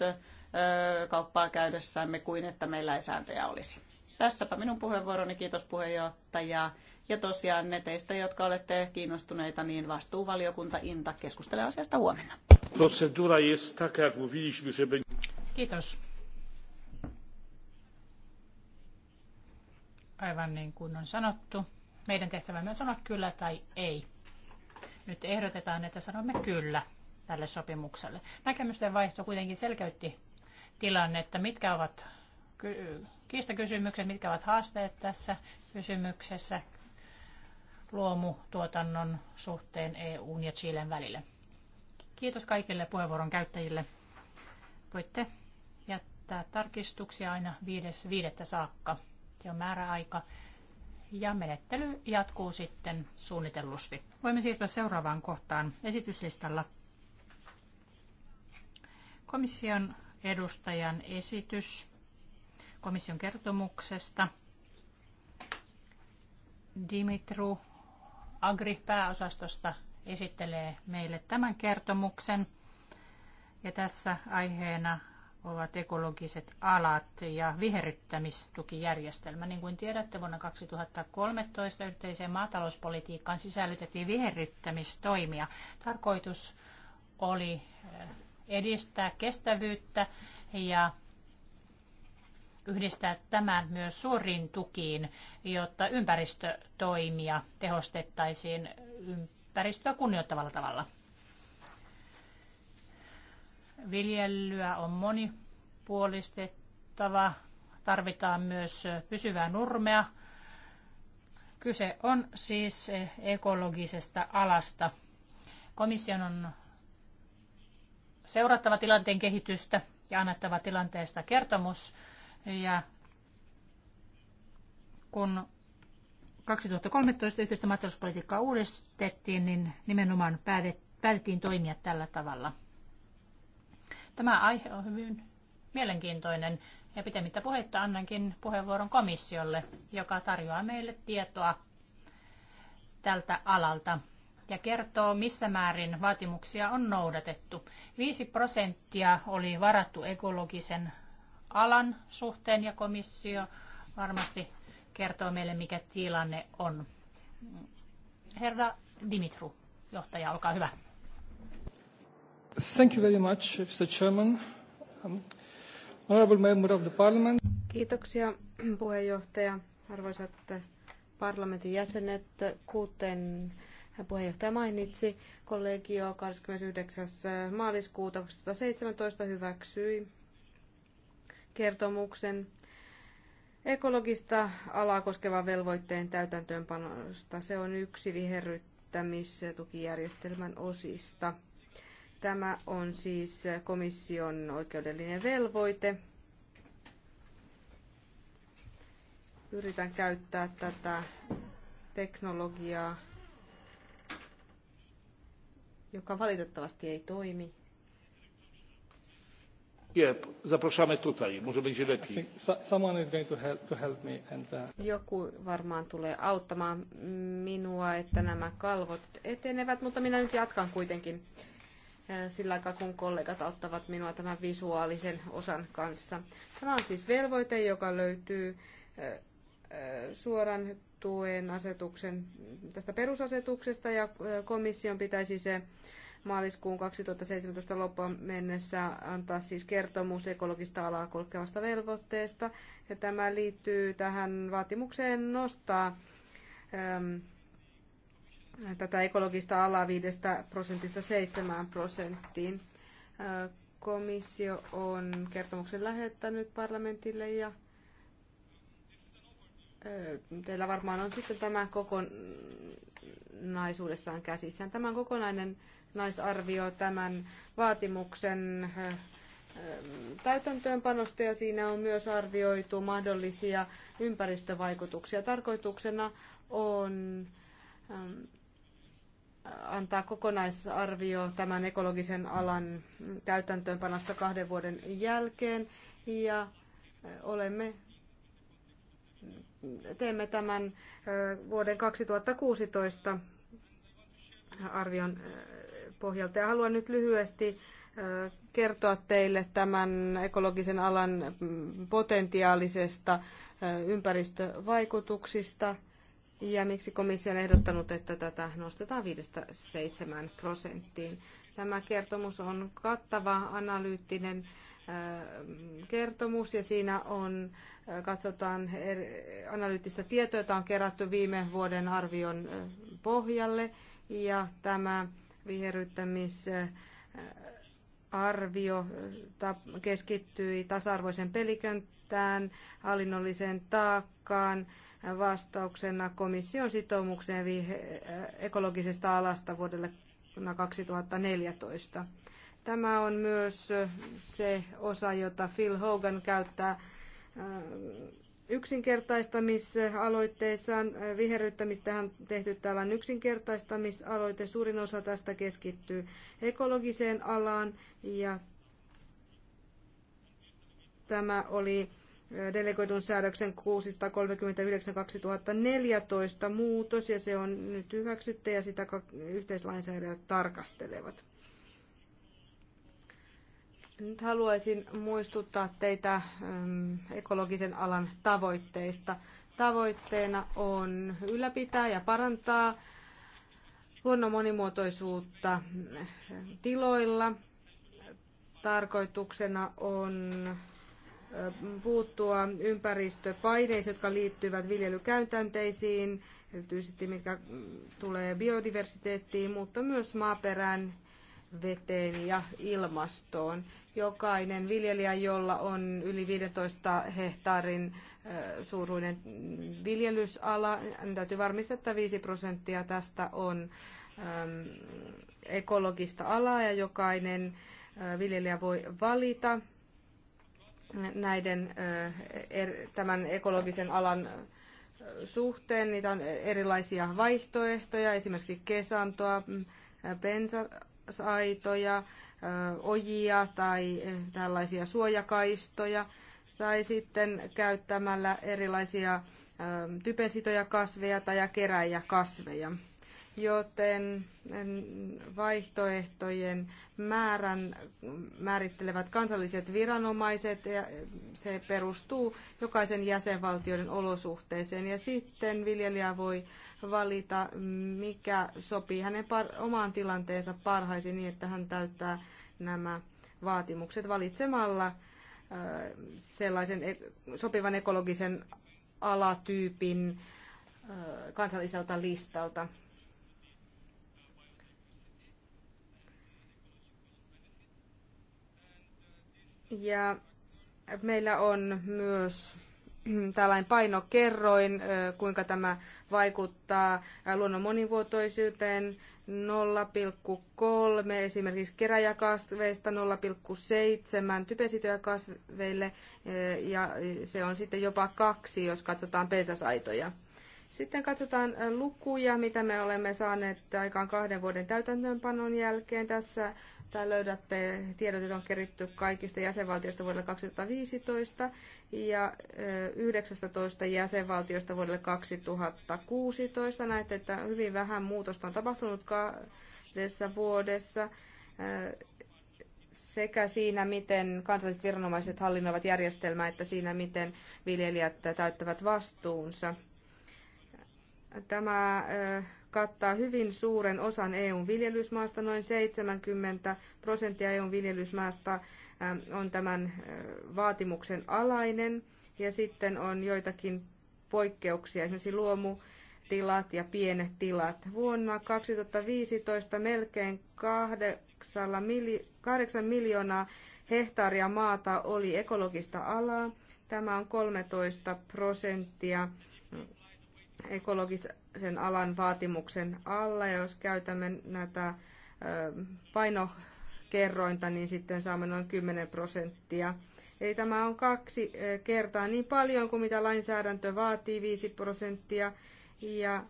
kauppaa käydessämme kuin että meillä ei sääntöjä olisi. Tässäpä minun puheenvuoroni, kiitos puheenjohtaja. Ja tosiaan ne teistä, jotka olette kiinnostuneita, niin vastuuvaliokunta Inta keskustelee asiasta huomenna. Kiitos. Aivan niin kuin on sanottu, meidän tehtävämme on sanoa kyllä tai ei. Nyt ehdotetaan, että sanomme kyllä tälle sopimukselle. Näkemysten vaihto kuitenkin selkeytti tilannetta, mitkä ovat kiistakysymykset, mitkä ovat haasteet tässä kysymyksessä luomutuotannon suhteen EUn ja Chilen välille. Kiitos kaikille puheenvuoron käyttäjille. Voitte jättää tarkistuksia aina 5.5. saakka. Se on määräaika. Ja menettely jatkuu sitten suunnitellusti. Voimme siirtyä seuraavaan kohtaan esityslistalla. Komission edustajan esitys komission kertomuksesta. Dimitru Agri-pääosastosta esittelee meille tämän kertomuksen. Ja tässä aiheena ovat ekologiset alat ja viherryttämistukijärjestelmä. Niin kuin tiedätte, vuonna 2013 yhteiseen maatalouspolitiikkaan sisällytettiin viherryttämistoimia. Tarkoitus oli edistää kestävyyttä ja yhdistää tämä myös suoriin tukiin, jotta ympäristötoimia tehostettaisiin ympäristöä kunnioittavalla tavalla. Viljelyä on monipuolistettava, tarvitaan myös pysyvää nurmea. Kyse on siis ekologisesta alasta. Komission on seurattava tilanteen kehitystä ja annettava tilanteesta kertomus ja kun 2013 yhteistä maatalouspolitiikkaa uudistettiin, niin nimenomaan päätettiin toimia tällä tavalla. Tämä aihe on hyvin mielenkiintoinen ja pitemmittä puhetta annankin puheenvuoron komissiolle, joka tarjoaa meille tietoa tältä alalta ja kertoo, missä määrin vaatimuksia on noudatettu. 5 prosenttia oli varattu ekologisen alan suhteen ja komissio varmasti kertoo meille, mikä tilanne on. Herra Dimitru, johtaja, olkaa hyvä. Thank you very much, Mr. Chairman. Um, honorable member of the parliament. Kiitoksia, puheenjohtaja. Arvoisat parlamentin jäsenet, kuten puheenjohtaja mainitsi, kollegio 29. maaliskuuta 2017 hyväksyi kertomuksen ekologista alaa koskevan velvoitteen täytäntöönpanosta. Se on yksi viherryttämistukijärjestelmän osista. Tämä on siis komission oikeudellinen velvoite. Yritän käyttää tätä teknologiaa, joka valitettavasti ei toimi. Yeah, zapraszamy tutaj, może będzie lepiej. Uh, Joku varmaan tulee auttamaan minua, että nämä kalvot etenevät, mutta minä nyt jatkan kuitenkin äh, sillä aikaa, kun kollegat auttavat minua tämän visuaalisen osan kanssa. Tämä on siis velvoite, joka löytyy äh, äh, suoran tuen asetuksen tästä perusasetuksesta ja komission pitäisi se maaliskuun 2017 loppuun mennessä antaa siis kertomus ekologista alaa koskevasta velvoitteesta. Ja tämä liittyy tähän vaatimukseen nostaa äm, tätä ekologista alaa 5 prosentista 7 prosenttiin. Äh, komissio on kertomuksen lähettänyt parlamentille ja äh, teillä varmaan on sitten tämä kokonaisuudessaan käsissään. Tämä on kokonainen kokonaisarvio tämän vaatimuksen täytäntöönpanosta ja siinä on myös arvioitu mahdollisia ympäristövaikutuksia. Tarkoituksena on antaa kokonaisarvio tämän ekologisen alan täytäntöönpanosta kahden vuoden jälkeen ja olemme teemme tämän vuoden 2016 arvion pohjalta. Ja haluan nyt lyhyesti kertoa teille tämän ekologisen alan mm, potentiaalisesta ympäristövaikutuksista ja miksi komissio on ehdottanut, että tätä nostetaan 5-7 prosenttiin. Tämä kertomus on kattava, analyyttinen kertomus ja siinä on, katsotaan analyyttistä tietoa, jota on kerätty viime vuoden arvion pohjalle ja tämä viherryttämisarvio äh, arvio keskittyi tasa-arvoisen pelikenttään, hallinnolliseen taakkaan, äh, vastauksena komission sitoumukseen äh, ekologisesta alasta vuodelle 2014. Tämä on myös se osa, jota Phil Hogan käyttää yksinkertaistamisaloitteissaan. Äh, viherryttämistähän on tehty tällainen yksinkertaistamisaloite. Suurin osa tästä keskittyy ekologiseen alaan ja tämä oli äh, delegoidun säädöksen 639-2014 muutos ja se on nyt hyväksytty ja sitä yhteislainsäädäntö tarkastelevat. Nyt haluaisin muistuttaa teitä ekologisen alan tavoitteista. Tavoitteena on ylläpitää ja parantaa luonnon monimuotoisuutta tiloilla. Tarkoituksena on puuttua ympäristöpaineisiin, jotka liittyvät viljelykäytänteisiin, erityisesti mitkä tulee biodiversiteettiin, mutta myös maaperän veteen ja ilmastoon jokainen viljelijä, jolla on yli 15 hehtaarin suuruinen viljelysala, niin täytyy varmistaa, että 5 prosenttia tästä on ekologista alaa ja jokainen viljelijä voi valita näiden er, tämän ekologisen alan suhteen. Niitä on erilaisia vaihtoehtoja, esimerkiksi kesantoa, pensasaitoja, ojia tai tällaisia suojakaistoja tai sitten käyttämällä erilaisia kasveja tai kasveja. Joten vaihtoehtojen määrän määrittelevät kansalliset viranomaiset ja se perustuu jokaisen jäsenvaltioiden olosuhteeseen. Ja sitten viljelijä voi valita, mikä sopii hänen par- omaan tilanteensa parhaisin niin, että hän täyttää nämä vaatimukset valitsemalla äh, sellaisen e-, sopivan ekologisen alatyypin äh, kansalliselta listalta. Ja meillä on myös Mm, tällainen painokerroin, kuinka tämä vaikuttaa luonnon monivuotoisuuteen 0,3, esimerkiksi keräjäkasveista 0,7 kasveille, ja se on sitten jopa kaksi, jos katsotaan pensasaitoja. Sitten katsotaan lukuja, mitä me olemme saaneet aikaan kahden vuoden täytäntöönpanon jälkeen. Tässä tai löydätte tiedot, joita on keritty kaikista jäsenvaltioista vuodelle 2015 ja 19 jäsenvaltioista vuodelle 2016. Näette, että hyvin vähän muutosta on tapahtunut kahdessa vuodessa sekä siinä, miten kansalliset viranomaiset hallinnoivat järjestelmää, että siinä, miten viljelijät täyttävät vastuunsa. Tämä kattaa hyvin suuren osan EUn viljelysmaasta, noin 70 prosenttia EUn viljelysmaasta on tämän äh, vaatimuksen alainen. Ja sitten on joitakin poikkeuksia, esimerkiksi luomutilat ja pienet tilat. Vuonna 2015 melkein 8 miljoonaa hehtaaria maata oli ekologista alaa. Tämä on 13 prosenttia ekologisen alan vaatimuksen alla. Ja jos käytämme näitä painokerrointa, niin sitten saamme noin 10 prosenttia. Eli tämä on kaksi kertaa niin paljon kuin mitä lainsäädäntö vaatii, 5 prosenttia. Ja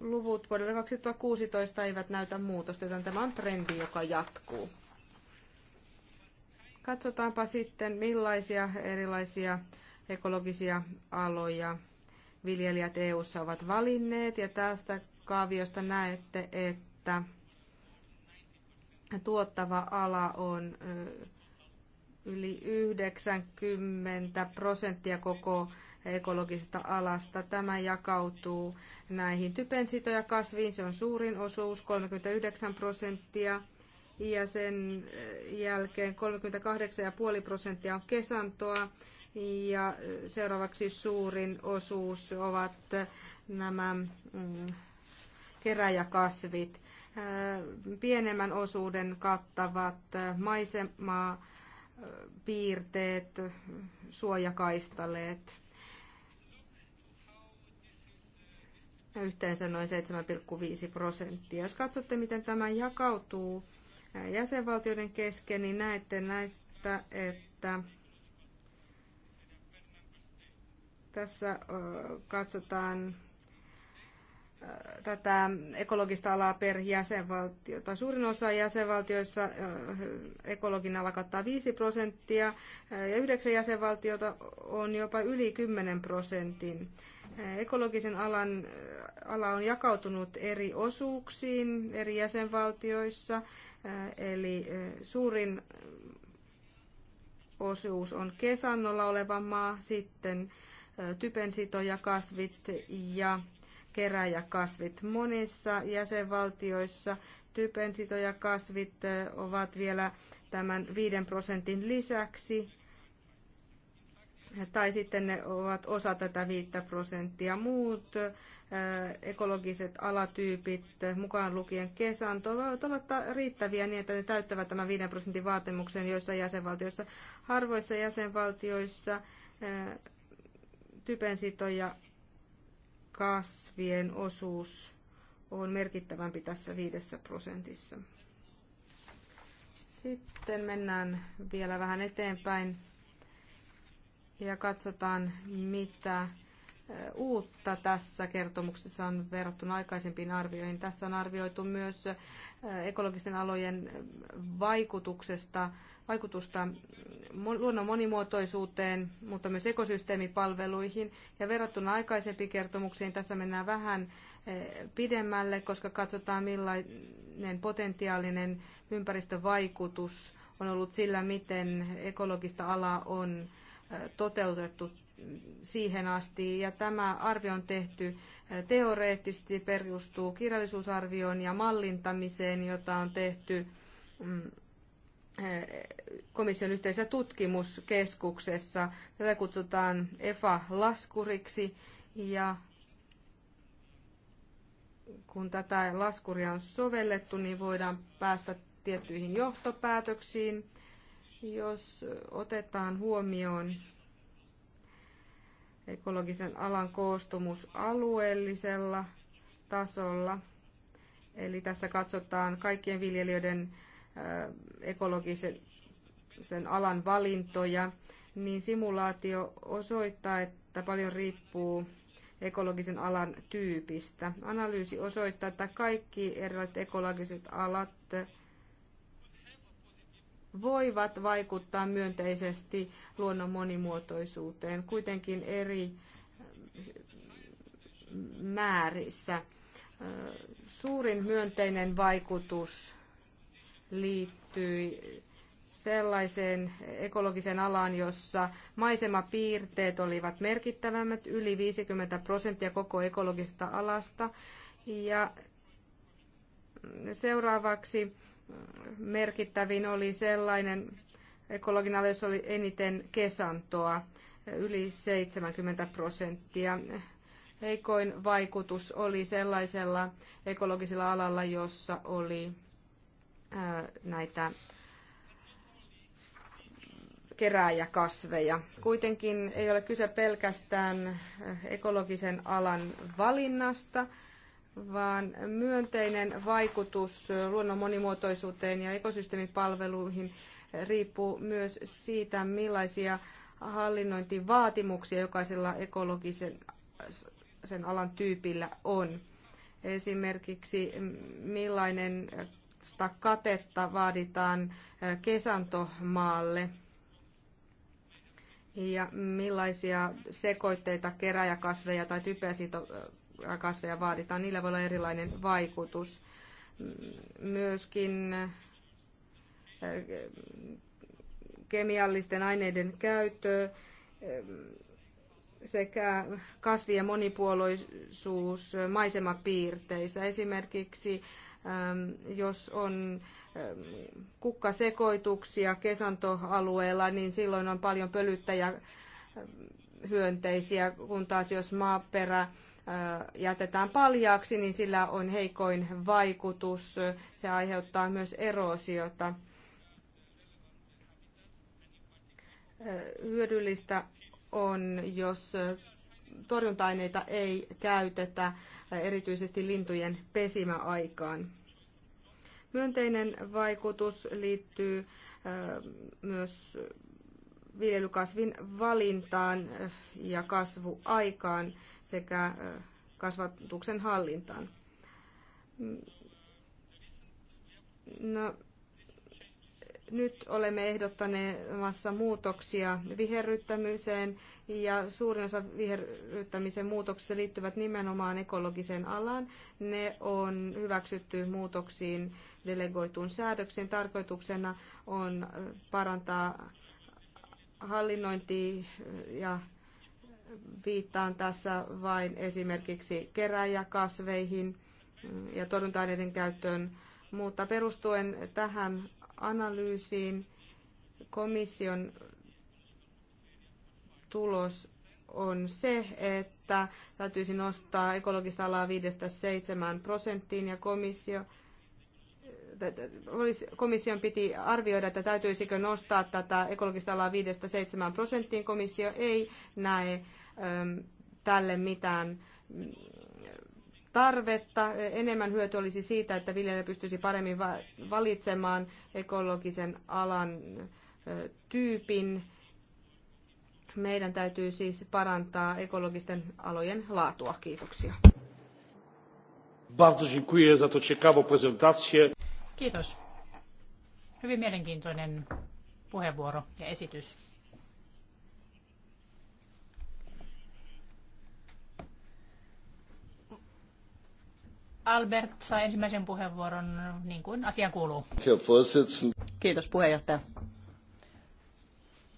luvut vuodelta 2016 eivät näytä muutosta, joten tämä on trendi, joka jatkuu. Katsotaanpa sitten, millaisia erilaisia ekologisia aloja viljelijät EU:ssa ovat valinneet. Ja tästä kaaviosta näette, että tuottava ala on yli 90 prosenttia koko ekologisesta alasta. Tämä jakautuu näihin typensitoja kasviin, se on suurin osuus, 39 prosenttia. Ja sen jälkeen 38,5 prosenttia on kesantoa, ja seuraavaksi suurin osuus ovat nämä mm, keräjäkasvit. Pienemmän osuuden kattavat maisemaa, piirteet, suojakaistaleet. Yhteensä noin 7,5 prosenttia. Jos katsotte, miten tämä jakautuu jäsenvaltioiden kesken, niin näette näistä, että Tässä katsotaan tätä ekologista alaa per jäsenvaltio. Tai Suurin osa jäsenvaltioissa ekologinen ala kattaa 5 prosenttia ja yhdeksän jäsenvaltiota on jopa yli 10 prosentin. Ekologisen alan ala on jakautunut eri osuuksiin eri jäsenvaltioissa, eli suurin osuus on kesannolla oleva maa, sitten typensitojakasvit ja keräjäkasvit. Monissa jäsenvaltioissa typensitojakasvit ovat vielä tämän 5 prosentin lisäksi, tai sitten ne ovat osa tätä 5 prosenttia. Muut ekologiset alatyypit, mukaan lukien kesanto, voivat olla riittäviä niin, että ne täyttävät tämän 5 prosentin vaatimuksen joissa jäsenvaltioissa. Harvoissa jäsenvaltioissa typensitoja kasvien osuus on merkittävämpi tässä viidessä prosentissa. Sitten mennään vielä vähän eteenpäin ja katsotaan, mitä uutta tässä kertomuksessa on verrattuna aikaisempiin arvioihin. Tässä on arvioitu myös ekologisten alojen vaikutuksesta, vaikutusta luonnon monimuotoisuuteen, mutta myös ekosysteemipalveluihin. Ja verrattuna aikaisempiin kertomuksiin tässä mennään vähän eh, pidemmälle, koska katsotaan millainen potentiaalinen ympäristövaikutus on ollut sillä, miten ekologista alaa on eh, toteutettu siihen asti. Ja tämä arvio on tehty eh, teoreettisesti, perustuu kirjallisuusarvioon ja mallintamiseen, jota on tehty mm, komission yhteisessä tutkimuskeskuksessa. Tätä kutsutaan EFA-laskuriksi ja kun tätä laskuria on sovellettu, niin voidaan päästä tiettyihin johtopäätöksiin. Jos otetaan huomioon ekologisen alan koostumus alueellisella tasolla, eli tässä katsotaan kaikkien viljelijöiden Äh, ekologisen sen alan valintoja, niin simulaatio osoittaa, että paljon riippuu ekologisen alan tyypistä. Analyysi osoittaa, että kaikki erilaiset ekologiset alat voivat vaikuttaa myönteisesti luonnon monimuotoisuuteen, kuitenkin eri määrissä. Äh, suurin myönteinen vaikutus liittyi sellaiseen ekologiseen alaan, jossa maisemapiirteet olivat merkittävämmät, yli 50 prosenttia koko ekologisesta alasta. Ja seuraavaksi merkittävin oli sellainen ekologinen ala, jossa oli eniten kesantoa, yli 70 prosenttia. Heikoin vaikutus oli sellaisella ekologisella alalla, jossa oli näitä kerääjäkasveja. Kuitenkin ei ole kyse pelkästään ekologisen alan valinnasta, vaan myönteinen vaikutus luonnon monimuotoisuuteen ja ekosysteemipalveluihin riippuu myös siitä, millaisia hallinnointivaatimuksia jokaisella ekologisen sen alan tyypillä on. Esimerkiksi millainen katetta vaaditaan kesantomaalle ja millaisia sekoitteita, keräjäkasveja tai typeäsitokasveja vaaditaan, niillä voi olla erilainen vaikutus. Myöskin kemiallisten aineiden käyttö sekä kasvien monipuolisuus maisemapiirteissä. Esimerkiksi Ähm, jos on ähm, kukkasekoituksia kesantoalueella, niin silloin on paljon pölyttäjä ähm, hyönteisiä, kun taas jos maaperä äh, jätetään paljaaksi, niin sillä on heikoin vaikutus. Se aiheuttaa myös eroosiota. Äh, hyödyllistä on, jos torjunta-aineita ei käytetä erityisesti lintujen pesimäaikaan. Myönteinen vaikutus liittyy myös viljelykasvin valintaan ja kasvuaikaan sekä kasvatuksen hallintaan. Mm. No, nyt olemme ehdottamassa muutoksia viherryttämiseen ja suurin osa viherryttämisen muutoksista liittyvät nimenomaan ekologiseen alaan. Ne on hyväksytty muutoksiin delegoituun säädöksen. Tarkoituksena on parantaa hallinnointia ja viittaan tässä vain esimerkiksi keräjäkasveihin ja torjunta-aineiden käyttöön, mutta perustuen tähän analyysiin. Komission tulos on se, että täytyisi nostaa ekologista alaa 5-7 prosenttiin ja komissio komission piti arvioida, että täytyisikö nostaa tätä ekologista alaa 5-7 prosenttiin. Komissio ei näe äm, tälle mitään tarvetta. Enemmän hyöty olisi siitä, että viljelijä pystyisi paremmin valitsemaan ekologisen alan tyypin. Meidän täytyy siis parantaa ekologisten alojen laatua. Kiitoksia. Bardzo dziękuję za to ciekawą prezentację. Kiitos. Hyvin mielenkiintoinen puheenvuoro ja esitys. Albert saa ensimmäisen puheenvuoron, niin kuin asia kuuluu. Kiitos puheenjohtaja.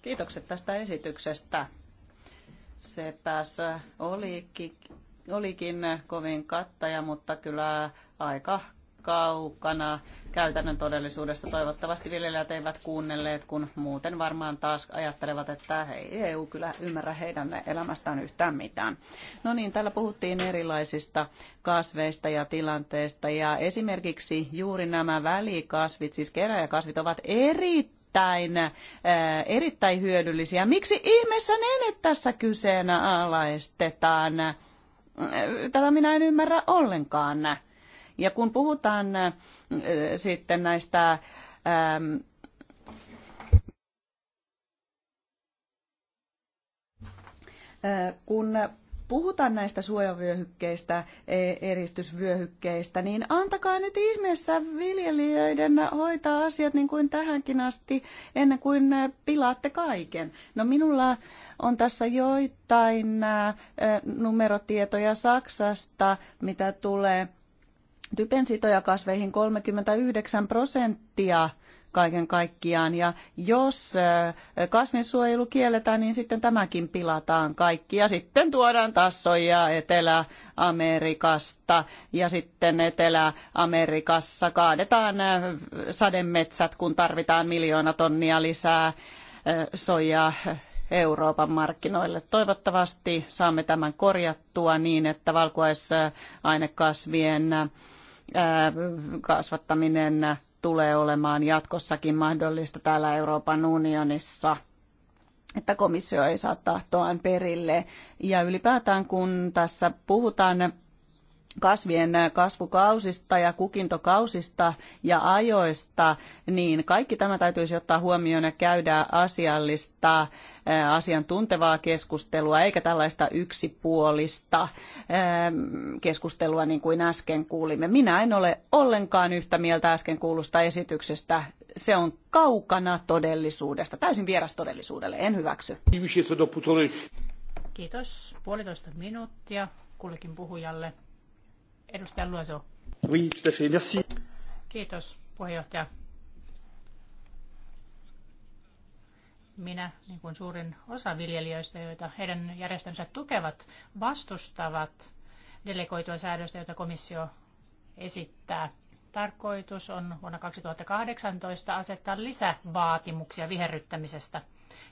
Kiitokset tästä esityksestä. Sepäs olikin, olikin kovin kattaja, mutta kyllä aika kaukana käytännön todellisuudesta. Toivottavasti viljelijät eivät kuunnelleet, kun muuten varmaan taas ajattelevat, että ei EU kyllä ymmärrä heidän elämästään yhtään mitään. No niin, täällä puhuttiin erilaisista kasveista ja tilanteista ja esimerkiksi juuri nämä välikasvit, siis keräjäkasvit, ovat erittäin erittäin, eh, erittäin hyödyllisiä. Miksi ihmeessä ne nyt tässä kyseenalaistetaan? Tätä minä en ymmärrä ollenkaan. Ja kun puhutaan äh, sitten näistä ähm, äh, kun puhutaan näistä suojavyöhykkeistä, e, eristysvyöhykkeistä, niin antakaa nyt ihmeessä viljelijöiden hoitaa asiat niin kuin tähänkin asti, ennen kuin äh, pilaatte kaiken. No minulla on tässä joitain numerotietoja Saksasta, mitä tulee typen kasveihin 39 prosenttia kaiken kaikkiaan. Ja jos eh, kasvinsuojelu kielletään, niin sitten tämäkin pilataan kaikki. Ja sitten tuodaan tassoja Etelä-Amerikasta. Ja sitten Etelä-Amerikassa kaadetaan eh, sademetsät, kun tarvitaan miljoona tonnia lisää eh, soijaa Euroopan markkinoille. Toivottavasti saamme tämän korjattua niin, että valkuaisainekasvien kasvattaminen tulee olemaan jatkossakin mahdollista täällä Euroopan unionissa että komissio ei saa tahtoaan perille. Ja ylipäätään kun tässä puhutaan kasvien kasvukausista ja kukintokausista ja ajoista, niin kaikki tämä täytyisi ottaa huomioon ja käydä asiallista, äh, asiantuntevaa keskustelua, eikä tällaista yksipuolista äh, keskustelua niin kuin äsken kuulimme. Minä en ole ollenkaan yhtä mieltä äsken kuulusta esityksestä. Se on kaukana todellisuudesta, täysin vieras todellisuudelle. En hyväksy. Kiitos. Puolitoista minuuttia kullekin puhujalle. Edustaja Luoso. Oui, tout à fait. Merci. Kiitos, puheenjohtaja. minä, niin kuin suurin osa viljelijöistä, joita heidän järjestönsä tukevat, vastustavat delegoitua säädöstä, jota komissio esittää. Tarkoitus on vuonna 2018 asettaa lisävaatimuksia viherryttämisestä,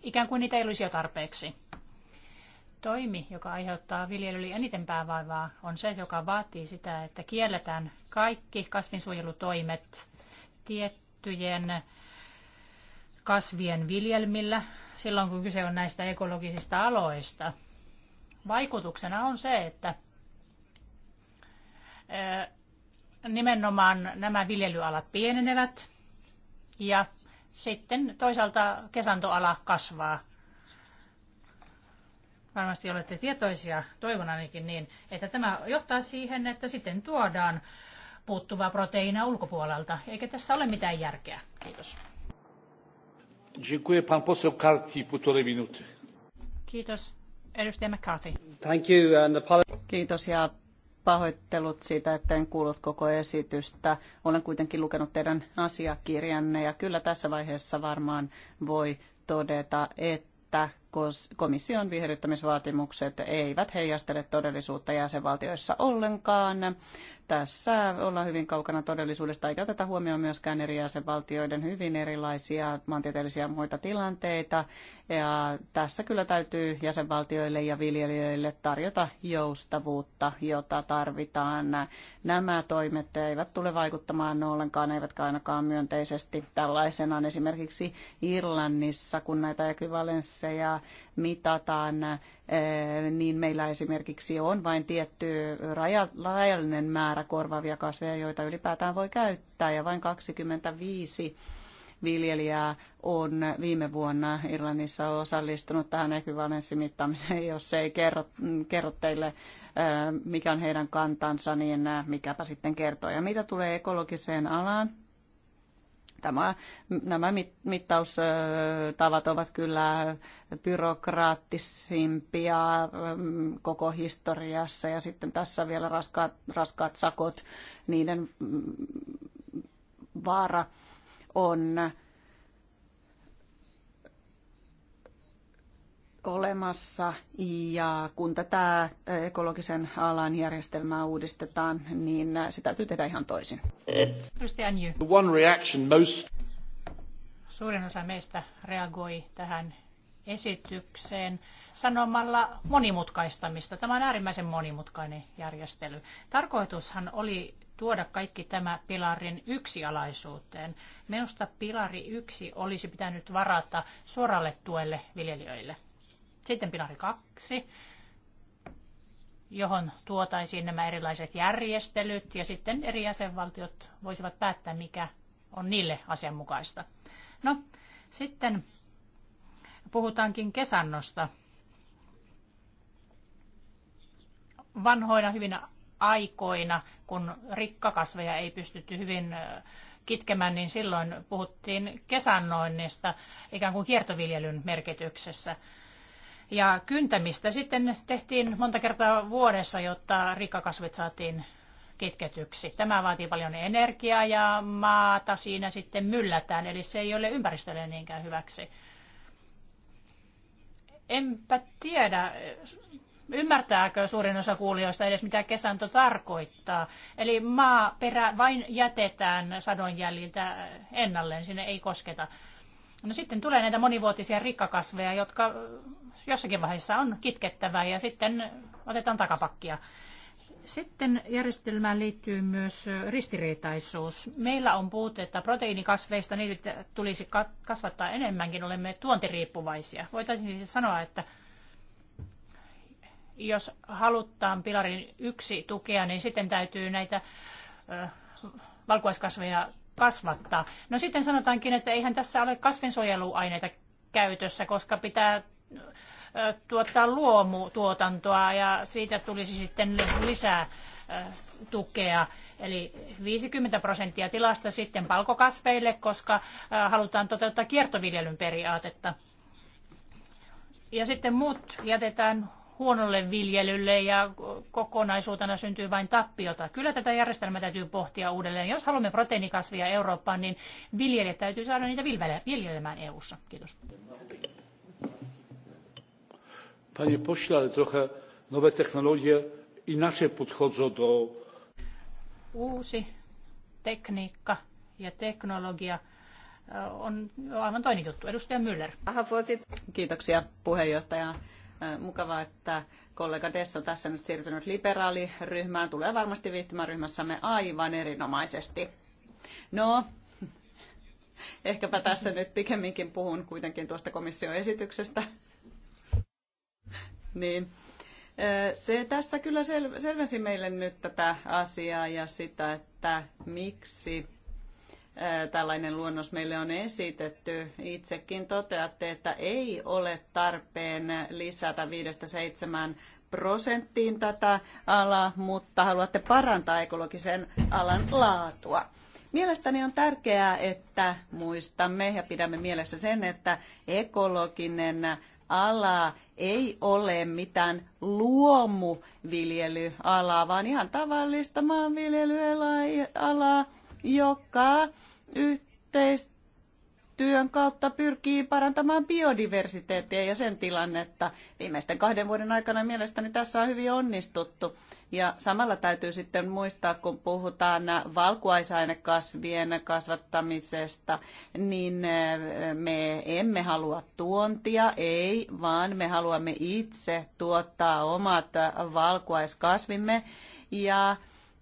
ikään kuin niitä ei olisi jo tarpeeksi toimi, joka aiheuttaa viljelylle eniten päävaivaa, on se, joka vaatii sitä, että kielletään kaikki kasvinsuojelutoimet tiettyjen kasvien viljelmillä silloin, kun kyse on näistä ekologisista aloista. Vaikutuksena on se, että nimenomaan nämä viljelyalat pienenevät ja sitten toisaalta kesantoala kasvaa – varmasti olette tietoisia, toivon ainakin niin, että tämä johtaa siihen, että sitten tuodaan puuttuvaa proteiinia ulkopuolelta, eikä tässä ole mitään järkeä. Kiitos. Dziękuję pan poseł Karti, półtorej minuty. Kiitos. Edustaja McCarthy. Thank you and the... Kiitos ja pahoittelut siitä, että en kuullut koko esitystä. Olen kuitenkin lukenut teidän asiakirjanne ja kyllä tässä vaiheessa varmaan voi todeta, että komission viherryttämisvaatimukset eivät heijastele todellisuutta jäsenvaltioissa ollenkaan. Tässä ollaan hyvin kaukana todellisuudesta, eikä oteta huomioon myöskään eri jäsenvaltioiden hyvin erilaisia maantieteellisiä muita tilanteita. Ja tässä kyllä täytyy jäsenvaltioille ja viljelijöille tarjota joustavuutta, jota tarvitaan. Nämä toimet eivät tule vaikuttamaan ollenkaan, eivätkä ainakaan myönteisesti tällaisenaan. Esimerkiksi Irlannissa, kun näitä ekvivalensseja mitataan, niin meillä esimerkiksi on vain tietty rajallinen määrä korvaavia kasveja, joita ylipäätään voi käyttää, ja vain 25 viljelijää on viime vuonna Irlannissa osallistunut tähän ekvivalenssimittaamiseen. Jos se ei kerro, kerro teille, mikä on heidän kantansa, niin mikäpä sitten kertoo. Ja mitä tulee ekologiseen alaan, Tämä, nämä mittaustavat ovat kyllä byrokraattisimpia mm, koko historiassa ja sitten tässä vielä raskaat, raskaat sakot, niiden mm, vaara on olemassa ja kun tätä ekologisen alan järjestelmää uudistetaan, niin se täytyy tehdä ihan toisin. One reaction most... Suurin osa meistä reagoi tähän esitykseen sanomalla monimutkaistamista. Tämä on äärimmäisen monimutkainen järjestely. Tarkoitushan oli tuoda kaikki tämä pilarin yksialaisuuteen. Minusta pilari yksi olisi pitänyt varata suoralle tuelle viljelijöille. Sitten pilari kaksi, johon tuotaisiin nämä erilaiset järjestelyt ja sitten eri jäsenvaltiot voisivat päättää, mikä on niille asianmukaista. No, sitten puhutaankin kesannosta. Vanhoina hyvinä aikoina, kun rikkakasveja ei pystytty hyvin kitkemään, niin silloin puhuttiin kesannoinnista ikään kuin kiertoviljelyn merkityksessä. Ja kyntämistä sitten tehtiin monta kertaa vuodessa, jotta rikkakasvit saatiin kitketyksi. Tämä vaatii paljon energiaa ja maata siinä sitten myllätään, eli se ei ole ympäristölle niinkään hyväksi. Enpä tiedä, ymmärtääkö suurin osa kuulijoista edes mitä kesanto tarkoittaa. Eli maaperä vain jätetään sadon jäljiltä ennalleen, sinne ei kosketa. No sitten tulee näitä monivuotisia rikkakasveja, jotka jossakin vaiheessa on kitkettävää ja sitten otetaan takapakkia. Sitten järjestelmään liittyy myös ristiriitaisuus. Meillä on että proteiinikasveista, niitä tulisi kasvattaa enemmänkin, olemme tuontiriippuvaisia. Voitaisiin siis sanoa, että jos halutaan pilarin yksi tukea, niin sitten täytyy näitä valkuaiskasveja kasvattaa. No sitten sanotaankin, että eihän tässä ole kasvinsuojeluaineita käytössä, koska pitää tuottaa luomutuotantoa ja siitä tulisi sitten lisää tukea. Eli 50 prosenttia tilasta sitten palkokasveille, koska halutaan toteuttaa kiertoviljelyn periaatetta. Ja sitten muut jätetään huonolle viljelylle ja kokonaisuutena syntyy vain tappiota. Kyllä tätä järjestelmää täytyy pohtia uudelleen. Jos haluamme proteiinikasvia Eurooppaan, niin viljelijät täytyy saada niitä viljelemään EU-ssa. Kiitos. Panie pośle, ale trochę nowe technologie inaczej podchodzą do... Uusi tekniikka ja teknologia on aivan toinen juttu. Edustaja Müller. Kiitoksia puheenjohtaja mukavaa, että kollega Dessa on tässä nyt siirtynyt liberaaliryhmään. Tulee varmasti viihtymään ryhmässämme aivan erinomaisesti. No, (laughs) ehkäpä tässä nyt pikemminkin puhun kuitenkin tuosta komission esityksestä. (laughs) niin. Se tässä kyllä sel- selvensi meille nyt tätä asiaa ja sitä, että miksi tällainen luonnos meille on esitetty. Itsekin toteatte, että ei ole tarpeen lisätä 5-7 prosenttiin tätä alaa, mutta haluatte parantaa ekologisen alan laatua. Mielestäni on tärkeää, että muistamme ja pidämme mielessä sen, että ekologinen ala ei ole mitään luomuviljelyalaa, vaan ihan tavallista maanviljelyalaa, joka yhteistyön kautta pyrkii parantamaan biodiversiteettiä ja sen tilannetta. Viimeisten kahden vuoden aikana mielestäni tässä on hyvin onnistuttu. Ja samalla täytyy sitten muistaa, kun puhutaan valkuaisainekasvien kasvattamisesta, niin eh, me emme halua tuontia, ei, vaan me haluamme itse tuottaa omat valkuaiskasvimme. Ja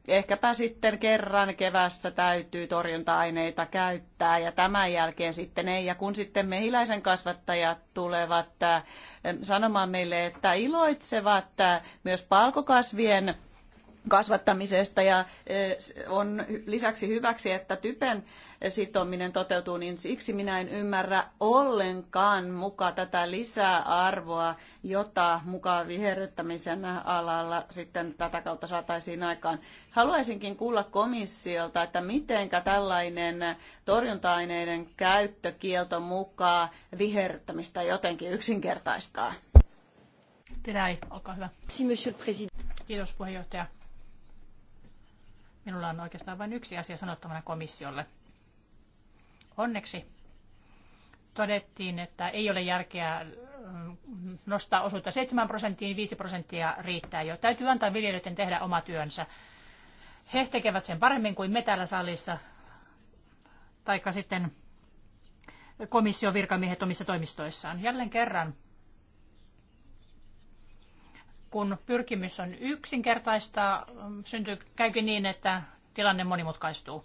ehkäpä sitten kerran kevässä täytyy torjunta-aineita käyttää ja tämän jälkeen sitten ei. Ja kun sitten mehiläisen kasvattajat tulevat äh, sanomaan meille, että iloitsevat äh, myös palkokasvien kasvattamisesta ja on lisäksi hyväksi, että typen sitominen toteutuu, niin siksi minä en ymmärrä ollenkaan muka tätä lisäarvoa, jota mukaan viherryttämisen alalla sitten tätä kautta saataisiin aikaan. Haluaisinkin kuulla komissiolta, että miten tällainen torjunta-aineiden käyttökielto mukaan viherryttämistä jotenkin yksinkertaistaa. Tedai, olkaa hyvä. Kiitos puheenjohtaja Minulla on oikeastaan vain yksi asia sanottavana komissiolle. Onneksi todettiin, että ei ole järkeä mm, nostaa osuutta 7 prosenttiin, 5 prosenttia riittää jo. Täytyy antaa viljelijöiden tehdä oma työnsä. He tekevät sen paremmin kuin me täällä salissa, taikka sitten komission virkamiehet omissa toimistoissaan. Jälleen kerran kun pyrkimys on yksinkertaistaa, mm, syntyy, käykin niin, että tilanne monimutkaistuu.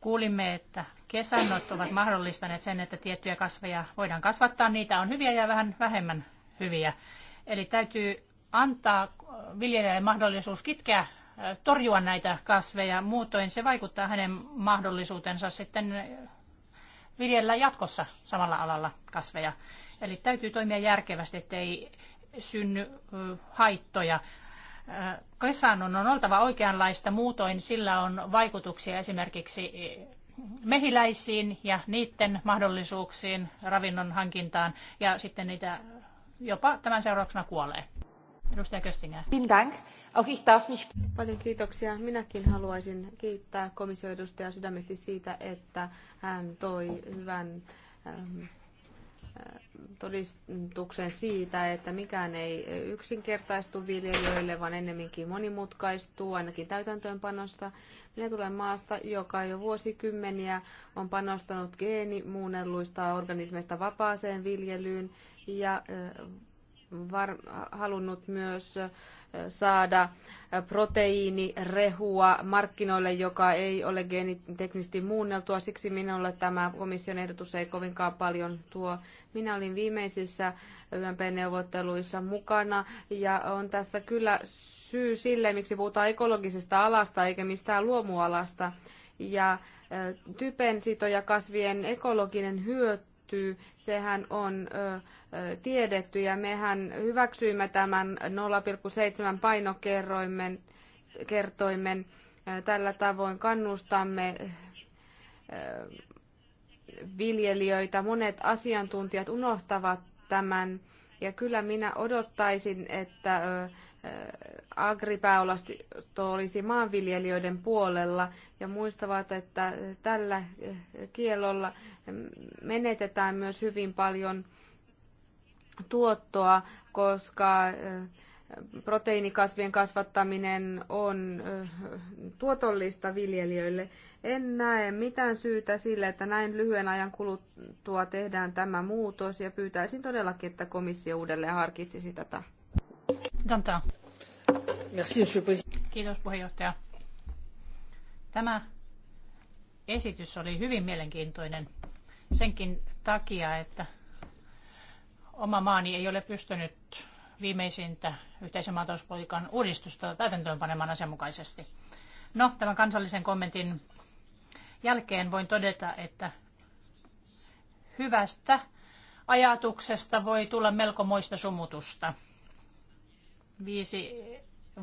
Kuulimme, että kesännot ovat mahdollistaneet sen, että tiettyjä kasveja voidaan kasvattaa. Niitä on hyviä ja vähän vähemmän hyviä. Eli täytyy antaa viljelijälle mahdollisuus kitkeä, torjua näitä kasveja. Muutoin se vaikuttaa hänen mahdollisuutensa sitten viljellä jatkossa samalla alalla kasveja. Eli täytyy toimia järkevästi, ettei synny haittoja. Kesannon on oltava oikeanlaista, muutoin sillä on vaikutuksia esimerkiksi mehiläisiin ja niiden mahdollisuuksiin ravinnon hankintaan ja sitten niitä jopa tämän seurauksena kuolee. Edustaja Köstinger. Dank. Auch ich darf mich... Paljon kiitoksia. Minäkin haluaisin kiittää komissioedustajaa sydämesti siitä, että hän toi hyvän ähm, todistuksen siitä, että mikään ei yksinkertaistu viljelijöille, vaan ennemminkin monimutkaistuu, ainakin täytäntöönpanosta. Minä tulen maasta, joka jo vuosikymmeniä on panostanut geenimuunnelluista organismeista vapaaseen viljelyyn ja var- halunnut myös saada proteiinirehua markkinoille, joka ei ole geeniteknisesti muunneltua. Siksi minulle tämä komission ehdotus ei kovinkaan paljon tuo. Minä olin viimeisissä YMP-neuvotteluissa mukana ja on tässä kyllä syy sille, miksi puhutaan ekologisesta alasta eikä mistään luomualasta. Ja typen sito ja kasvien ekologinen hyöty täyttyy, sehän on ö, tiedetty ja mehän hyväksyimme tämän 0,7 painokerroimen kertoimen. Tällä tavoin kannustamme viljelijöitä. Monet asiantuntijat unohtavat tämän ja kyllä minä odottaisin, että Äh, agripääolasto olisi maanviljelijöiden puolella ja muistavat, että tällä äh, kielolla ähm, menetetään myös hyvin paljon tuottoa, koska äh, proteiinikasvien kasvattaminen on tuotollista viljelijöille. En näe mitään syytä sille, että näin lyhyen ajan kuluttua tehdään tämä muutos ja pyytäisin todellakin, että komissio uudelleen harkitsisi tätä. Danta. Merci, Kiitos puheenjohtaja. Tämä esitys oli hyvin mielenkiintoinen senkin takia, että oma maani ei ole pystynyt viimeisintä yhteisen maatalouspolitiikan uudistusta täytäntöönpanemaan asianmukaisesti. No, tämän kansallisen kommentin jälkeen voin todeta, että hyvästä ajatuksesta voi tulla melko moista sumutusta viisi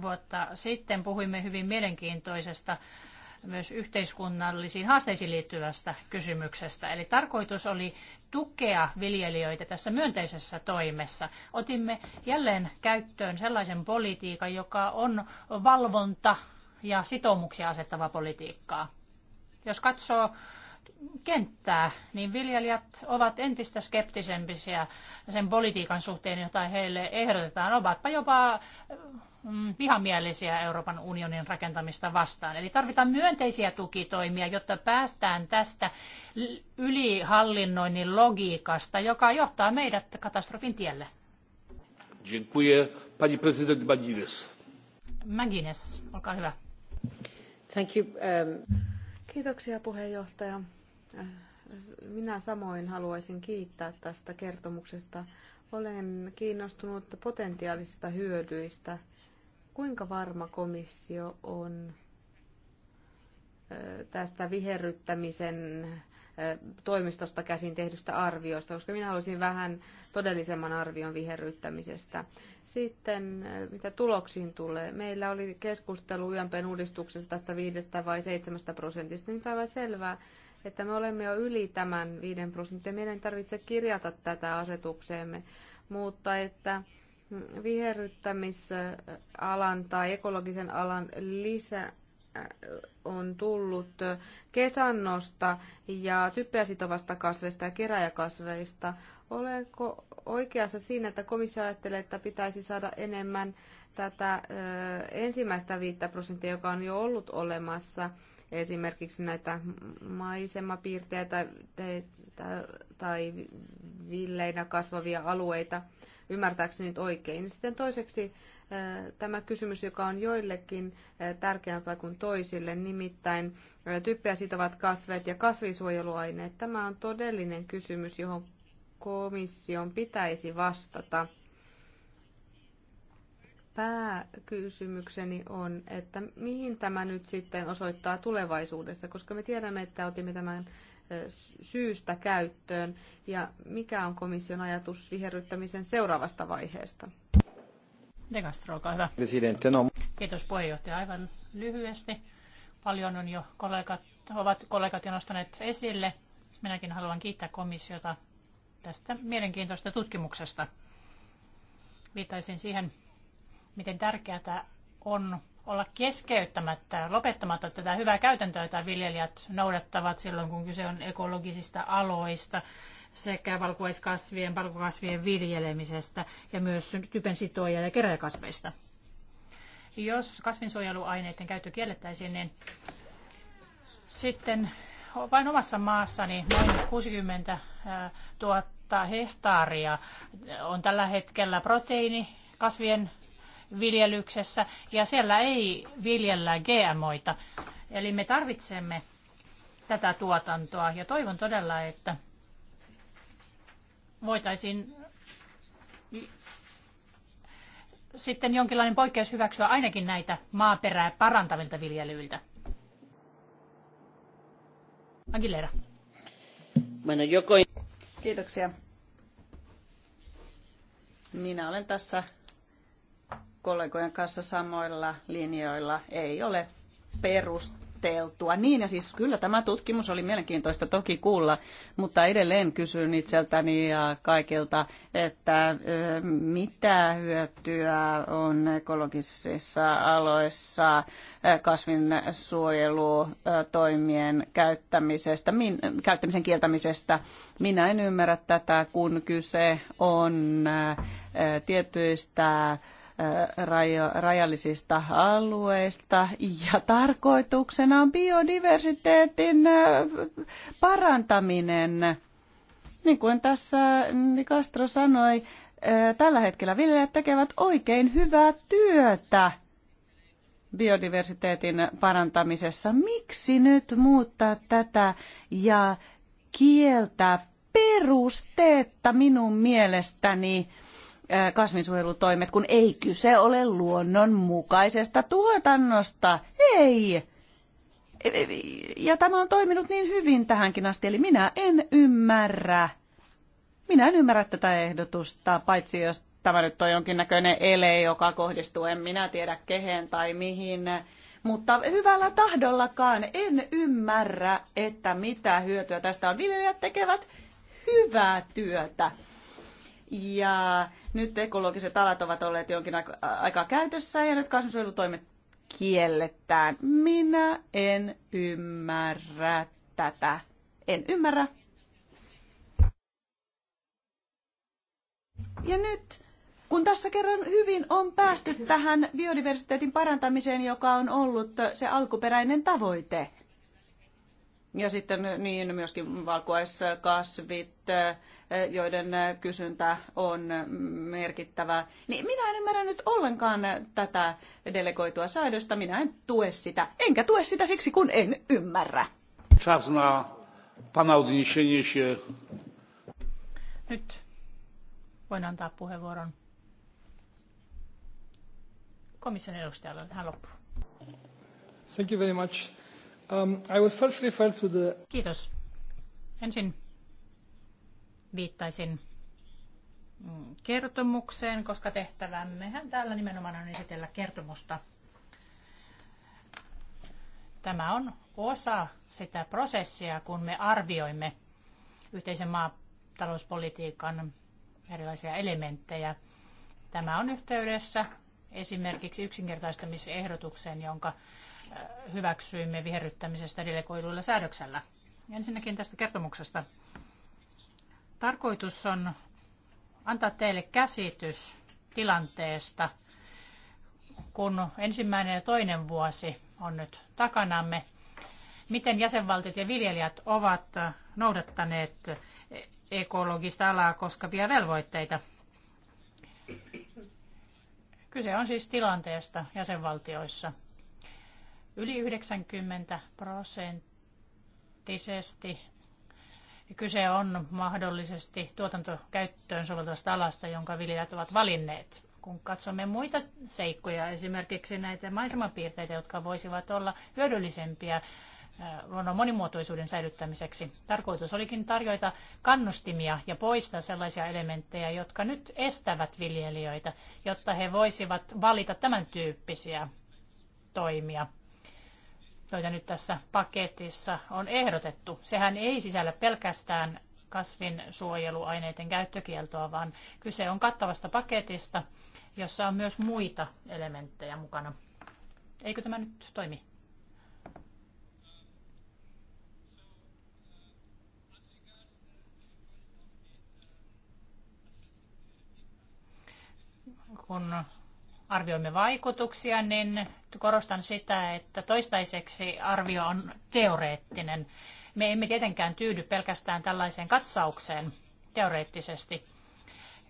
vuotta sitten puhuimme hyvin mielenkiintoisesta myös yhteiskunnallisiin haasteisiin liittyvästä kysymyksestä. Eli tarkoitus oli tukea viljelijöitä tässä myönteisessä toimessa. Otimme jälleen käyttöön sellaisen politiikan, joka on valvonta ja sitoumuksia asettava politiikkaa. Jos katsoo kenttää, niin viljelijät ovat entistä skeptisempiä sen politiikan suhteen, jota heille ehdotetaan. Ovatpa jopa mm, vihamielisiä Euroopan unionin rakentamista vastaan. Eli tarvitaan myönteisiä tukitoimia, jotta päästään tästä ylihallinnoinnin logiikasta, joka johtaa meidät katastrofin tielle. Dziękuję. Pani prezydent Magines. Magines, olkaa hyvä. Thank you. Um... Kiitoksia puheenjohtaja. Minä samoin haluaisin kiittää tästä kertomuksesta. Olen kiinnostunut potentiaalisista hyödyistä. Kuinka varma komissio on tästä viherryttämisen toimistosta käsin tehdystä arviosta, koska minä haluaisin vähän todellisemman arvion viherryttämisestä. Sitten mitä tuloksiin tulee. Meillä oli keskustelu YMPn uudistuksesta tästä viidestä vai seitsemästä prosentista. Nyt on aivan selvää, että me olemme jo yli tämän 5 prosentin. Meidän ei tarvitse kirjata tätä asetukseemme, mutta että viherryttämisalan tai ekologisen alan lisä äh, on tullut kesannosta ja typpeä sitovasta kasveista ja keräjäkasveista. Olenko oikeassa siinä, että komissio ajattelee, että pitäisi saada enemmän tätä äh, ensimmäistä viittä prosenttia, joka on jo ollut olemassa – esimerkiksi näitä maisemapiirtejä tai, tai, tai villeinä kasvavia alueita, ymmärtääkseni nyt oikein. Niin sitten toiseksi tämä kysymys, joka on joillekin tärkeämpää kuin toisille, nimittäin typpeä sitovat kasvet ja kasvisuojeluaineet. Tämä on todellinen kysymys, johon komission pitäisi vastata pääkysymykseni on, että mihin tämä nyt sitten osoittaa tulevaisuudessa, koska me tiedämme, että otimme tämän syystä käyttöön, ja mikä on komission ajatus viherryttämisen seuraavasta vaiheesta? De Castro, olkaa hyvä. No. Kiitos puheenjohtaja. Aivan lyhyesti. Paljon on jo kollegat, ovat kollegat jo nostaneet esille. Minäkin haluan kiittää komissiota tästä mielenkiintoista tutkimuksesta. Viittaisin siihen miten tärkeää on olla keskeyttämättä, lopettamatta tätä hyvää käytäntöä, jota viljelijät noudattavat silloin, kun kyse on ekologisista aloista sekä valkuaiskasvien, valkokasvien viljelemisestä ja myös typen sitoja ja keräkasveista. Jos kasvinsuojeluaineiden käyttö kiellettäisiin, niin sitten vain omassa maassani noin 60 000 hehtaaria on tällä hetkellä proteiini kasvien viljelyksessä ja siellä ei viljellä GMOita. Eli me tarvitsemme tätä tuotantoa ja toivon todella, että voitaisiin sitten jonkinlainen poikkeus hyväksyä ainakin näitä maaperää parantavilta viljelyiltä. Aguilera. Bueno, Kiitoksia. Minä olen tässä kollegojen kanssa samoilla linjoilla ei ole perusteltua. Niin, ja siis kyllä tämä tutkimus oli mielenkiintoista toki kuulla, mutta edelleen kysyn itseltäni ja kaikilta, että mitä hyötyä on ekologisissa aloissa kasvinsuojelutoimien käyttämisestä, min, käyttämisen kieltämisestä. Minä en ymmärrä tätä, kun kyse on tietyistä rajallisista alueista ja tarkoituksena on biodiversiteetin parantaminen. Niin kuin tässä niin Castro sanoi, tällä hetkellä viljelijät tekevät oikein hyvää työtä biodiversiteetin parantamisessa. Miksi nyt muuttaa tätä ja kieltää perusteetta minun mielestäni kasvinsuojelutoimet, kun ei kyse ole luonnonmukaisesta tuotannosta. Ei! E, e, ja tämä on toiminut niin hyvin tähänkin asti, eli minä en ymmärrä. Minä en ymmärrä tätä ehdotusta, paitsi jos tämä nyt on jonkinnäköinen ele, joka kohdistuu en minä tiedä kehen tai mihin. Mutta hyvällä tahdollakaan en ymmärrä, että mitä hyötyä tästä on. Viljelijät tekevät hyvää työtä. Ja nyt ekologiset alat ovat olleet jonkin aikaa käytössä ja nyt kasvinsuojelutoimet kielletään. Minä en ymmärrä tätä. En ymmärrä. Ja nyt, kun tässä kerran hyvin on päästy tähän biodiversiteetin parantamiseen, joka on ollut se alkuperäinen tavoite, ja sitten niin myöskin valkuaiskasvit, joiden kysyntä on merkittävä. Niin minä en ymmärrä nyt ollenkaan tätä delegoitua säädöstä. Minä en tue sitä. Enkä tue sitä siksi, kun en ymmärrä. Czas na pana odniesienie się. Nyt voin antaa puheenvuoron komission edustajalle tähän loppuun. Thank you very much. Um, Kiitos. Ensin viittaisin mm, kertomukseen, koska tehtävämmehän täällä nimenomaan on esitellä kertomusta. Tämä on osa sitä prosessia, kun me arvioimme yhteisen maatalouspolitiikan erilaisia elementtejä. Tämä on yhteydessä esimerkiksi yksinkertaistamisehdotukseen, jonka hyväksyimme viherryttämisestä delegoiduilla säädöksellä. Ensinnäkin tästä kertomuksesta. Tarkoitus on antaa teille käsitys tilanteesta, kun ensimmäinen ja toinen vuosi on nyt takanamme. Miten jäsenvaltiot ja viljelijät ovat noudattaneet ekologista alaa koskevia velvoitteita? Kyse on siis tilanteesta jäsenvaltioissa Yli 90 prosenttisesti kyse on mahdollisesti tuotantokäyttöön soveltavasta alasta, jonka viljelijät ovat valinneet. Kun katsomme muita seikkoja, esimerkiksi näitä maisemapiirteitä, jotka voisivat olla hyödyllisempiä äh, luonnon monimuotoisuuden säilyttämiseksi. Tarkoitus olikin tarjota kannustimia ja poistaa sellaisia elementtejä, jotka nyt estävät viljelijöitä, jotta he voisivat valita tämän tyyppisiä toimia joita nyt tässä paketissa on ehdotettu, sehän ei sisällä pelkästään kasvinsuojeluaineiden käyttökieltoa, vaan kyse on kattavasta paketista, jossa on myös muita elementtejä mukana. Eikö tämä nyt toimi? Kun arvioimme vaikutuksia, niin korostan sitä, että toistaiseksi arvio on teoreettinen. Me emme tietenkään tyydy pelkästään tällaiseen katsaukseen teoreettisesti.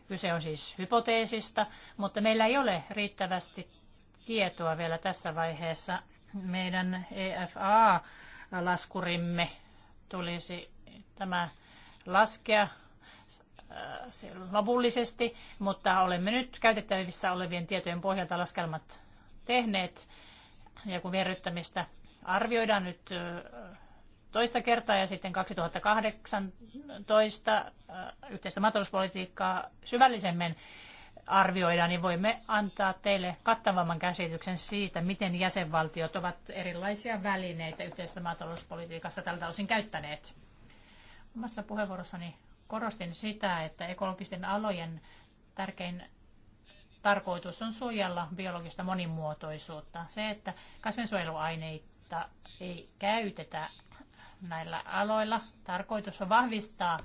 Kyse on siis hypoteesista, mutta meillä ei ole riittävästi tietoa vielä tässä vaiheessa. Meidän EFA-laskurimme tulisi tämä laskea lopullisesti, mutta olemme nyt käytettävissä olevien tietojen pohjalta laskelmat tehneet. Ja kun vierryttämistä arvioidaan nyt toista kertaa ja sitten 2018 yhteistä maatalouspolitiikkaa syvällisemmin arvioidaan, niin voimme antaa teille kattavamman käsityksen siitä, miten jäsenvaltiot ovat erilaisia välineitä yhteisessä maatalouspolitiikassa tältä osin käyttäneet. Omassa puheenvuorossani korostin sitä, että ekologisten alojen tärkein tarkoitus on suojella biologista monimuotoisuutta. Se, että kasvinsuojeluaineita ei käytetä näillä aloilla, tarkoitus on vahvistaa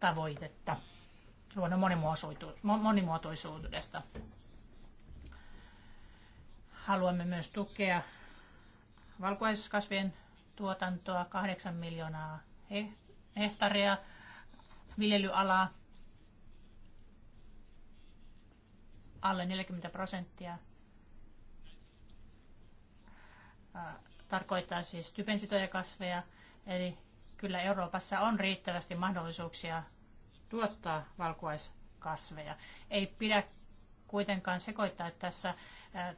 tavoitetta luonnon monimuotoisuudesta. Haluamme myös tukea valkuaiskasvien tuotantoa 8 miljoonaa hehtaaria viljelyalaa. Alle 40 prosenttia tarkoittaa siis typensitoja kasveja, eli kyllä Euroopassa on riittävästi mahdollisuuksia tuottaa valkuaiskasveja. Ei pidä kuitenkaan sekoittaa tässä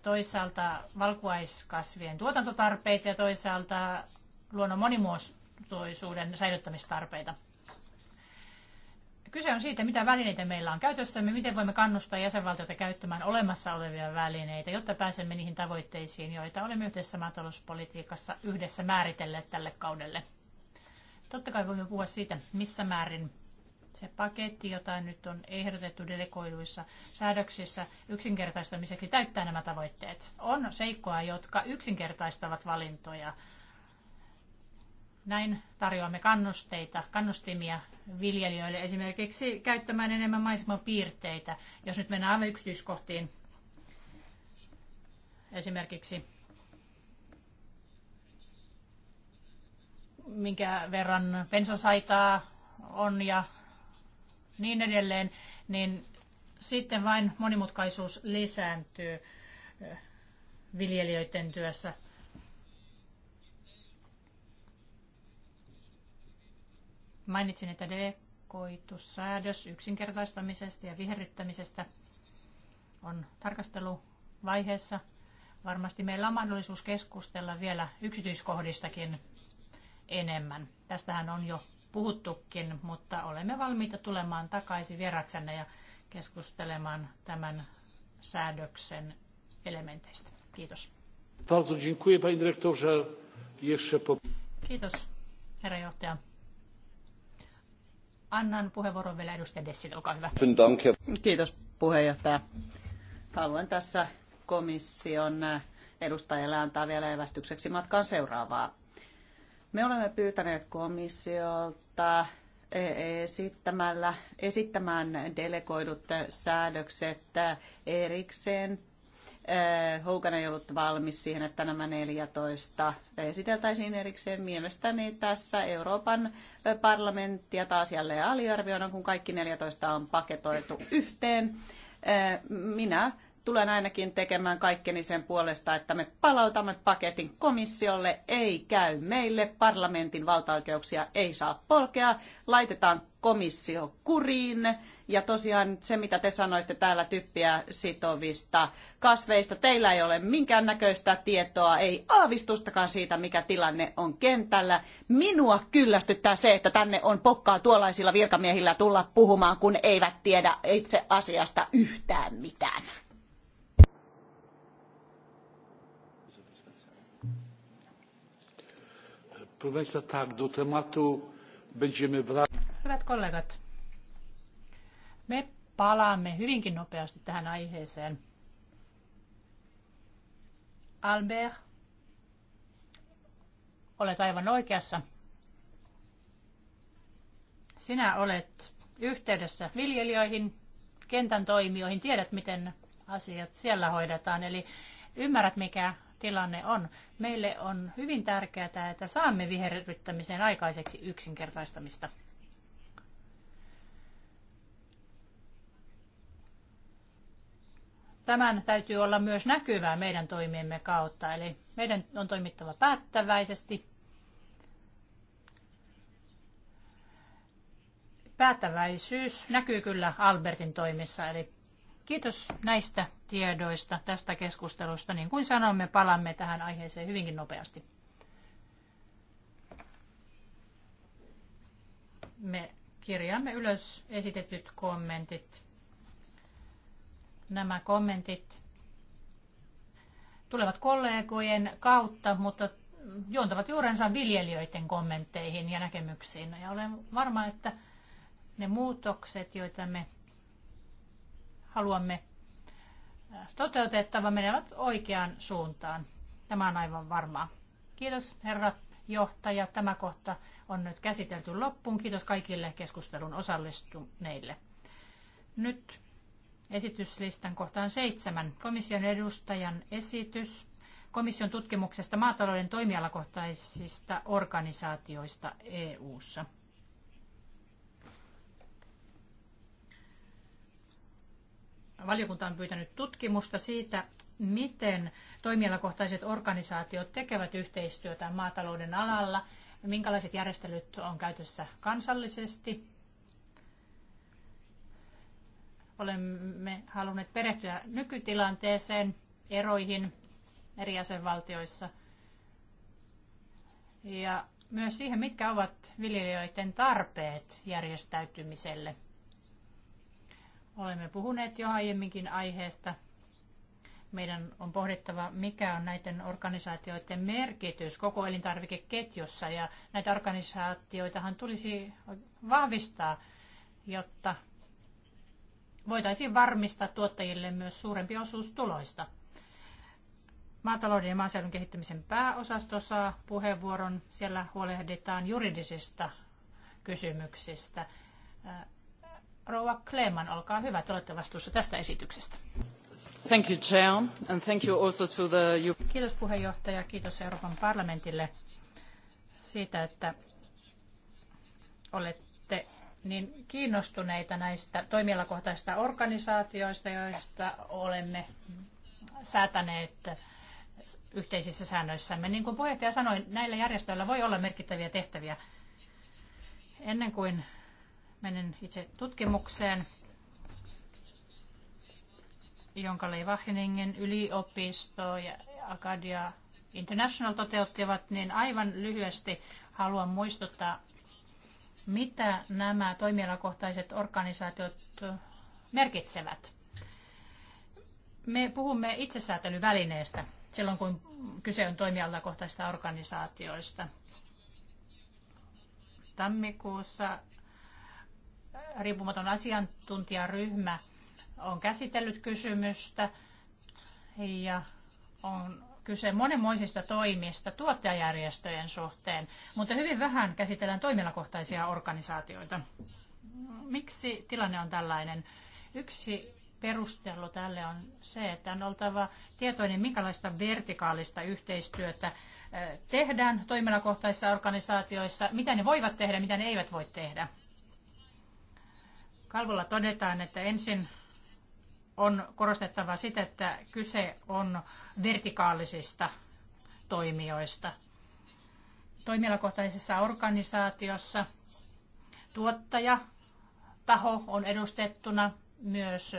toisaalta valkuaiskasvien tuotantotarpeita ja toisaalta luonnon monimuotoisuuden säilyttämistarpeita. Kyse on siitä, mitä välineitä meillä on käytössämme, miten voimme kannustaa jäsenvaltioita käyttämään olemassa olevia välineitä, jotta pääsemme niihin tavoitteisiin, joita olemme yhdessä maatalouspolitiikassa yhdessä määritelleet tälle kaudelle. Totta kai voimme puhua siitä, missä määrin se paketti, jota nyt on ehdotettu delegoiduissa säädöksissä yksinkertaistamiseksi, täyttää nämä tavoitteet. On seikkoja, jotka yksinkertaistavat valintoja näin tarjoamme kannusteita, kannustimia viljelijöille esimerkiksi käyttämään enemmän piirteitä. Jos nyt mennään aivan yksityiskohtiin, esimerkiksi minkä verran pensasaitaa on ja niin edelleen, niin sitten vain monimutkaisuus lisääntyy viljelijöiden työssä. Mainitsin, että delegoitu säädös yksinkertaistamisesta ja viherryttämisestä on tarkasteluvaiheessa. Varmasti meillä on mahdollisuus keskustella vielä yksityiskohdistakin enemmän. Tästähän on jo puhuttukin, mutta olemme valmiita tulemaan takaisin vieraksenne ja keskustelemaan tämän säädöksen elementeistä. Kiitos. Kiitos, herra johtaja. Annan puheenvuoron vielä edustaja Dessille, olkaa hyvä. Kiitos puheenjohtaja. Haluan tässä komission edustajalle antaa vielä evästykseksi matkaan seuraavaa. Me olemme pyytäneet komissiolta esittämällä, esittämään delegoidut säädökset erikseen Eh, Houkan ei ollut valmis siihen, että nämä 14 esiteltäisiin erikseen. Mielestäni tässä Euroopan eh, parlamenttia taas jälleen aliarvioidaan, kun kaikki 14 on paketoitu yhteen. Eh, minä tulen ainakin tekemään kaikkeni sen puolesta, että me palautamme paketin komissiolle, ei käy meille, parlamentin valtaoikeuksia ei saa polkea, laitetaan komissio kuriin. Ja tosiaan se, mitä te sanoitte täällä typpiä sitovista kasveista, teillä ei ole minkäännäköistä tietoa, ei aavistustakaan siitä, mikä tilanne on kentällä. Minua kyllästyttää se, että tänne on pokkaa tuollaisilla virkamiehillä tulla puhumaan, kun eivät tiedä itse asiasta yhtään mitään. Proszę tak, do tematu będziemy wracać. Hyvät kollegat, me palaamme hyvinkin nopeasti tähän aiheeseen. Albert, olet aivan oikeassa. Sinä olet yhteydessä viljelijöihin, kentän toimijoihin, tiedät miten asiat siellä hoidetaan, eli ymmärrät mikä tilanne on. Meille on hyvin tärkeää, että saamme viherryttämiseen aikaiseksi yksinkertaistamista. Tämän täytyy olla myös näkyvää meidän toimiemme kautta, eli meidän on toimittava päättäväisesti. Päättäväisyys näkyy kyllä Albertin toimissa, eli kiitos näistä tiedoista, tästä keskustelusta. Niin kuin sanoimme, palamme tähän aiheeseen hyvinkin nopeasti. Me kirjaamme ylös esitetyt kommentit Nämä kommentit tulevat kollegojen kautta, mutta juontavat juurensa viljelijöiden kommentteihin ja näkemyksiin. Ja olen varma, että ne muutokset, joita me haluamme äh, toteutettava, menevät oikeaan suuntaan. Tämä on aivan varmaa. Kiitos herra johtaja. Tämä kohta on nyt käsitelty loppuun. Kiitos kaikille keskustelun osallistuneille. Nyt esityslistan kohtaan seitsemän. Komission edustajan esitys komission tutkimuksesta maatalouden toimialakohtaisista organisaatioista EU:ssa. Valiokunta on pyytänyt tutkimusta siitä, miten toimialakohtaiset organisaatiot tekevät yhteistyötä maatalouden alalla, minkälaiset järjestelyt on käytössä kansallisesti Olemme halunneet perehtyä nykytilanteeseen, eroihin eri jäsenvaltioissa ja myös siihen, mitkä ovat viljelijöiden tarpeet järjestäytymiselle. Olemme puhuneet jo aiemminkin aiheesta. Meidän on pohdittava, mikä on näiden organisaatioiden merkitys koko elintarvikeketjussa. Ja näitä organisaatioitahan tulisi vahvistaa, jotta voitaisiin varmistaa tuottajille myös suurempi osuus tuloista. Maatalouden ja maaseudun kehittämisen pääosasto saa puheenvuoron. Siellä huolehditaan juridisista kysymyksistä. Rouva Kleeman, olkaa hyvä. Te olette vastuussa tästä esityksestä. Thank you, Chair, and thank you also to the... Kiitos puheenjohtaja, kiitos Euroopan parlamentille siitä, että olette niin kiinnostuneita näistä toimialakohtaisista organisaatioista, joista olemme säätäneet yhteisissä säännöissämme. Niin kuin puheenjohtaja sanoi, näillä järjestöillä voi olla merkittäviä tehtäviä. Ennen kuin menen itse tutkimukseen, jonka Leivahningen yliopisto ja Acadia International toteuttivat, niin aivan lyhyesti haluan muistuttaa mitä nämä toimialakohtaiset organisaatiot merkitsevät. Me puhumme itsesäätelyvälineestä silloin, kun kyse on toimialakohtaisista organisaatioista. Tammikuussa riippumaton asiantuntijaryhmä on käsitellyt kysymystä ja on kyse monenmoisista toimista tuottajajärjestöjen suhteen, mutta hyvin vähän käsitellään toimialakohtaisia organisaatioita. Miksi tilanne on tällainen? Yksi perustelu tälle on se, että on oltava tietoinen, minkälaista vertikaalista yhteistyötä eh, tehdään toimialakohtaisissa organisaatioissa, mitä ne voivat tehdä, mitä ne eivät voi tehdä. Kalvolla todetaan, että ensin on korostettava sitä, että kyse on vertikaalisista toimijoista. Toimialakohtaisessa organisaatiossa tuottaja taho on edustettuna, myös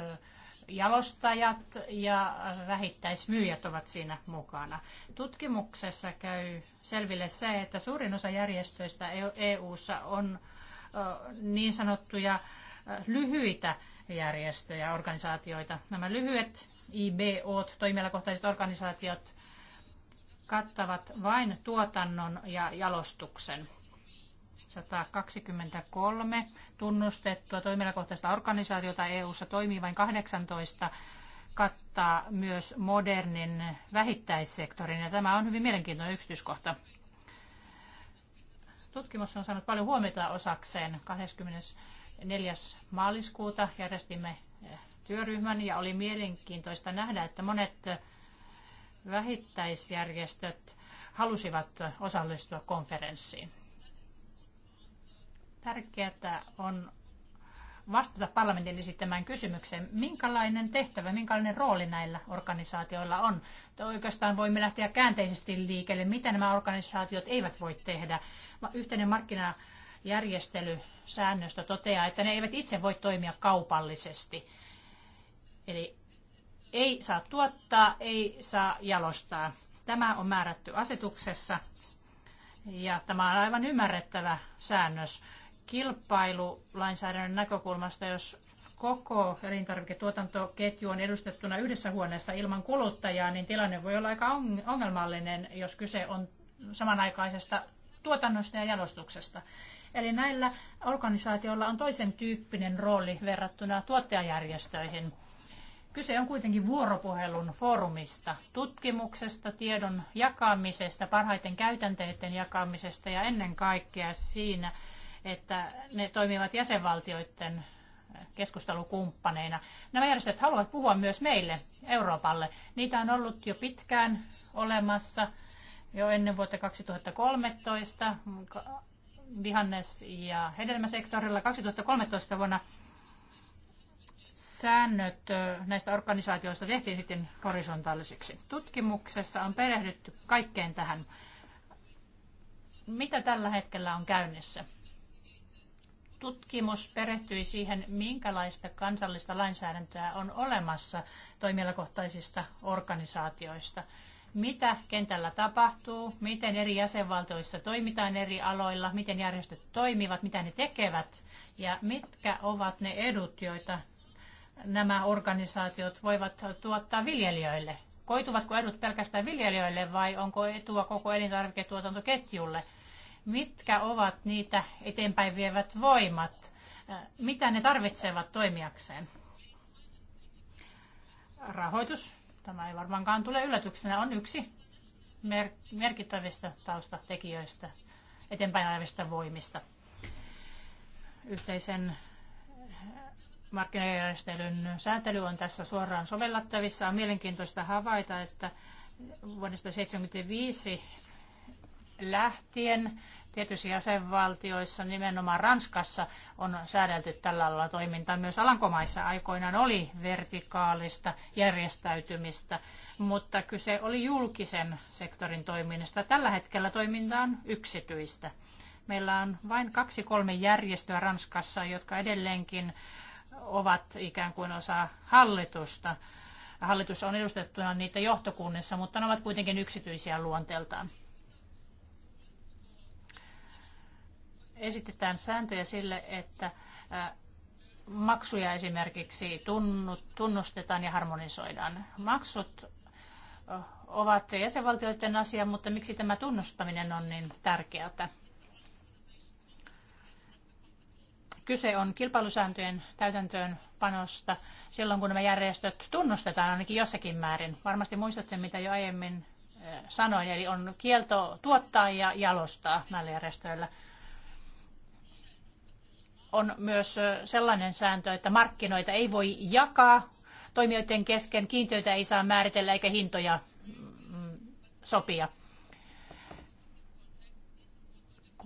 jalostajat ja vähittäismyyjät ovat siinä mukana. Tutkimuksessa käy selville se, että suurin osa järjestöistä EU:ssa e on niin sanottuja lyhyitä järjestöjä, organisaatioita. Nämä lyhyet IBO, toimialakohtaiset organisaatiot, kattavat vain tuotannon ja jalostuksen. 123 tunnustettua toimialakohtaista organisaatiota EU-ssa toimii vain 18 kattaa myös modernin vähittäissektorin, ja tämä on hyvin mielenkiintoinen yksityiskohta. Tutkimus on saanut paljon huomiota osakseen. 20. 4. maaliskuuta järjestimme eh, työryhmän ja oli mielenkiintoista nähdä, että monet eh, vähittäisjärjestöt halusivat eh, osallistua konferenssiin. Tärkeää on vastata parlamentin esittämään kysymykseen, minkälainen tehtävä, minkälainen rooli näillä organisaatioilla on. Että oikeastaan voimme lähteä käänteisesti liikkeelle, mitä nämä organisaatiot eivät voi tehdä. Yhteinen markkina järjestelysäännöstö toteaa, että ne eivät itse voi toimia kaupallisesti. Eli ei saa tuottaa, ei saa jalostaa. Tämä on määrätty asetuksessa ja tämä on aivan ymmärrettävä säännös kilpailulainsäädännön näkökulmasta, jos koko elintarviketuotantoketju on edustettuna yhdessä huoneessa ilman kuluttajaa, niin tilanne voi olla aika ongelmallinen, jos kyse on samanaikaisesta tuotannosta ja jalostuksesta. Eli näillä organisaatioilla on toisen tyyppinen rooli verrattuna tuottajajärjestöihin. Kyse on kuitenkin vuoropuhelun foorumista, tutkimuksesta, tiedon jakamisesta, parhaiten käytänteiden jakamisesta ja ennen kaikkea siinä, että ne toimivat jäsenvaltioiden keskustelukumppaneina. Nämä järjestöt haluavat puhua myös meille, Euroopalle. Niitä on ollut jo pitkään olemassa, jo ennen vuotta 2013 vihannes- ja hedelmäsektorilla 2013 vuonna säännöt näistä organisaatioista tehtiin sitten horisontaalisiksi. Tutkimuksessa on perehdytty kaikkeen tähän. Mitä tällä hetkellä on käynnissä? Tutkimus perehtyi siihen, minkälaista kansallista lainsäädäntöä on olemassa toimialakohtaisista organisaatioista – mitä kentällä tapahtuu, miten eri jäsenvaltioissa toimitaan eri aloilla, miten järjestöt toimivat, mitä ne tekevät ja mitkä ovat ne edut, joita nämä organisaatiot voivat tuottaa viljelijöille. Koituvatko edut pelkästään viljelijöille vai onko etua koko elintarviketuotantoketjulle? Mitkä ovat niitä eteenpäin vievät voimat? Mitä ne tarvitsevat toimijakseen? Rahoitus Tämä ei varmaankaan tule yllätyksenä. On yksi merkittävistä taustatekijöistä, eteenpäin ajavista voimista. Yhteisen markkinajärjestelyn säätely on tässä suoraan sovellettavissa. On mielenkiintoista havaita, että vuodesta 1975 lähtien Tietyissä jäsenvaltioissa, nimenomaan Ranskassa, on säädelty tällä alalla toimintaa. Myös Alankomaissa aikoinaan oli vertikaalista järjestäytymistä, mutta kyse oli julkisen sektorin toiminnasta. Tällä hetkellä toiminta on yksityistä. Meillä on vain kaksi-kolme järjestöä Ranskassa, jotka edelleenkin ovat ikään kuin osa hallitusta. Hallitus on edustettuna niitä johtokunnissa, mutta ne ovat kuitenkin yksityisiä luonteeltaan. esitetään sääntöjä sille, että maksuja esimerkiksi tunnustetaan ja harmonisoidaan. Maksut ovat jäsenvaltioiden asia, mutta miksi tämä tunnustaminen on niin tärkeää? Kyse on kilpailusääntöjen täytäntöönpanosta silloin, kun nämä järjestöt tunnustetaan ainakin jossakin määrin. Varmasti muistatte, mitä jo aiemmin sanoin, eli on kielto tuottaa ja jalostaa näillä järjestöillä on myös sellainen sääntö, että markkinoita ei voi jakaa toimijoiden kesken, kiintiöitä ei saa määritellä eikä hintoja mm, sopia.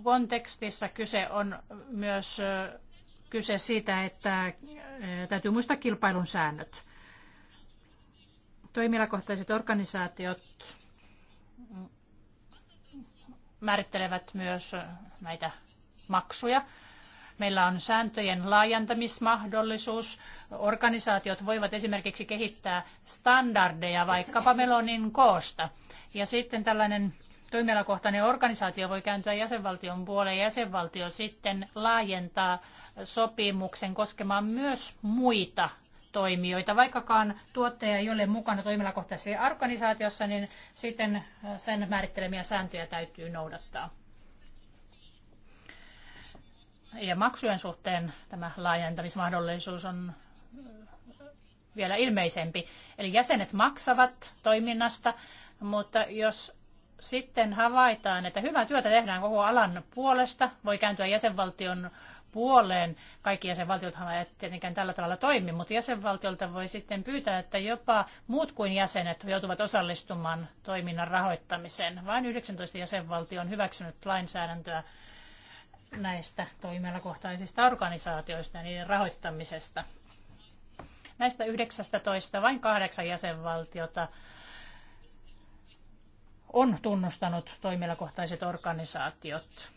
Kontekstissa kyse on myös kyse siitä, että täytyy muistaa kilpailun säännöt. Toimialakohtaiset organisaatiot mm, määrittelevät myös näitä maksuja. Meillä on sääntöjen laajentamismahdollisuus. Organisaatiot voivat esimerkiksi kehittää standardeja vaikkapa melonin koosta. Ja sitten tällainen toimialakohtainen organisaatio voi kääntyä jäsenvaltion puoleen. Jäsenvaltio sitten laajentaa sopimuksen koskemaan myös muita toimijoita. Vaikkakaan tuottaja ei ole mukana toimialakohtaisessa organisaatiossa, niin sitten sen määrittelemiä sääntöjä täytyy noudattaa ja maksujen suhteen tämä laajentamismahdollisuus on vielä ilmeisempi. Eli jäsenet maksavat toiminnasta, mutta jos sitten havaitaan, että hyvää työtä tehdään koko alan puolesta, voi kääntyä jäsenvaltion puoleen. Kaikki jäsenvaltiothan eivät tietenkään tällä tavalla toimi, mutta jäsenvaltiolta voi sitten pyytää, että jopa muut kuin jäsenet joutuvat osallistumaan toiminnan rahoittamiseen. Vain 19 jäsenvaltio on hyväksynyt lainsäädäntöä näistä toimialakohtaisista organisaatioista ja niiden rahoittamisesta. Näistä 19 vain kahdeksan jäsenvaltiota on tunnustanut toimialakohtaiset organisaatiot.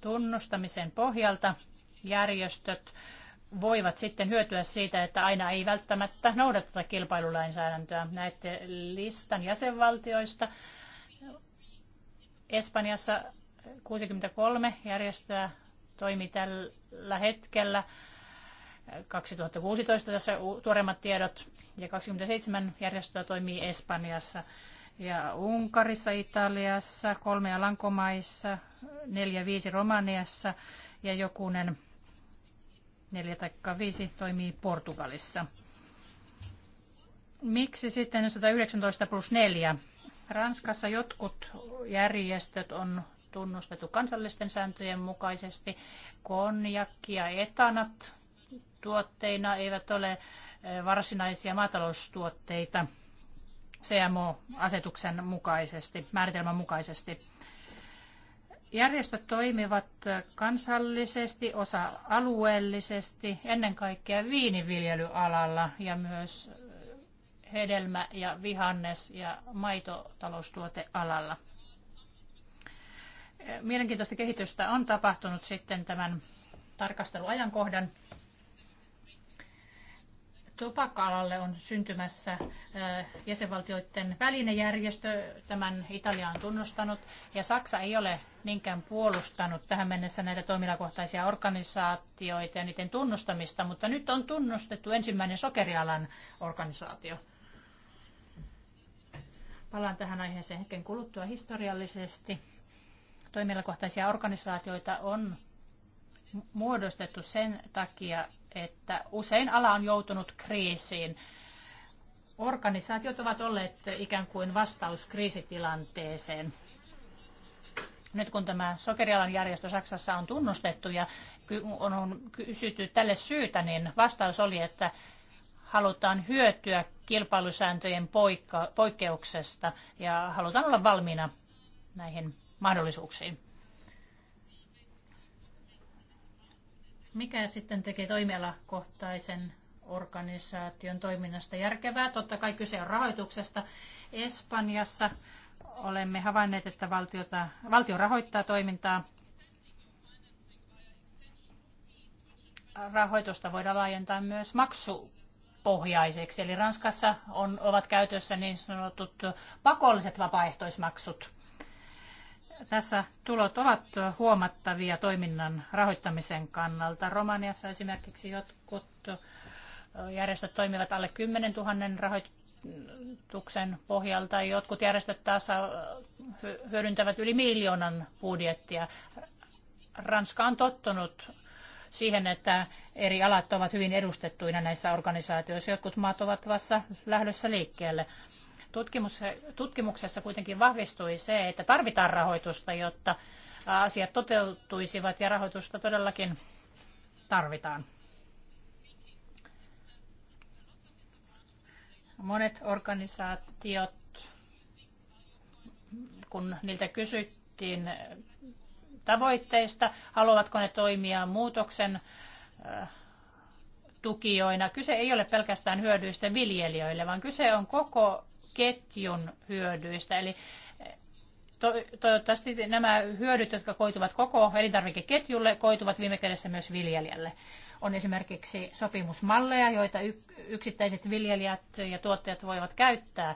Tunnustamisen pohjalta järjestöt voivat sitten hyötyä siitä, että aina ei välttämättä noudateta kilpailulainsäädäntöä. Näette listan jäsenvaltioista. Espanjassa 63 järjestöä toimi tällä hetkellä. 2016 tässä tuoreimmat tiedot ja 27 järjestöä toimii Espanjassa ja Unkarissa, Italiassa, kolme Alankomaissa, neljä viisi Romaniassa ja jokunen neljä tai viisi toimii Portugalissa. Miksi sitten 119 plus 4? Ranskassa jotkut järjestöt on tunnustettu kansallisten sääntöjen mukaisesti. Konjakki ja etanat tuotteina eivät ole eh, varsinaisia maataloustuotteita CMO-asetuksen mukaisesti, määritelmän mukaisesti. Järjestöt toimivat kansallisesti, osa alueellisesti, ennen kaikkea viiniviljelyalalla ja myös hedelmä- ja vihannes- ja maitotaloustuotealalla mielenkiintoista kehitystä on tapahtunut sitten tämän tarkasteluajankohdan. Tupakka-alalle on syntymässä eh, jäsenvaltioiden välinejärjestö, tämän Italia on tunnustanut, ja Saksa ei ole niinkään puolustanut tähän mennessä näitä toimilakohtaisia organisaatioita ja niiden tunnustamista, mutta nyt on tunnustettu ensimmäinen sokerialan organisaatio. Palaan tähän aiheeseen hetken kuluttua historiallisesti toimialakohtaisia organisaatioita on muodostettu sen takia, että usein ala on joutunut kriisiin. Organisaatiot ovat olleet ikään kuin vastaus kriisitilanteeseen. Nyt kun tämä sokerialan järjestö Saksassa on tunnustettu ja on kysytty tälle syytä, niin vastaus oli, että halutaan hyötyä kilpailusääntöjen poikkeuksesta ja halutaan olla valmiina näihin mahdollisuuksiin. Mikä sitten tekee toimialakohtaisen organisaation toiminnasta järkevää? Totta kai kyse on rahoituksesta. Espanjassa olemme havainneet, että valtiota, valtio rahoittaa toimintaa. Rahoitusta voidaan laajentaa myös maksupohjaiseksi. Eli Ranskassa on, ovat käytössä niin sanotut pakolliset vapaaehtoismaksut tässä tulot ovat huomattavia toiminnan rahoittamisen kannalta. Romaniassa esimerkiksi jotkut järjestöt toimivat alle 10 000 rahoituksen pohjalta. Jotkut järjestöt taas hyödyntävät yli miljoonan budjettia. Ranska on tottunut siihen, että eri alat ovat hyvin edustettuina näissä organisaatioissa. Jotkut maat ovat vasta lähdössä liikkeelle tutkimuksessa kuitenkin vahvistui se, että tarvitaan rahoitusta, jotta asiat toteutuisivat ja rahoitusta todellakin tarvitaan. Monet organisaatiot, kun niiltä kysyttiin tavoitteista, haluavatko ne toimia muutoksen äh, tukijoina. Kyse ei ole pelkästään hyödyistä viljelijöille, vaan kyse on koko ketjun hyödyistä. Eli eh, toivottavasti nämä hyödyt, jotka koituvat koko elintarvikeketjulle, koituvat viime kädessä myös viljelijälle. On esimerkiksi sopimusmalleja, joita yksittäiset viljelijät ja tuottajat voivat käyttää.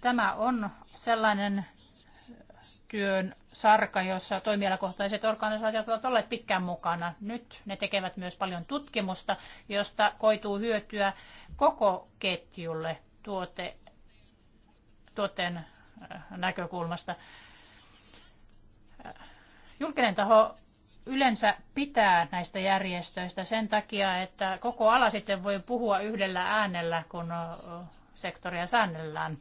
Tämä on sellainen työn sarka, jossa toimialakohtaiset organisaatiot ovat olleet pitkään mukana. Nyt ne tekevät myös paljon tutkimusta, josta koituu hyötyä koko ketjulle, tuote, tuotteen äh, näkökulmasta. Äh, julkinen taho yleensä pitää näistä järjestöistä sen takia, että koko ala sitten voi puhua yhdellä äänellä, kun sektoria säännellään.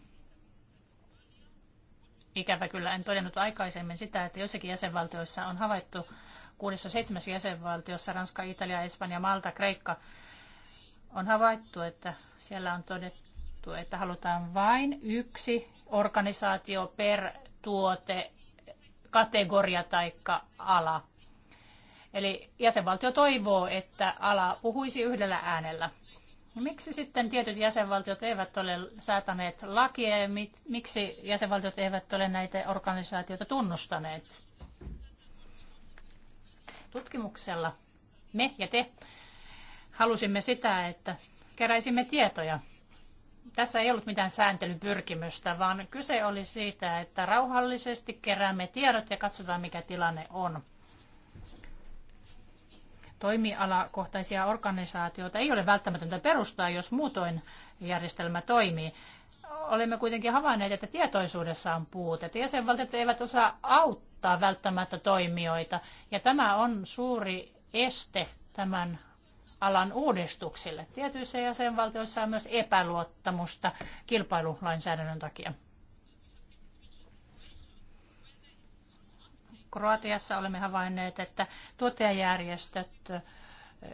Ikävä kyllä en todennut aikaisemmin sitä, että jossakin jäsenvaltioissa on havaittu kuudessa seitsemässä jäsenvaltiossa, Ranska, Italia, Espanja, Malta, Kreikka, on havaittu, että siellä on todettu, sanottu, että halutaan vain yksi organisaatio per tuote, kategoria tai ala. Eli jäsenvaltio toivoo, että ala puhuisi yhdellä äänellä. No, miksi sitten tietyt jäsenvaltiot eivät ole säätäneet lakia ja miksi jäsenvaltiot eivät ole näitä organisaatioita tunnustaneet? Tutkimuksella me ja te halusimme sitä, että keräisimme tietoja tässä ei ollut mitään sääntelypyrkimystä vaan kyse oli siitä, että rauhallisesti keräämme tiedot ja katsotaan, mikä tilanne on. Toimialakohtaisia organisaatioita ei ole välttämätöntä perustaa, jos muutoin järjestelmä toimii. Olemme kuitenkin havainneet, että tietoisuudessa on puutetta. Jäsenvaltiot eivät osaa auttaa välttämättä toimijoita, ja tämä on suuri este tämän alan uudistuksille. Tietyissä jäsenvaltioissa on myös epäluottamusta kilpailulainsäädännön takia. Kroatiassa olemme havainneet, että tuottajajärjestöt,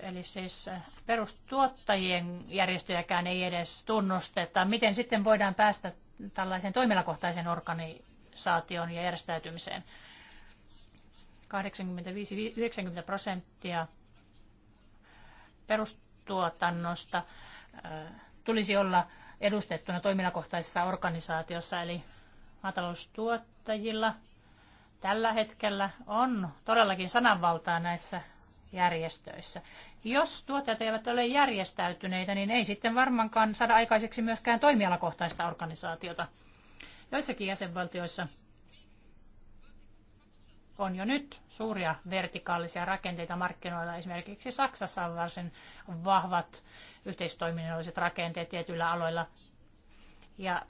eli siis perustuottajien järjestöjäkään ei edes tunnusteta. Miten sitten voidaan päästä tällaisen toimialakohtaisen organisaation ja järjestäytymiseen? 85-90 prosenttia perustuotannosta äh, tulisi olla edustettuna toiminnakohtaisessa organisaatiossa, eli maataloustuottajilla tällä hetkellä on todellakin sananvaltaa näissä järjestöissä. Jos tuottajat eivät ole järjestäytyneitä, niin ei sitten varmaankaan saada aikaiseksi myöskään toimialakohtaista organisaatiota. Joissakin jäsenvaltioissa on jo nyt suuria vertikaalisia rakenteita markkinoilla. Esimerkiksi Saksassa on varsin vahvat yhteistoiminnalliset rakenteet tietyillä aloilla. Ja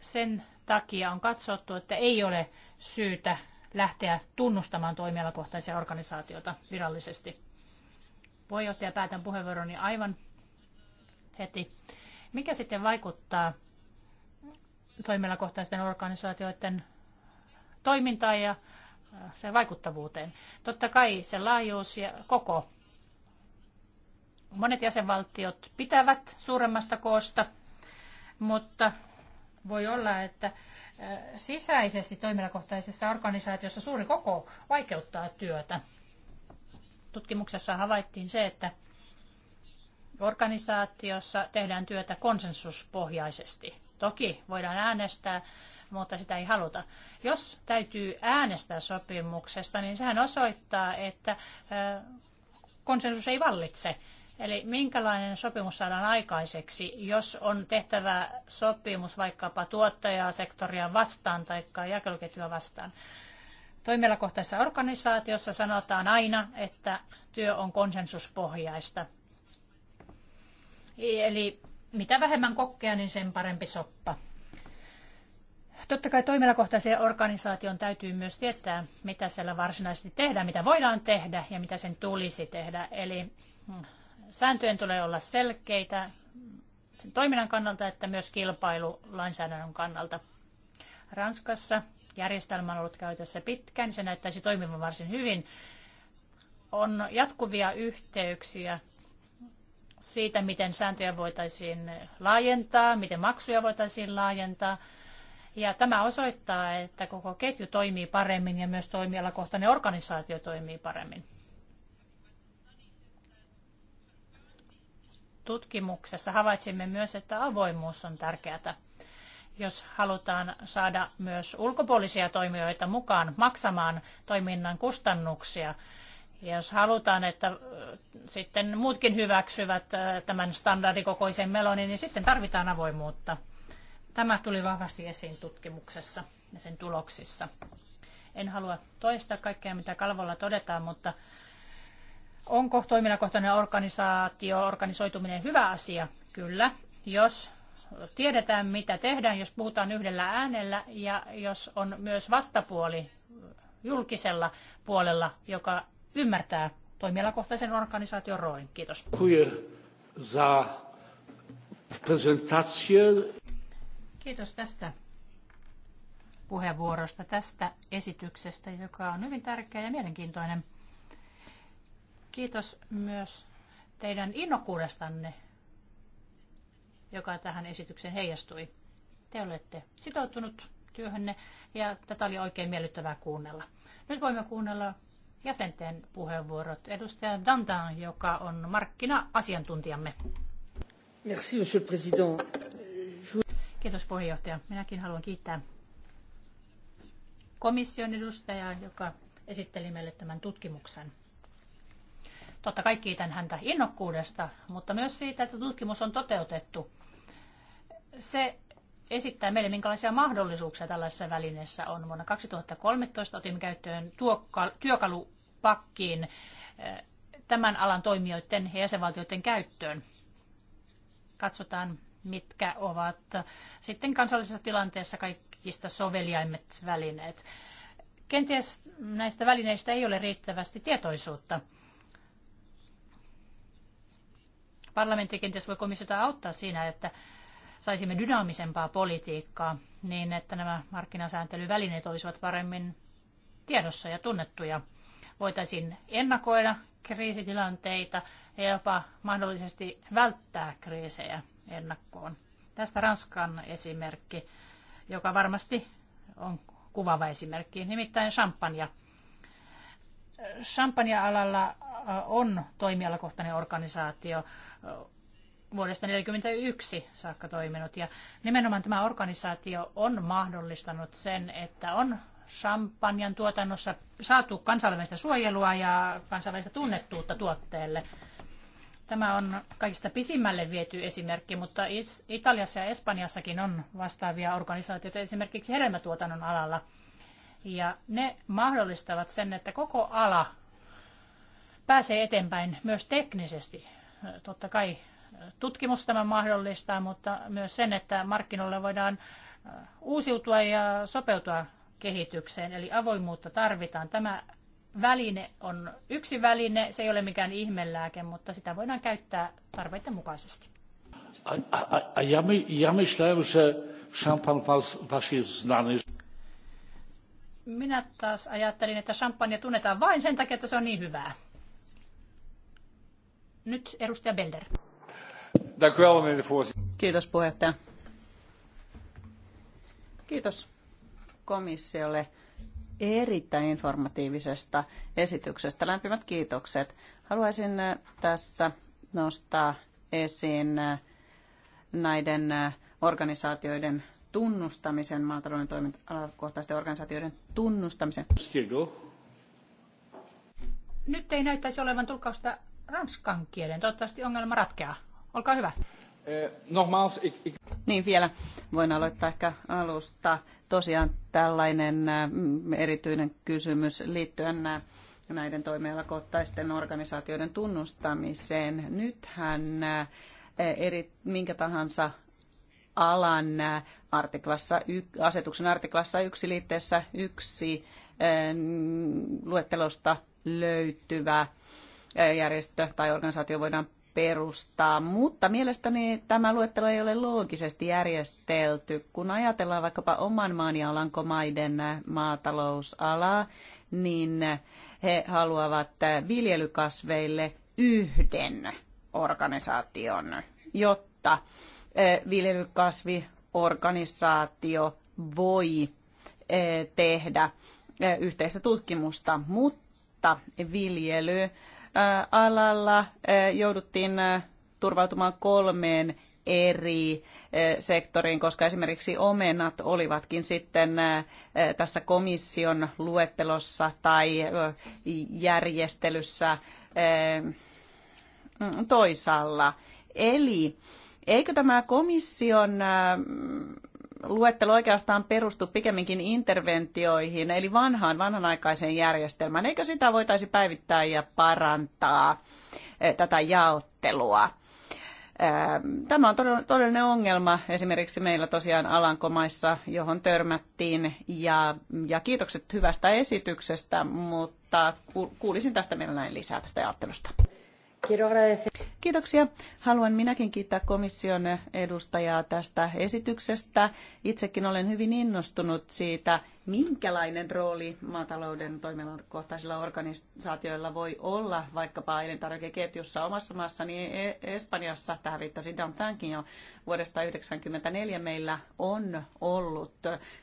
sen takia on katsottu, että ei ole syytä lähteä tunnustamaan toimialakohtaisia organisaatioita virallisesti. ottaa päätän puheenvuoroni aivan heti. Mikä sitten vaikuttaa toimialakohtaisten organisaatioiden toimintaan ja sen vaikuttavuuteen. Totta kai sen laajuus ja koko. Monet jäsenvaltiot pitävät suuremmasta koosta, mutta voi olla, että äh, sisäisesti toimialakohtaisessa organisaatiossa suuri koko vaikeuttaa työtä. Tutkimuksessa havaittiin se, että organisaatiossa tehdään työtä konsensuspohjaisesti. Toki voidaan äänestää mutta sitä ei haluta. Jos täytyy äänestää sopimuksesta, niin sehän osoittaa, että konsensus ei vallitse. Eli minkälainen sopimus saadaan aikaiseksi, jos on tehtävä sopimus vaikkapa tuottajasektoria vastaan tai jakeluketjua vastaan? Toimialakohtaisessa organisaatiossa sanotaan aina, että työ on konsensuspohjaista. Eli mitä vähemmän kokkea, niin sen parempi soppa. Totta kai toimialakohtaisen organisaation täytyy myös tietää, mitä siellä varsinaisesti tehdään, mitä voidaan tehdä ja mitä sen tulisi tehdä. Eli mm, sääntöjen tulee olla selkeitä sen toiminnan kannalta että myös kilpailulainsäädännön kannalta. Ranskassa järjestelmä on ollut käytössä pitkään, se näyttäisi toimivan varsin hyvin. On jatkuvia yhteyksiä siitä, miten sääntöjä voitaisiin laajentaa, miten maksuja voitaisiin laajentaa – ja tämä osoittaa, että koko ketju toimii paremmin ja myös toimialakohtainen organisaatio toimii paremmin. Tutkimuksessa havaitsimme myös, että avoimuus on tärkeää. Jos halutaan saada myös ulkopuolisia toimijoita mukaan maksamaan toiminnan kustannuksia, ja jos halutaan, että sitten muutkin hyväksyvät tämän standardikokoisen melonin, niin sitten tarvitaan avoimuutta. Tämä tuli vahvasti esiin tutkimuksessa ja sen tuloksissa. En halua toistaa kaikkea, mitä kalvolla todetaan, mutta onko toiminnakohtainen organisaatio, organisoituminen hyvä asia? Kyllä, jos tiedetään, mitä tehdään, jos puhutaan yhdellä äänellä ja jos on myös vastapuoli julkisella puolella, joka ymmärtää toimialakohtaisen organisaation roolin. Kiitos. Za prezentację. Kiitos tästä puheenvuorosta, tästä esityksestä, joka on hyvin tärkeä ja mielenkiintoinen. Kiitos myös teidän innokkuudestanne, joka tähän esitykseen heijastui. Te olette sitoutunut työhönne ja tätä oli oikein miellyttävää kuunnella. Nyt voimme kuunnella jäsenten puheenvuorot. Edustaja Dantan, joka on markkina-asiantuntijamme. Merci, monsieur le président. Kiitos puheenjohtaja. Minäkin haluan kiittää komission edustajaa, joka esitteli meille tämän tutkimuksen. Totta kai kiitän häntä innokkuudesta, mutta myös siitä, että tutkimus on toteutettu. Se esittää meille, minkälaisia mahdollisuuksia tällaisessa välineessä on. Vuonna 2013 otimme käyttöön työkalupakkiin eh, tämän alan toimijoiden ja jäsenvaltioiden käyttöön. Katsotaan, mitkä ovat sitten kansallisessa tilanteessa kaikista soveliaimmat välineet. Kenties näistä välineistä ei ole riittävästi tietoisuutta. Parlamentti kenties voi komissiota auttaa siinä, että saisimme dynaamisempaa politiikkaa niin, että nämä markkinasääntelyvälineet olisivat paremmin tiedossa ja tunnettuja. Voitaisiin ennakoida kriisitilanteita, ja jopa mahdollisesti välttää kriisejä ennakkoon. Tästä Ranskan esimerkki, joka varmasti on kuvaava esimerkki, nimittäin champagne. Champagne-alalla äh, on toimialakohtainen organisaatio äh, vuodesta 1941 saakka toiminut. Ja nimenomaan tämä organisaatio on mahdollistanut sen, että on champanjan tuotannossa saatu kansainvälistä suojelua ja kansainvälistä tunnettuutta tuotteelle – Tämä on kaikista pisimmälle viety esimerkki, mutta Italiassa ja Espanjassakin on vastaavia organisaatioita esimerkiksi hedelmätuotannon alalla. Ja ne mahdollistavat sen, että koko ala pääsee eteenpäin myös teknisesti. Totta kai tutkimus tämä mahdollistaa, mutta myös sen, että markkinoille voidaan uusiutua ja sopeutua kehitykseen. Eli avoimuutta tarvitaan. Tämä väline on yksi väline, se ei ole mikään ihmelääke, mutta sitä voidaan käyttää tarpeiden mukaisesti. Minä taas ajattelin, että champagne tunnetaan vain sen takia, että se on niin hyvää. Nyt edustaja Belder. Kiitos puheenjohtaja. Kiitos komissiolle erittäin informatiivisesta esityksestä. Lämpimät kiitokset. Haluaisin äh, tässä nostaa esiin äh, näiden äh, organisaatioiden tunnustamisen, maatalouden toimintakohtaisten organisaatioiden tunnustamisen. Nyt ei näyttäisi olevan tulkausta ranskan kielen. Toivottavasti ongelma ratkeaa. Olkaa hyvä. Eh, nogmaals, ik, ik... Niin vielä voin aloittaa ehkä alusta. Tosiaan tällainen mm, erityinen kysymys liittyen äh, näiden toimialakohtaisten organisaatioiden tunnustamiseen. Nythän äh, eri, minkä tahansa alan äh, artiklassa, asetuksen artiklassa yksi liitteessä yksi luettelosta löytyvä järjestö tai organisaatio voidaan perustaa, mutta mielestäni tämä luettelo ei ole loogisesti järjestelty. Kun ajatellaan vaikkapa oman maan ja alankomaiden maatalousalaa, niin he haluavat viljelykasveille yhden organisaation, jotta e, viljelykasviorganisaatio voi e, tehdä e, yhteistä tutkimusta, mutta viljely alalla jouduttiin turvautumaan kolmeen eri sektoriin, koska esimerkiksi omenat olivatkin sitten tässä komission luettelossa tai järjestelyssä mm, toisaalla. Eli eikö tämä komission luettelo oikeastaan perustu pikemminkin interventioihin, eli vanhaan, vanhanaikaiseen järjestelmään. Eikö sitä voitaisi päivittää ja parantaa eh, tätä jaottelua? Eh, tämä on todellinen ongelma esimerkiksi meillä tosiaan Alankomaissa, johon törmättiin. Ja, ja kiitokset hyvästä esityksestä, mutta kuulisin tästä meillä näin lisää tästä jaottelusta. Kiitoksia. Haluan minäkin kiittää komission edustajaa tästä esityksestä. Itsekin olen hyvin innostunut siitä, minkälainen rooli maatalouden toimialakohtaisilla organisaatioilla voi olla vaikkapa elintarvikeketjussa omassa maassani niin e- Espanjassa. Tähän viittasi Dantankin jo vuodesta 1994 meillä on ollut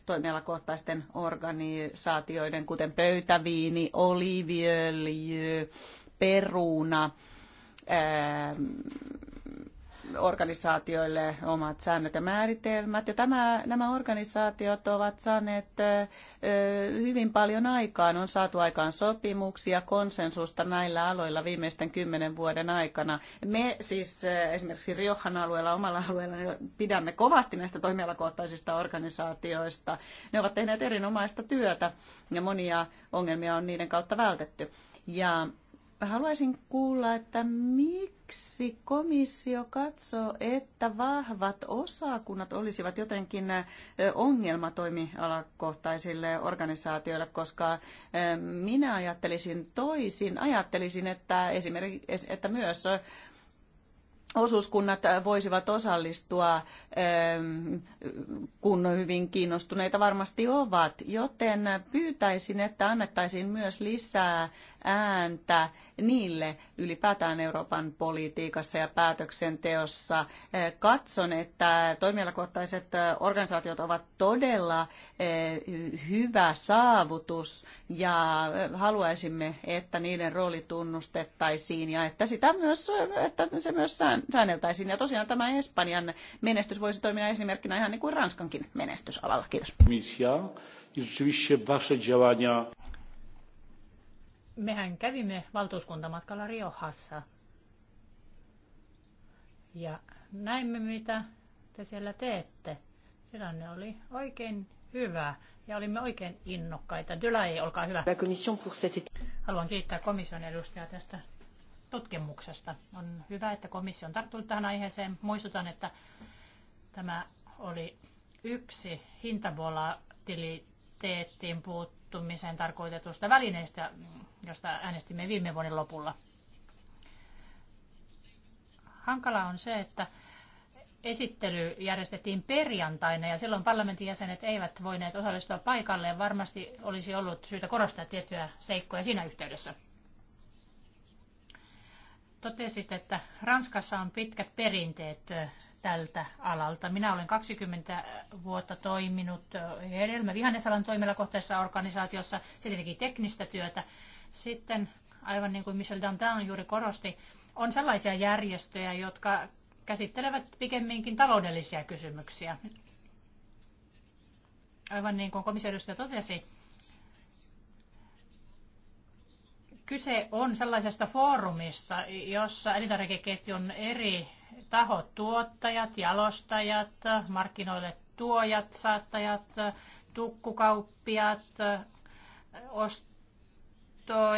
toimialakohtaisten organisaatioiden, kuten pöytäviini, oliiviöljy, peruna, Ähm, organisaatioille omat säännöt ja määritelmät. Ja tämä, nämä organisaatiot ovat saaneet äh, äh, hyvin paljon aikaan. On saatu aikaan sopimuksia, konsensusta näillä aloilla viimeisten kymmenen vuoden aikana. Me siis äh, esimerkiksi Riohan alueella, omalla alueella, pidämme kovasti näistä toimialakohtaisista organisaatioista. Ne ovat tehneet erinomaista työtä ja monia ongelmia on niiden kautta vältetty. Ja Haluaisin kuulla, että miksi komissio katsoo, että vahvat osakunnat olisivat jotenkin ongelma toimialakohtaisille organisaatioille, koska minä ajattelisin toisin. Ajattelisin, että, esimerkiksi, että myös osuuskunnat voisivat osallistua, ähm, kun hyvin kiinnostuneita varmasti ovat, joten pyytäisin, että annettaisiin myös lisää ääntä niille ylipäätään Euroopan politiikassa ja päätöksenteossa. Äh, katson, että toimialakohtaiset äh, organisaatiot ovat todella äh, hyvä saavutus ja haluaisimme, että niiden rooli tunnustettaisiin ja että, sitä myös, että se myös säänneltäisiin. Ja tosiaan tämä Espanjan menestys voisi toimia esimerkkinä ihan niin kuin Ranskankin menestysalalla. Kiitos. Mehän kävimme valtuuskuntamatkalla Riohassa ja näimme, mitä te siellä teette. Tilanne oli oikein hyvä ja olimme oikein innokkaita. Dylai, olkaa hyvä. Haluan kiittää komission edustajaa tästä tutkimuksesta. On hyvä, että komissio on tarttunut tähän aiheeseen. Muistutan, että tämä oli yksi hintavolatiliteettiin puuttumiseen tarkoitetusta välineistä, josta äänestimme viime vuoden lopulla. Hankala on se, että esittely järjestettiin perjantaina ja silloin parlamentin jäsenet eivät voineet osallistua paikalle ja varmasti olisi ollut syytä korostaa tiettyjä seikkoja siinä yhteydessä. Totesit, että Ranskassa on pitkät perinteet tältä alalta. Minä olen 20 vuotta toiminut hedelmä vihannesalan toimialakohtaisessa organisaatiossa. Se teki teknistä työtä. Sitten, aivan niin kuin Michel Dantin juuri korosti, on sellaisia järjestöjä, jotka käsittelevät pikemminkin taloudellisia kysymyksiä. Aivan niin kuin edustaja totesi, kyse on sellaisesta foorumista, jossa elintarvikeketjun eri tahot, tuottajat, jalostajat, markkinoille tuojat, saattajat, tukkukauppiat, ost-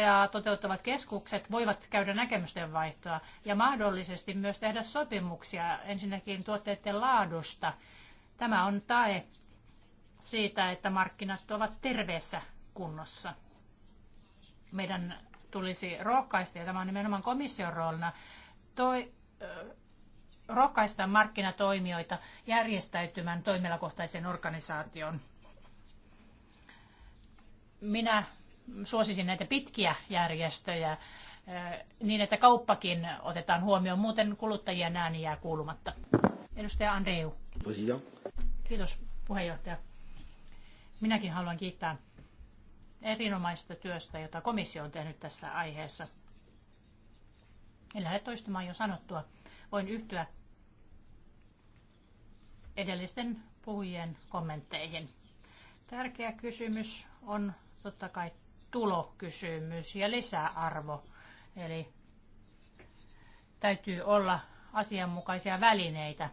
ja toteuttavat keskukset voivat käydä näkemysten vaihtoa ja mahdollisesti myös tehdä sopimuksia ensinnäkin tuotteiden laadusta. Tämä on tae siitä, että markkinat ovat terveessä kunnossa. Meidän tulisi rohkaista, ja tämä on nimenomaan komission roolina, toi, rohkaista markkinatoimijoita järjestäytymään toimialakohtaisen organisaation. Minä suosisin näitä pitkiä järjestöjä niin, että kauppakin otetaan huomioon. Muuten kuluttajien ääni jää kuulumatta. Edustaja Andreu. Kiitos puheenjohtaja. Minäkin haluan kiittää erinomaisesta työstä, jota komissio on tehnyt tässä aiheessa. En lähde toistamaan jo sanottua. Voin yhtyä edellisten puhujien kommentteihin. Tärkeä kysymys on totta kai tulokysymys ja lisäarvo. Eli täytyy olla asianmukaisia välineitä.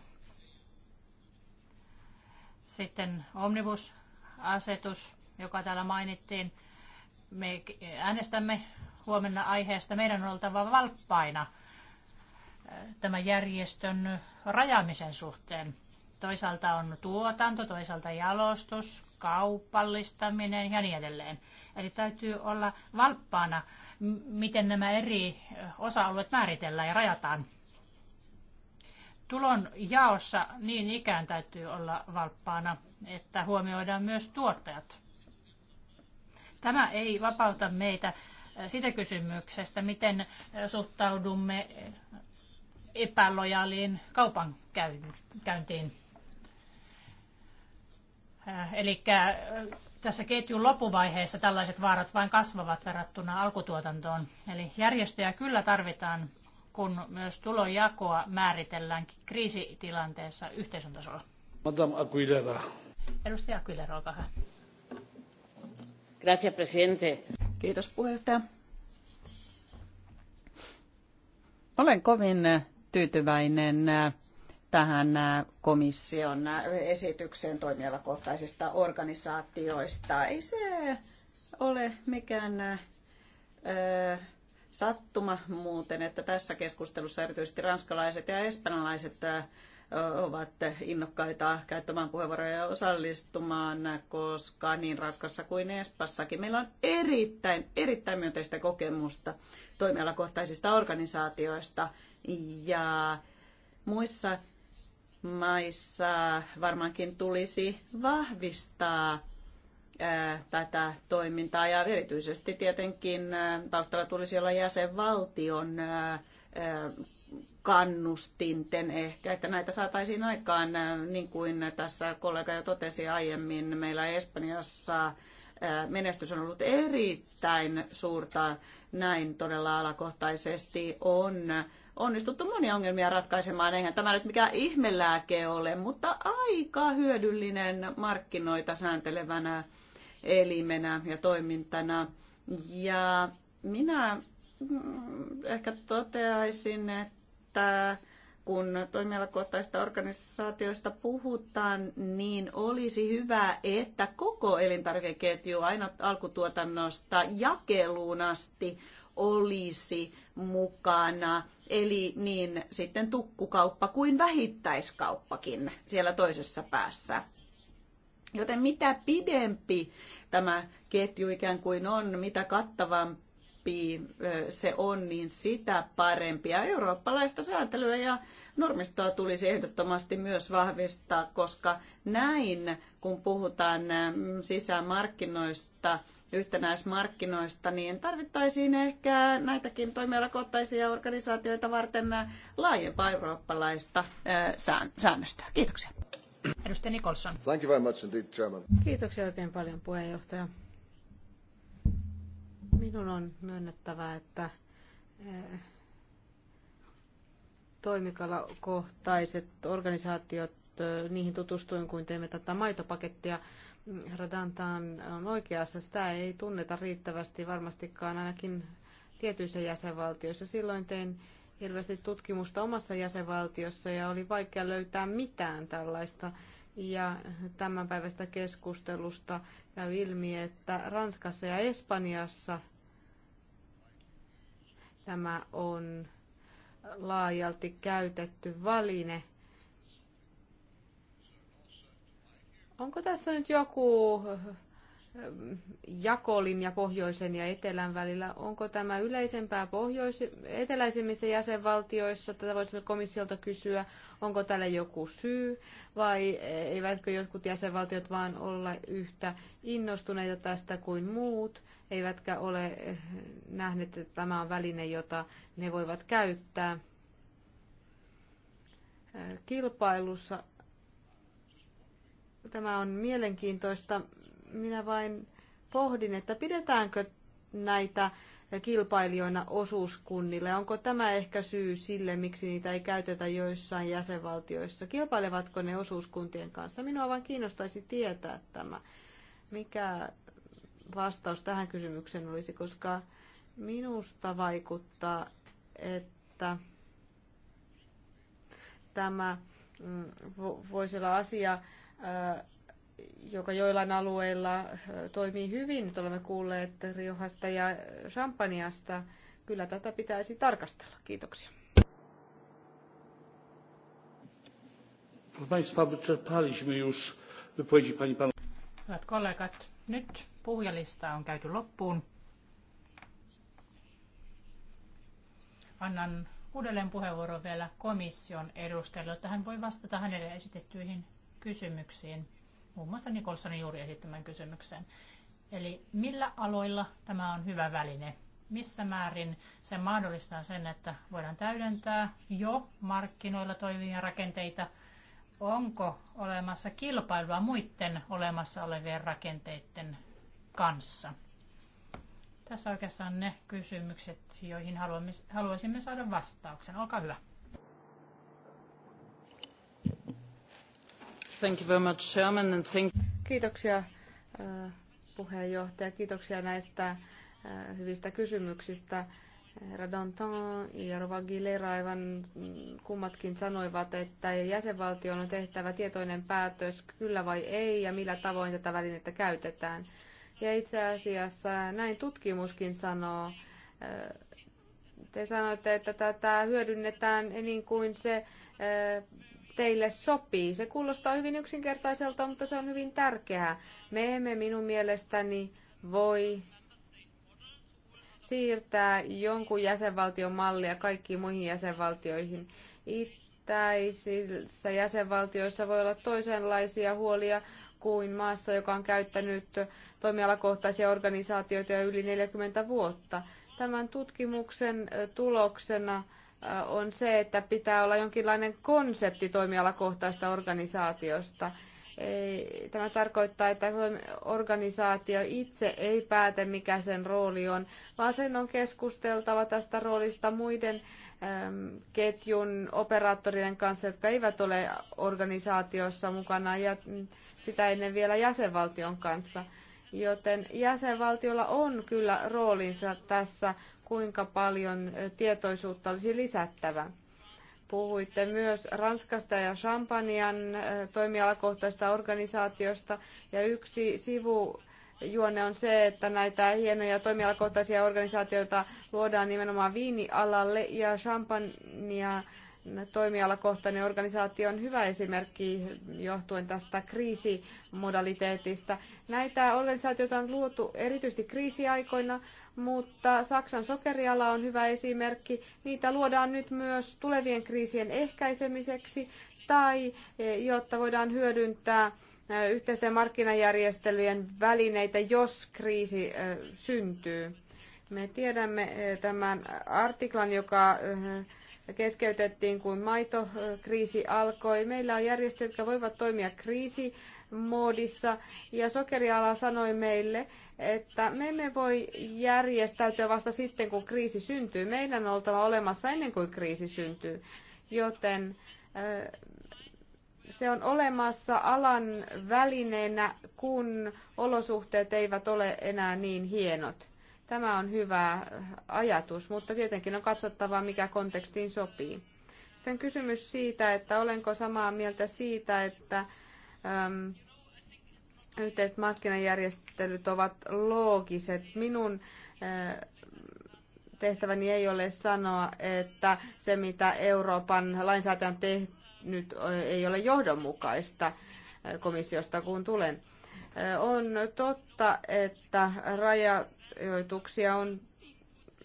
Sitten omnibusasetus, joka täällä mainittiin. Me äänestämme huomenna aiheesta. Meidän on oltava valppaina eh, tämän järjestön rajaamisen suhteen. Toisaalta on tuotanto, toisaalta jalostus, kaupallistaminen ja niin edelleen. Eli täytyy olla valppaana, miten nämä eri osa-alueet määritellään ja rajataan. Tulon jaossa niin ikään täytyy olla valppaana, että huomioidaan myös tuottajat. Tämä ei vapauta meitä sitä kysymyksestä, miten suhtaudumme epälojaaliin kaupankäyntiin. Äh, Eli äh, tässä ketjun loppuvaiheessa tällaiset vaarat vain kasvavat verrattuna alkutuotantoon. Eli järjestöjä kyllä tarvitaan, kun myös tulonjakoa määritellään kriisitilanteessa yhteisön tasolla. Madame Aguilera. Edustaja Aguilera, olkaa hyvä. Gracias, presidente. Kiitos puheenjohtaja. Olen kovin tyytyväinen äh, tähän komission esitykseen toimialakohtaisista organisaatioista. Ei se ole mikään sattuma muuten, että tässä keskustelussa erityisesti ranskalaiset ja espanjalaiset ovat innokkaita käyttämään puheenvuoroja ja osallistumaan, koska niin Ranskassa kuin Espassakin meillä on erittäin, erittäin myönteistä kokemusta toimialakohtaisista organisaatioista ja muissa maissa varmaankin tulisi vahvistaa tätä toimintaa ja erityisesti tietenkin taustalla tulisi olla jäsenvaltion kannustinten ehkä, että näitä saataisiin aikaan, niin kuin tässä kollega jo totesi aiemmin, meillä Espanjassa menestys on ollut erittäin suurta, näin todella alakohtaisesti on onnistuttu monia ongelmia ratkaisemaan. Eihän tämä nyt mikään ihmelääke ole, mutta aika hyödyllinen markkinoita sääntelevänä elimenä ja toimintana. Ja minä mm, ehkä toteaisin, että kun toimialakohtaisista organisaatioista puhutaan, niin olisi hyvä, että koko elintarvikeketju aina alkutuotannosta jakeluun asti olisi mukana eli niin sitten tukkukauppa kuin vähittäiskauppakin siellä toisessa päässä. Joten mitä pidempi tämä ketju ikään kuin on, mitä kattavampi se on, niin sitä parempia. Eurooppalaista sääntelyä ja normistoa tulisi ehdottomasti myös vahvistaa, koska näin, kun puhutaan sisämarkkinoista, yhtenäismarkkinoista, niin tarvittaisiin ehkä näitäkin toimialakohtaisia organisaatioita varten laajempaa eurooppalaista säännöstöä. Kiitoksia. Edustaja Nicholson. Thank you very much indeed, Chairman. Kiitoksia oikein paljon puheenjohtaja. Minun on myönnettävä, että toimikalakohtaiset organisaatiot, niihin tutustuin, kun teimme tätä maitopakettia. Radantaan on oikeassa. Sitä ei tunneta riittävästi varmastikaan ainakin tietyissä jäsenvaltioissa. Silloin tein hirveästi tutkimusta omassa jäsenvaltiossa ja oli vaikea löytää mitään tällaista. Ja tämän päivästä keskustelusta käy ilmi, että Ranskassa ja Espanjassa tämä on laajalti käytetty valine – Onko tässä nyt joku eh, jakolinja pohjoisen ja etelän välillä? Onko tämä yleisempää pohjois- eteläisimmissä jäsenvaltioissa? Tätä voisimme komissiolta kysyä. Onko tälle joku syy vai eivätkö jotkut jäsenvaltiot vaan olla yhtä innostuneita tästä kuin muut? Eivätkä ole eh, nähneet, että tämä on väline, jota ne voivat käyttää. Eh, kilpailussa Tämä on mielenkiintoista. Minä vain pohdin, että pidetäänkö näitä kilpailijoina osuuskunnille. Onko tämä ehkä syy sille, miksi niitä ei käytetä joissain jäsenvaltioissa? Kilpailevatko ne osuuskuntien kanssa? Minua vain kiinnostaisi tietää tämä. Mikä vastaus tähän kysymykseen olisi, koska minusta vaikuttaa, että tämä mm, voisi olla asia, joka joillain alueilla toimii hyvin. Nyt olemme kuulleet Riohasta ja Champagneasta. Kyllä tätä pitäisi tarkastella. Kiitoksia. Hyvät kollegat, nyt puhujalista on käyty loppuun. Annan uudelleen puheenvuoron vielä komission edustajalle, että hän voi vastata hänelle esitettyihin kysymyksiin, muun muassa Nikolsonin juuri esittämään kysymykseen. Eli millä aloilla tämä on hyvä väline? Missä määrin se mahdollistaa sen, että voidaan täydentää jo markkinoilla toimivia rakenteita? Onko olemassa kilpailua muiden olemassa olevien rakenteiden kanssa? Tässä oikeastaan ne kysymykset, joihin haluaisimme saada vastauksen. Olkaa hyvä. Kiitoksia äh, puheenjohtaja. Kiitoksia näistä äh, hyvistä kysymyksistä. Herra Danton ja Rova Gilera aivan mm, kummatkin sanoivat, että jäsenvaltion on tehtävä tietoinen päätös kyllä vai ei ja millä tavoin tätä välinettä käytetään. Ja itse asiassa näin tutkimuskin sanoo. Äh, te sanoitte, että tätä hyödynnetään niin kuin se teille sopii. Se kuulostaa hyvin yksinkertaiselta, mutta se on hyvin tärkeää. Me emme minun mielestäni voi siirtää jonkun jäsenvaltion mallia kaikkiin muihin jäsenvaltioihin. Itäisissä jäsenvaltioissa voi olla toisenlaisia huolia kuin maassa, joka on käyttänyt toimialakohtaisia organisaatioita jo yli 40 vuotta. Tämän tutkimuksen tuloksena on se, että pitää olla jonkinlainen konsepti toimialakohtaista organisaatiosta. Ei, tämä tarkoittaa, että organisaatio itse ei päätä, mikä sen rooli on, vaan sen on keskusteltava tästä roolista muiden äm, ketjun operaattorien kanssa, jotka eivät ole organisaatiossa mukana ja sitä ennen vielä jäsenvaltion kanssa. Joten jäsenvaltiolla on kyllä roolinsa tässä kuinka paljon tietoisuutta olisi lisättävä. Puhuitte myös Ranskasta ja Champanian toimialakohtaista organisaatiosta ja yksi sivu juone on se, että näitä hienoja toimialakohtaisia organisaatioita luodaan nimenomaan viinialalle ja champagnea toimialakohtainen organisaatio on hyvä esimerkki johtuen tästä kriisimodaliteetista. Näitä organisaatioita on luotu erityisesti kriisiaikoina, mutta Saksan sokeriala on hyvä esimerkki. Niitä luodaan nyt myös tulevien kriisien ehkäisemiseksi tai e, jotta voidaan hyödyntää e, yhteisten markkinajärjestelyjen välineitä, jos kriisi e, syntyy. Me tiedämme tämän artiklan, joka keskeytettiin, kun maitokriisi alkoi. Meillä on järjestöjä, jotka voivat toimia kriisimoodissa ja sokeriala sanoi meille, että me emme voi järjestäytyä vasta sitten, kun kriisi syntyy. Meidän on oltava olemassa ennen kuin kriisi syntyy, joten se on olemassa alan välineenä, kun olosuhteet eivät ole enää niin hienot. Tämä on hyvä ajatus, mutta tietenkin on katsottava, mikä kontekstiin sopii. Sitten kysymys siitä, että olenko samaa mieltä siitä, että äm, yhteiset markkinajärjestelyt ovat loogiset. Minun äh, tehtäväni ei ole sanoa, että se mitä Euroopan lainsäätäjä on tehnyt ei ole johdonmukaista komissiosta, kun tulen. On totta, että rajat rajoituksia on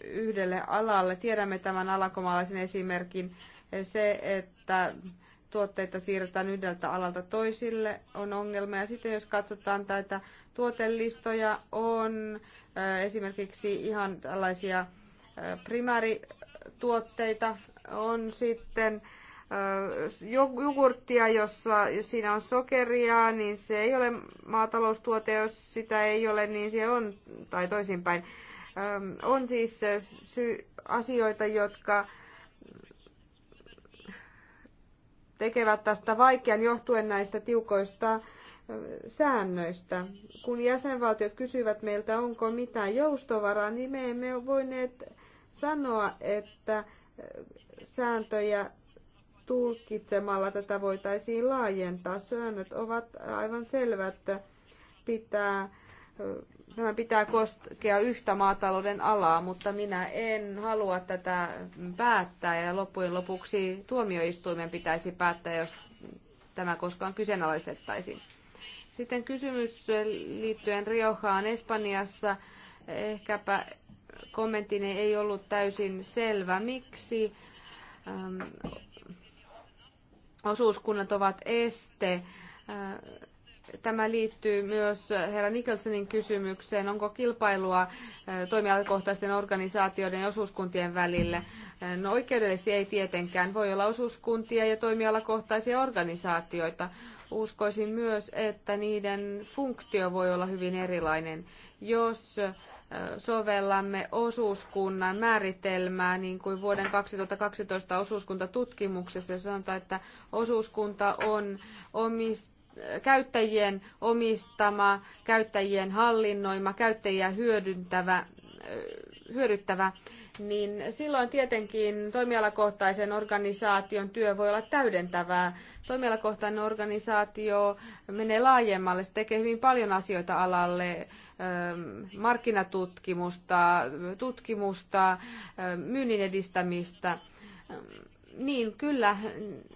yhdelle alalle. Tiedämme tämän alakomalaisen esimerkin. Se, että tuotteita siirretään yhdeltä alalta toisille, on ongelma. Ja sitten jos katsotaan tätä tuotelistoja, on esimerkiksi ihan tällaisia primäärituotteita, on sitten jogurttia, jossa jos siinä on sokeria, niin se ei ole maataloustuote, jos sitä ei ole, niin se on, tai toisinpäin. On siis asioita, jotka tekevät tästä vaikean johtuen näistä tiukoista säännöistä. Kun jäsenvaltiot kysyvät meiltä, onko mitään joustovaraa, niin me emme ole voineet sanoa, että sääntöjä tulkitsemalla tätä voitaisiin laajentaa. Säännöt ovat aivan selvät, että pitää, tämä pitää koskea yhtä maatalouden alaa, mutta minä en halua tätä päättää ja loppujen lopuksi tuomioistuimen pitäisi päättää, jos tämä koskaan kyseenalaistettaisiin. Sitten kysymys liittyen Riojaan Espanjassa. Ehkäpä kommenttini ei ollut täysin selvä. Miksi ähm, osuuskunnat ovat este. Äh, tämä liittyy myös herra Nicholsonin kysymykseen, onko kilpailua äh, toimialakohtaisten organisaatioiden ja osuuskuntien välille. Äh, no oikeudellisesti ei tietenkään. Voi olla osuuskuntia ja toimialakohtaisia organisaatioita. Uskoisin myös, että niiden funktio voi olla hyvin erilainen. Jos sovellamme osuuskunnan määritelmää, niin kuin vuoden 2012 osuuskuntatutkimuksessa, jossa sanotaan, että osuuskunta on omist käyttäjien omistama, käyttäjien hallinnoima, käyttäjiä hyödyntävä, hyödyttävä niin silloin tietenkin toimialakohtaisen organisaation työ voi olla täydentävää. Toimialakohtainen organisaatio menee laajemmalle, se tekee hyvin paljon asioita alalle, markkinatutkimusta, tutkimusta, myynnin edistämistä. Niin, kyllä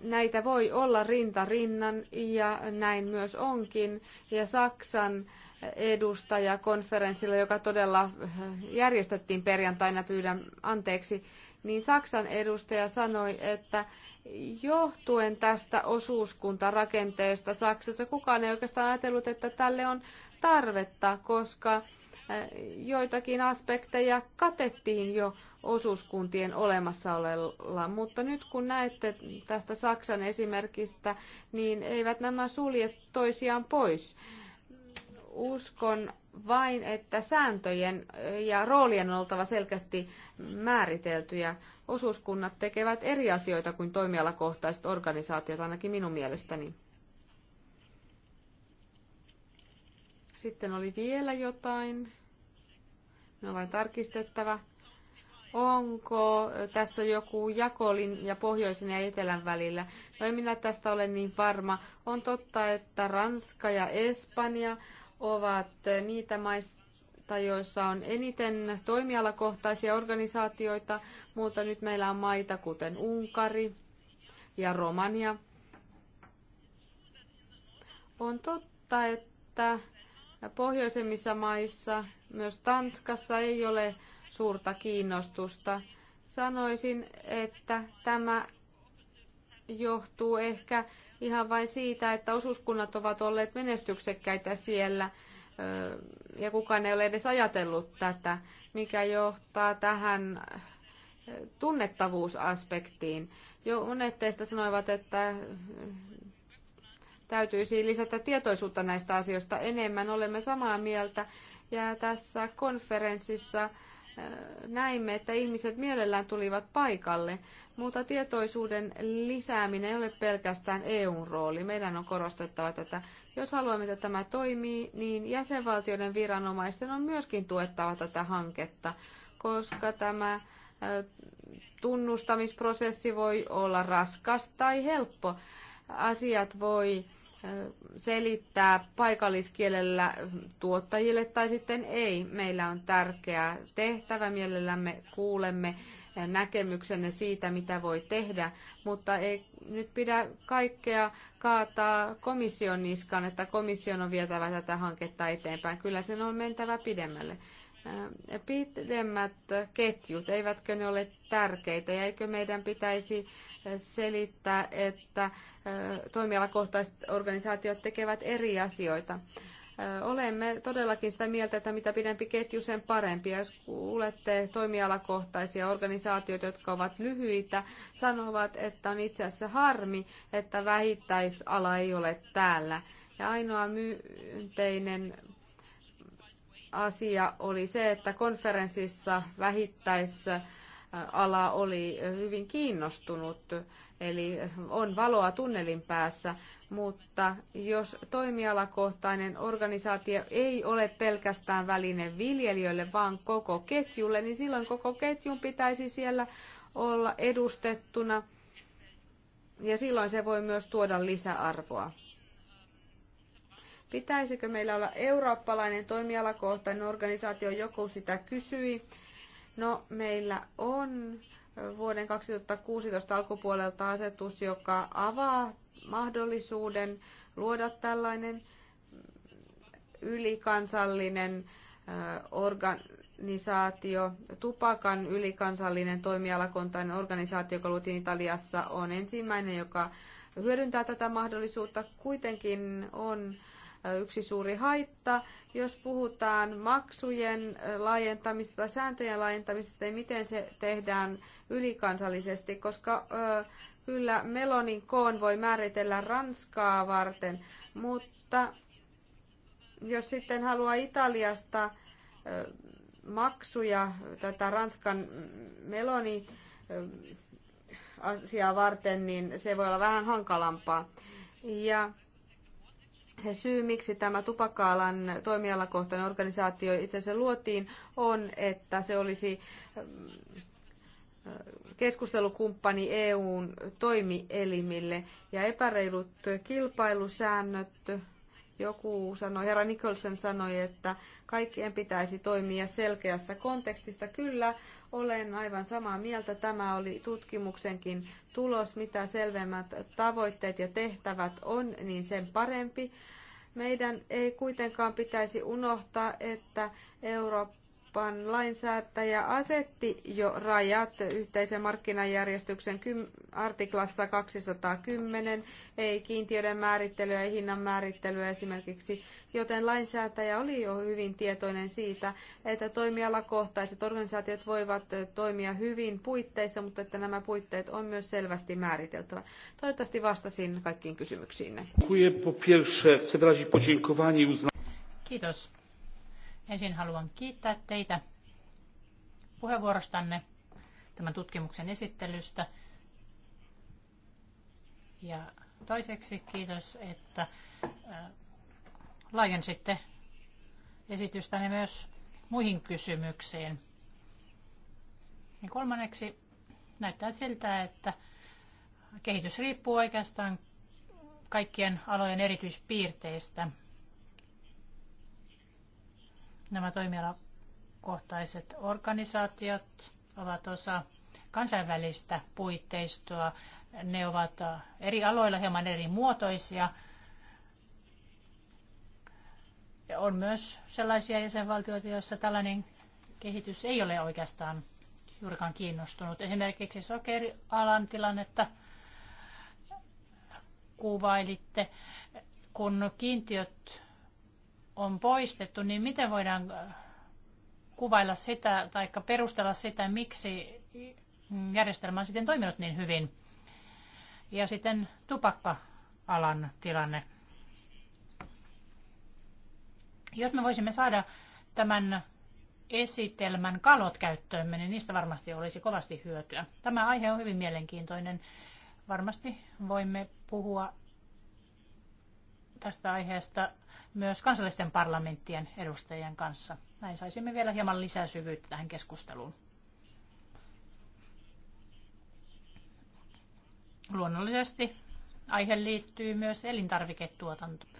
näitä voi olla rinta rinnan ja näin myös onkin. Ja Saksan edustajakonferenssilla, joka todella järjestettiin perjantaina, pyydän anteeksi, niin Saksan edustaja sanoi, että johtuen tästä osuuskuntarakenteesta Saksassa kukaan ei oikeastaan ajatellut, että tälle on tarvetta, koska eh, joitakin aspekteja katettiin jo osuuskuntien olemassaolella. mutta nyt kun näette tästä Saksan esimerkistä, niin eivät nämä sulje toisiaan pois uskon vain, että sääntöjen ja roolien on oltava selkeästi määriteltyjä. Osuuskunnat tekevät eri asioita kuin toimialakohtaiset organisaatiot, ainakin minun mielestäni. Sitten oli vielä jotain. No on vain tarkistettava. Onko tässä joku jakolin ja pohjoisen ja etelän välillä? No en minä tästä ole niin varma. On totta, että Ranska ja Espanja ovat niitä maista, joissa on eniten toimialakohtaisia organisaatioita, mutta nyt meillä on maita kuten Unkari ja Romania. On totta, että pohjoisemmissa maissa, myös Tanskassa, ei ole suurta kiinnostusta. Sanoisin, että tämä johtuu ehkä ihan vain siitä, että osuuskunnat ovat olleet menestyksekkäitä siellä ja kukaan ei ole edes ajatellut tätä, mikä johtaa tähän tunnettavuusaspektiin. Jo monet teistä sanoivat, että täytyisi lisätä tietoisuutta näistä asioista enemmän. Olemme samaa mieltä ja tässä konferenssissa näimme, että ihmiset mielellään tulivat paikalle, mutta tietoisuuden lisääminen ei ole pelkästään EUn rooli. Meidän on korostettava tätä. Jos haluamme, että tämä toimii, niin jäsenvaltioiden viranomaisten on myöskin tuettava tätä hanketta, koska tämä tunnustamisprosessi voi olla raskas tai helppo. Asiat voi selittää paikalliskielellä tuottajille tai sitten ei. Meillä on tärkeä tehtävä, mielellämme kuulemme näkemyksenne siitä, mitä voi tehdä, mutta ei nyt pidä kaikkea kaataa komission niskaan, että komission on vietävä tätä hanketta eteenpäin. Kyllä sen on mentävä pidemmälle. Pidemmät ketjut, eivätkö ne ole tärkeitä ja eikö meidän pitäisi selittää, että toimialakohtaiset organisaatiot tekevät eri asioita. Olemme todellakin sitä mieltä, että mitä pidempi ketju, sen parempi. Ja jos kuulette toimialakohtaisia organisaatioita, jotka ovat lyhyitä, sanovat, että on itse asiassa harmi, että vähittäisala ei ole täällä. Ja ainoa myynteinen asia oli se, että konferenssissa vähittäisala ala oli hyvin kiinnostunut, eli on valoa tunnelin päässä, mutta jos toimialakohtainen organisaatio ei ole pelkästään väline viljelijöille, vaan koko ketjulle, niin silloin koko ketjun pitäisi siellä olla edustettuna, ja silloin se voi myös tuoda lisäarvoa. Pitäisikö meillä olla eurooppalainen toimialakohtainen organisaatio, joku sitä kysyi No, meillä on vuoden 2016 alkupuolelta asetus, joka avaa mahdollisuuden luoda tällainen ylikansallinen organisaatio, tupakan ylikansallinen toimialakontainen organisaatio, joka luotiin Italiassa, on ensimmäinen, joka hyödyntää tätä mahdollisuutta. Kuitenkin on yksi suuri haitta. Jos puhutaan maksujen laajentamista tai sääntöjen laajentamisesta, niin miten se tehdään ylikansallisesti, koska kyllä Melonin koon voi määritellä Ranskaa varten, mutta jos sitten haluaa Italiasta maksuja tätä Ranskan meloni asiaa varten, niin se voi olla vähän hankalampaa. Ja syy, miksi tämä Tupakkaalan toimialakohtainen organisaatio itse asiassa luotiin, on, että se olisi eh, keskustelukumppani EUn toimielimille ja epäreilut kilpailusäännöt. Joku sanoi, herra Nicholson sanoi, että kaikkien pitäisi toimia selkeässä kontekstista. Kyllä, olen aivan samaa mieltä. Tämä oli tutkimuksenkin tulos. Mitä selvemmät tavoitteet ja tehtävät on, niin sen parempi. Meidän ei kuitenkaan pitäisi unohtaa, että Euroopan lainsäätäjä asetti jo rajat yhteisen markkinajärjestyksen artiklassa 210, ei kiintiöiden määrittelyä, ei hinnan määrittelyä esimerkiksi joten lainsäätäjä oli jo hyvin tietoinen siitä, että toimialakohtaiset organisaatiot voivat toimia hyvin puitteissa, mutta että nämä puitteet on myös selvästi määriteltävä. Toivottavasti vastasin kaikkiin kysymyksiinne. Kiitos. Ensin haluan kiittää teitä puheenvuorostanne, tämän tutkimuksen esittelystä. Ja toiseksi kiitos, että laajensitte esitystäni myös muihin kysymyksiin. Ja kolmanneksi näyttää siltä, että kehitys riippuu oikeastaan kaikkien alojen erityispiirteistä. Nämä toimialakohtaiset organisaatiot ovat osa kansainvälistä puitteistoa. Ne ovat eri aloilla hieman eri muotoisia, On myös sellaisia jäsenvaltioita, joissa tällainen kehitys ei ole oikeastaan juurikaan kiinnostunut. Esimerkiksi sokerialan tilannetta kuvailitte. Kun kiintiöt on poistettu, niin miten voidaan kuvailla sitä tai perustella sitä, miksi järjestelmä on sitten toiminut niin hyvin? Ja sitten tupakka-alan tilanne. Jos me voisimme saada tämän esitelmän kalot käyttöömme, niin niistä varmasti olisi kovasti hyötyä. Tämä aihe on hyvin mielenkiintoinen. Varmasti voimme puhua tästä aiheesta myös kansallisten parlamenttien edustajien kanssa. Näin saisimme vielä hieman lisää syvyyttä tähän keskusteluun. Luonnollisesti aihe liittyy myös elintarviketuotantoon.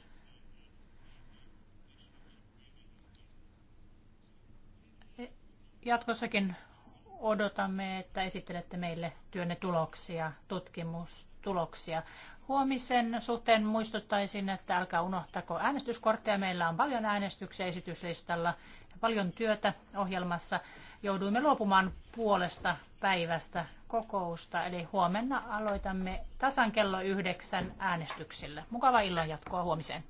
jatkossakin odotamme, että esittelette meille työnne tuloksia, tutkimustuloksia. Huomisen suhteen muistuttaisin, että älkää unohtako äänestyskortteja. Meillä on paljon äänestyksiä esityslistalla ja paljon työtä ohjelmassa. Jouduimme luopumaan puolesta päivästä kokousta, eli huomenna aloitamme tasan kello yhdeksän äänestyksillä. Mukavaa illan jatkoa huomiseen.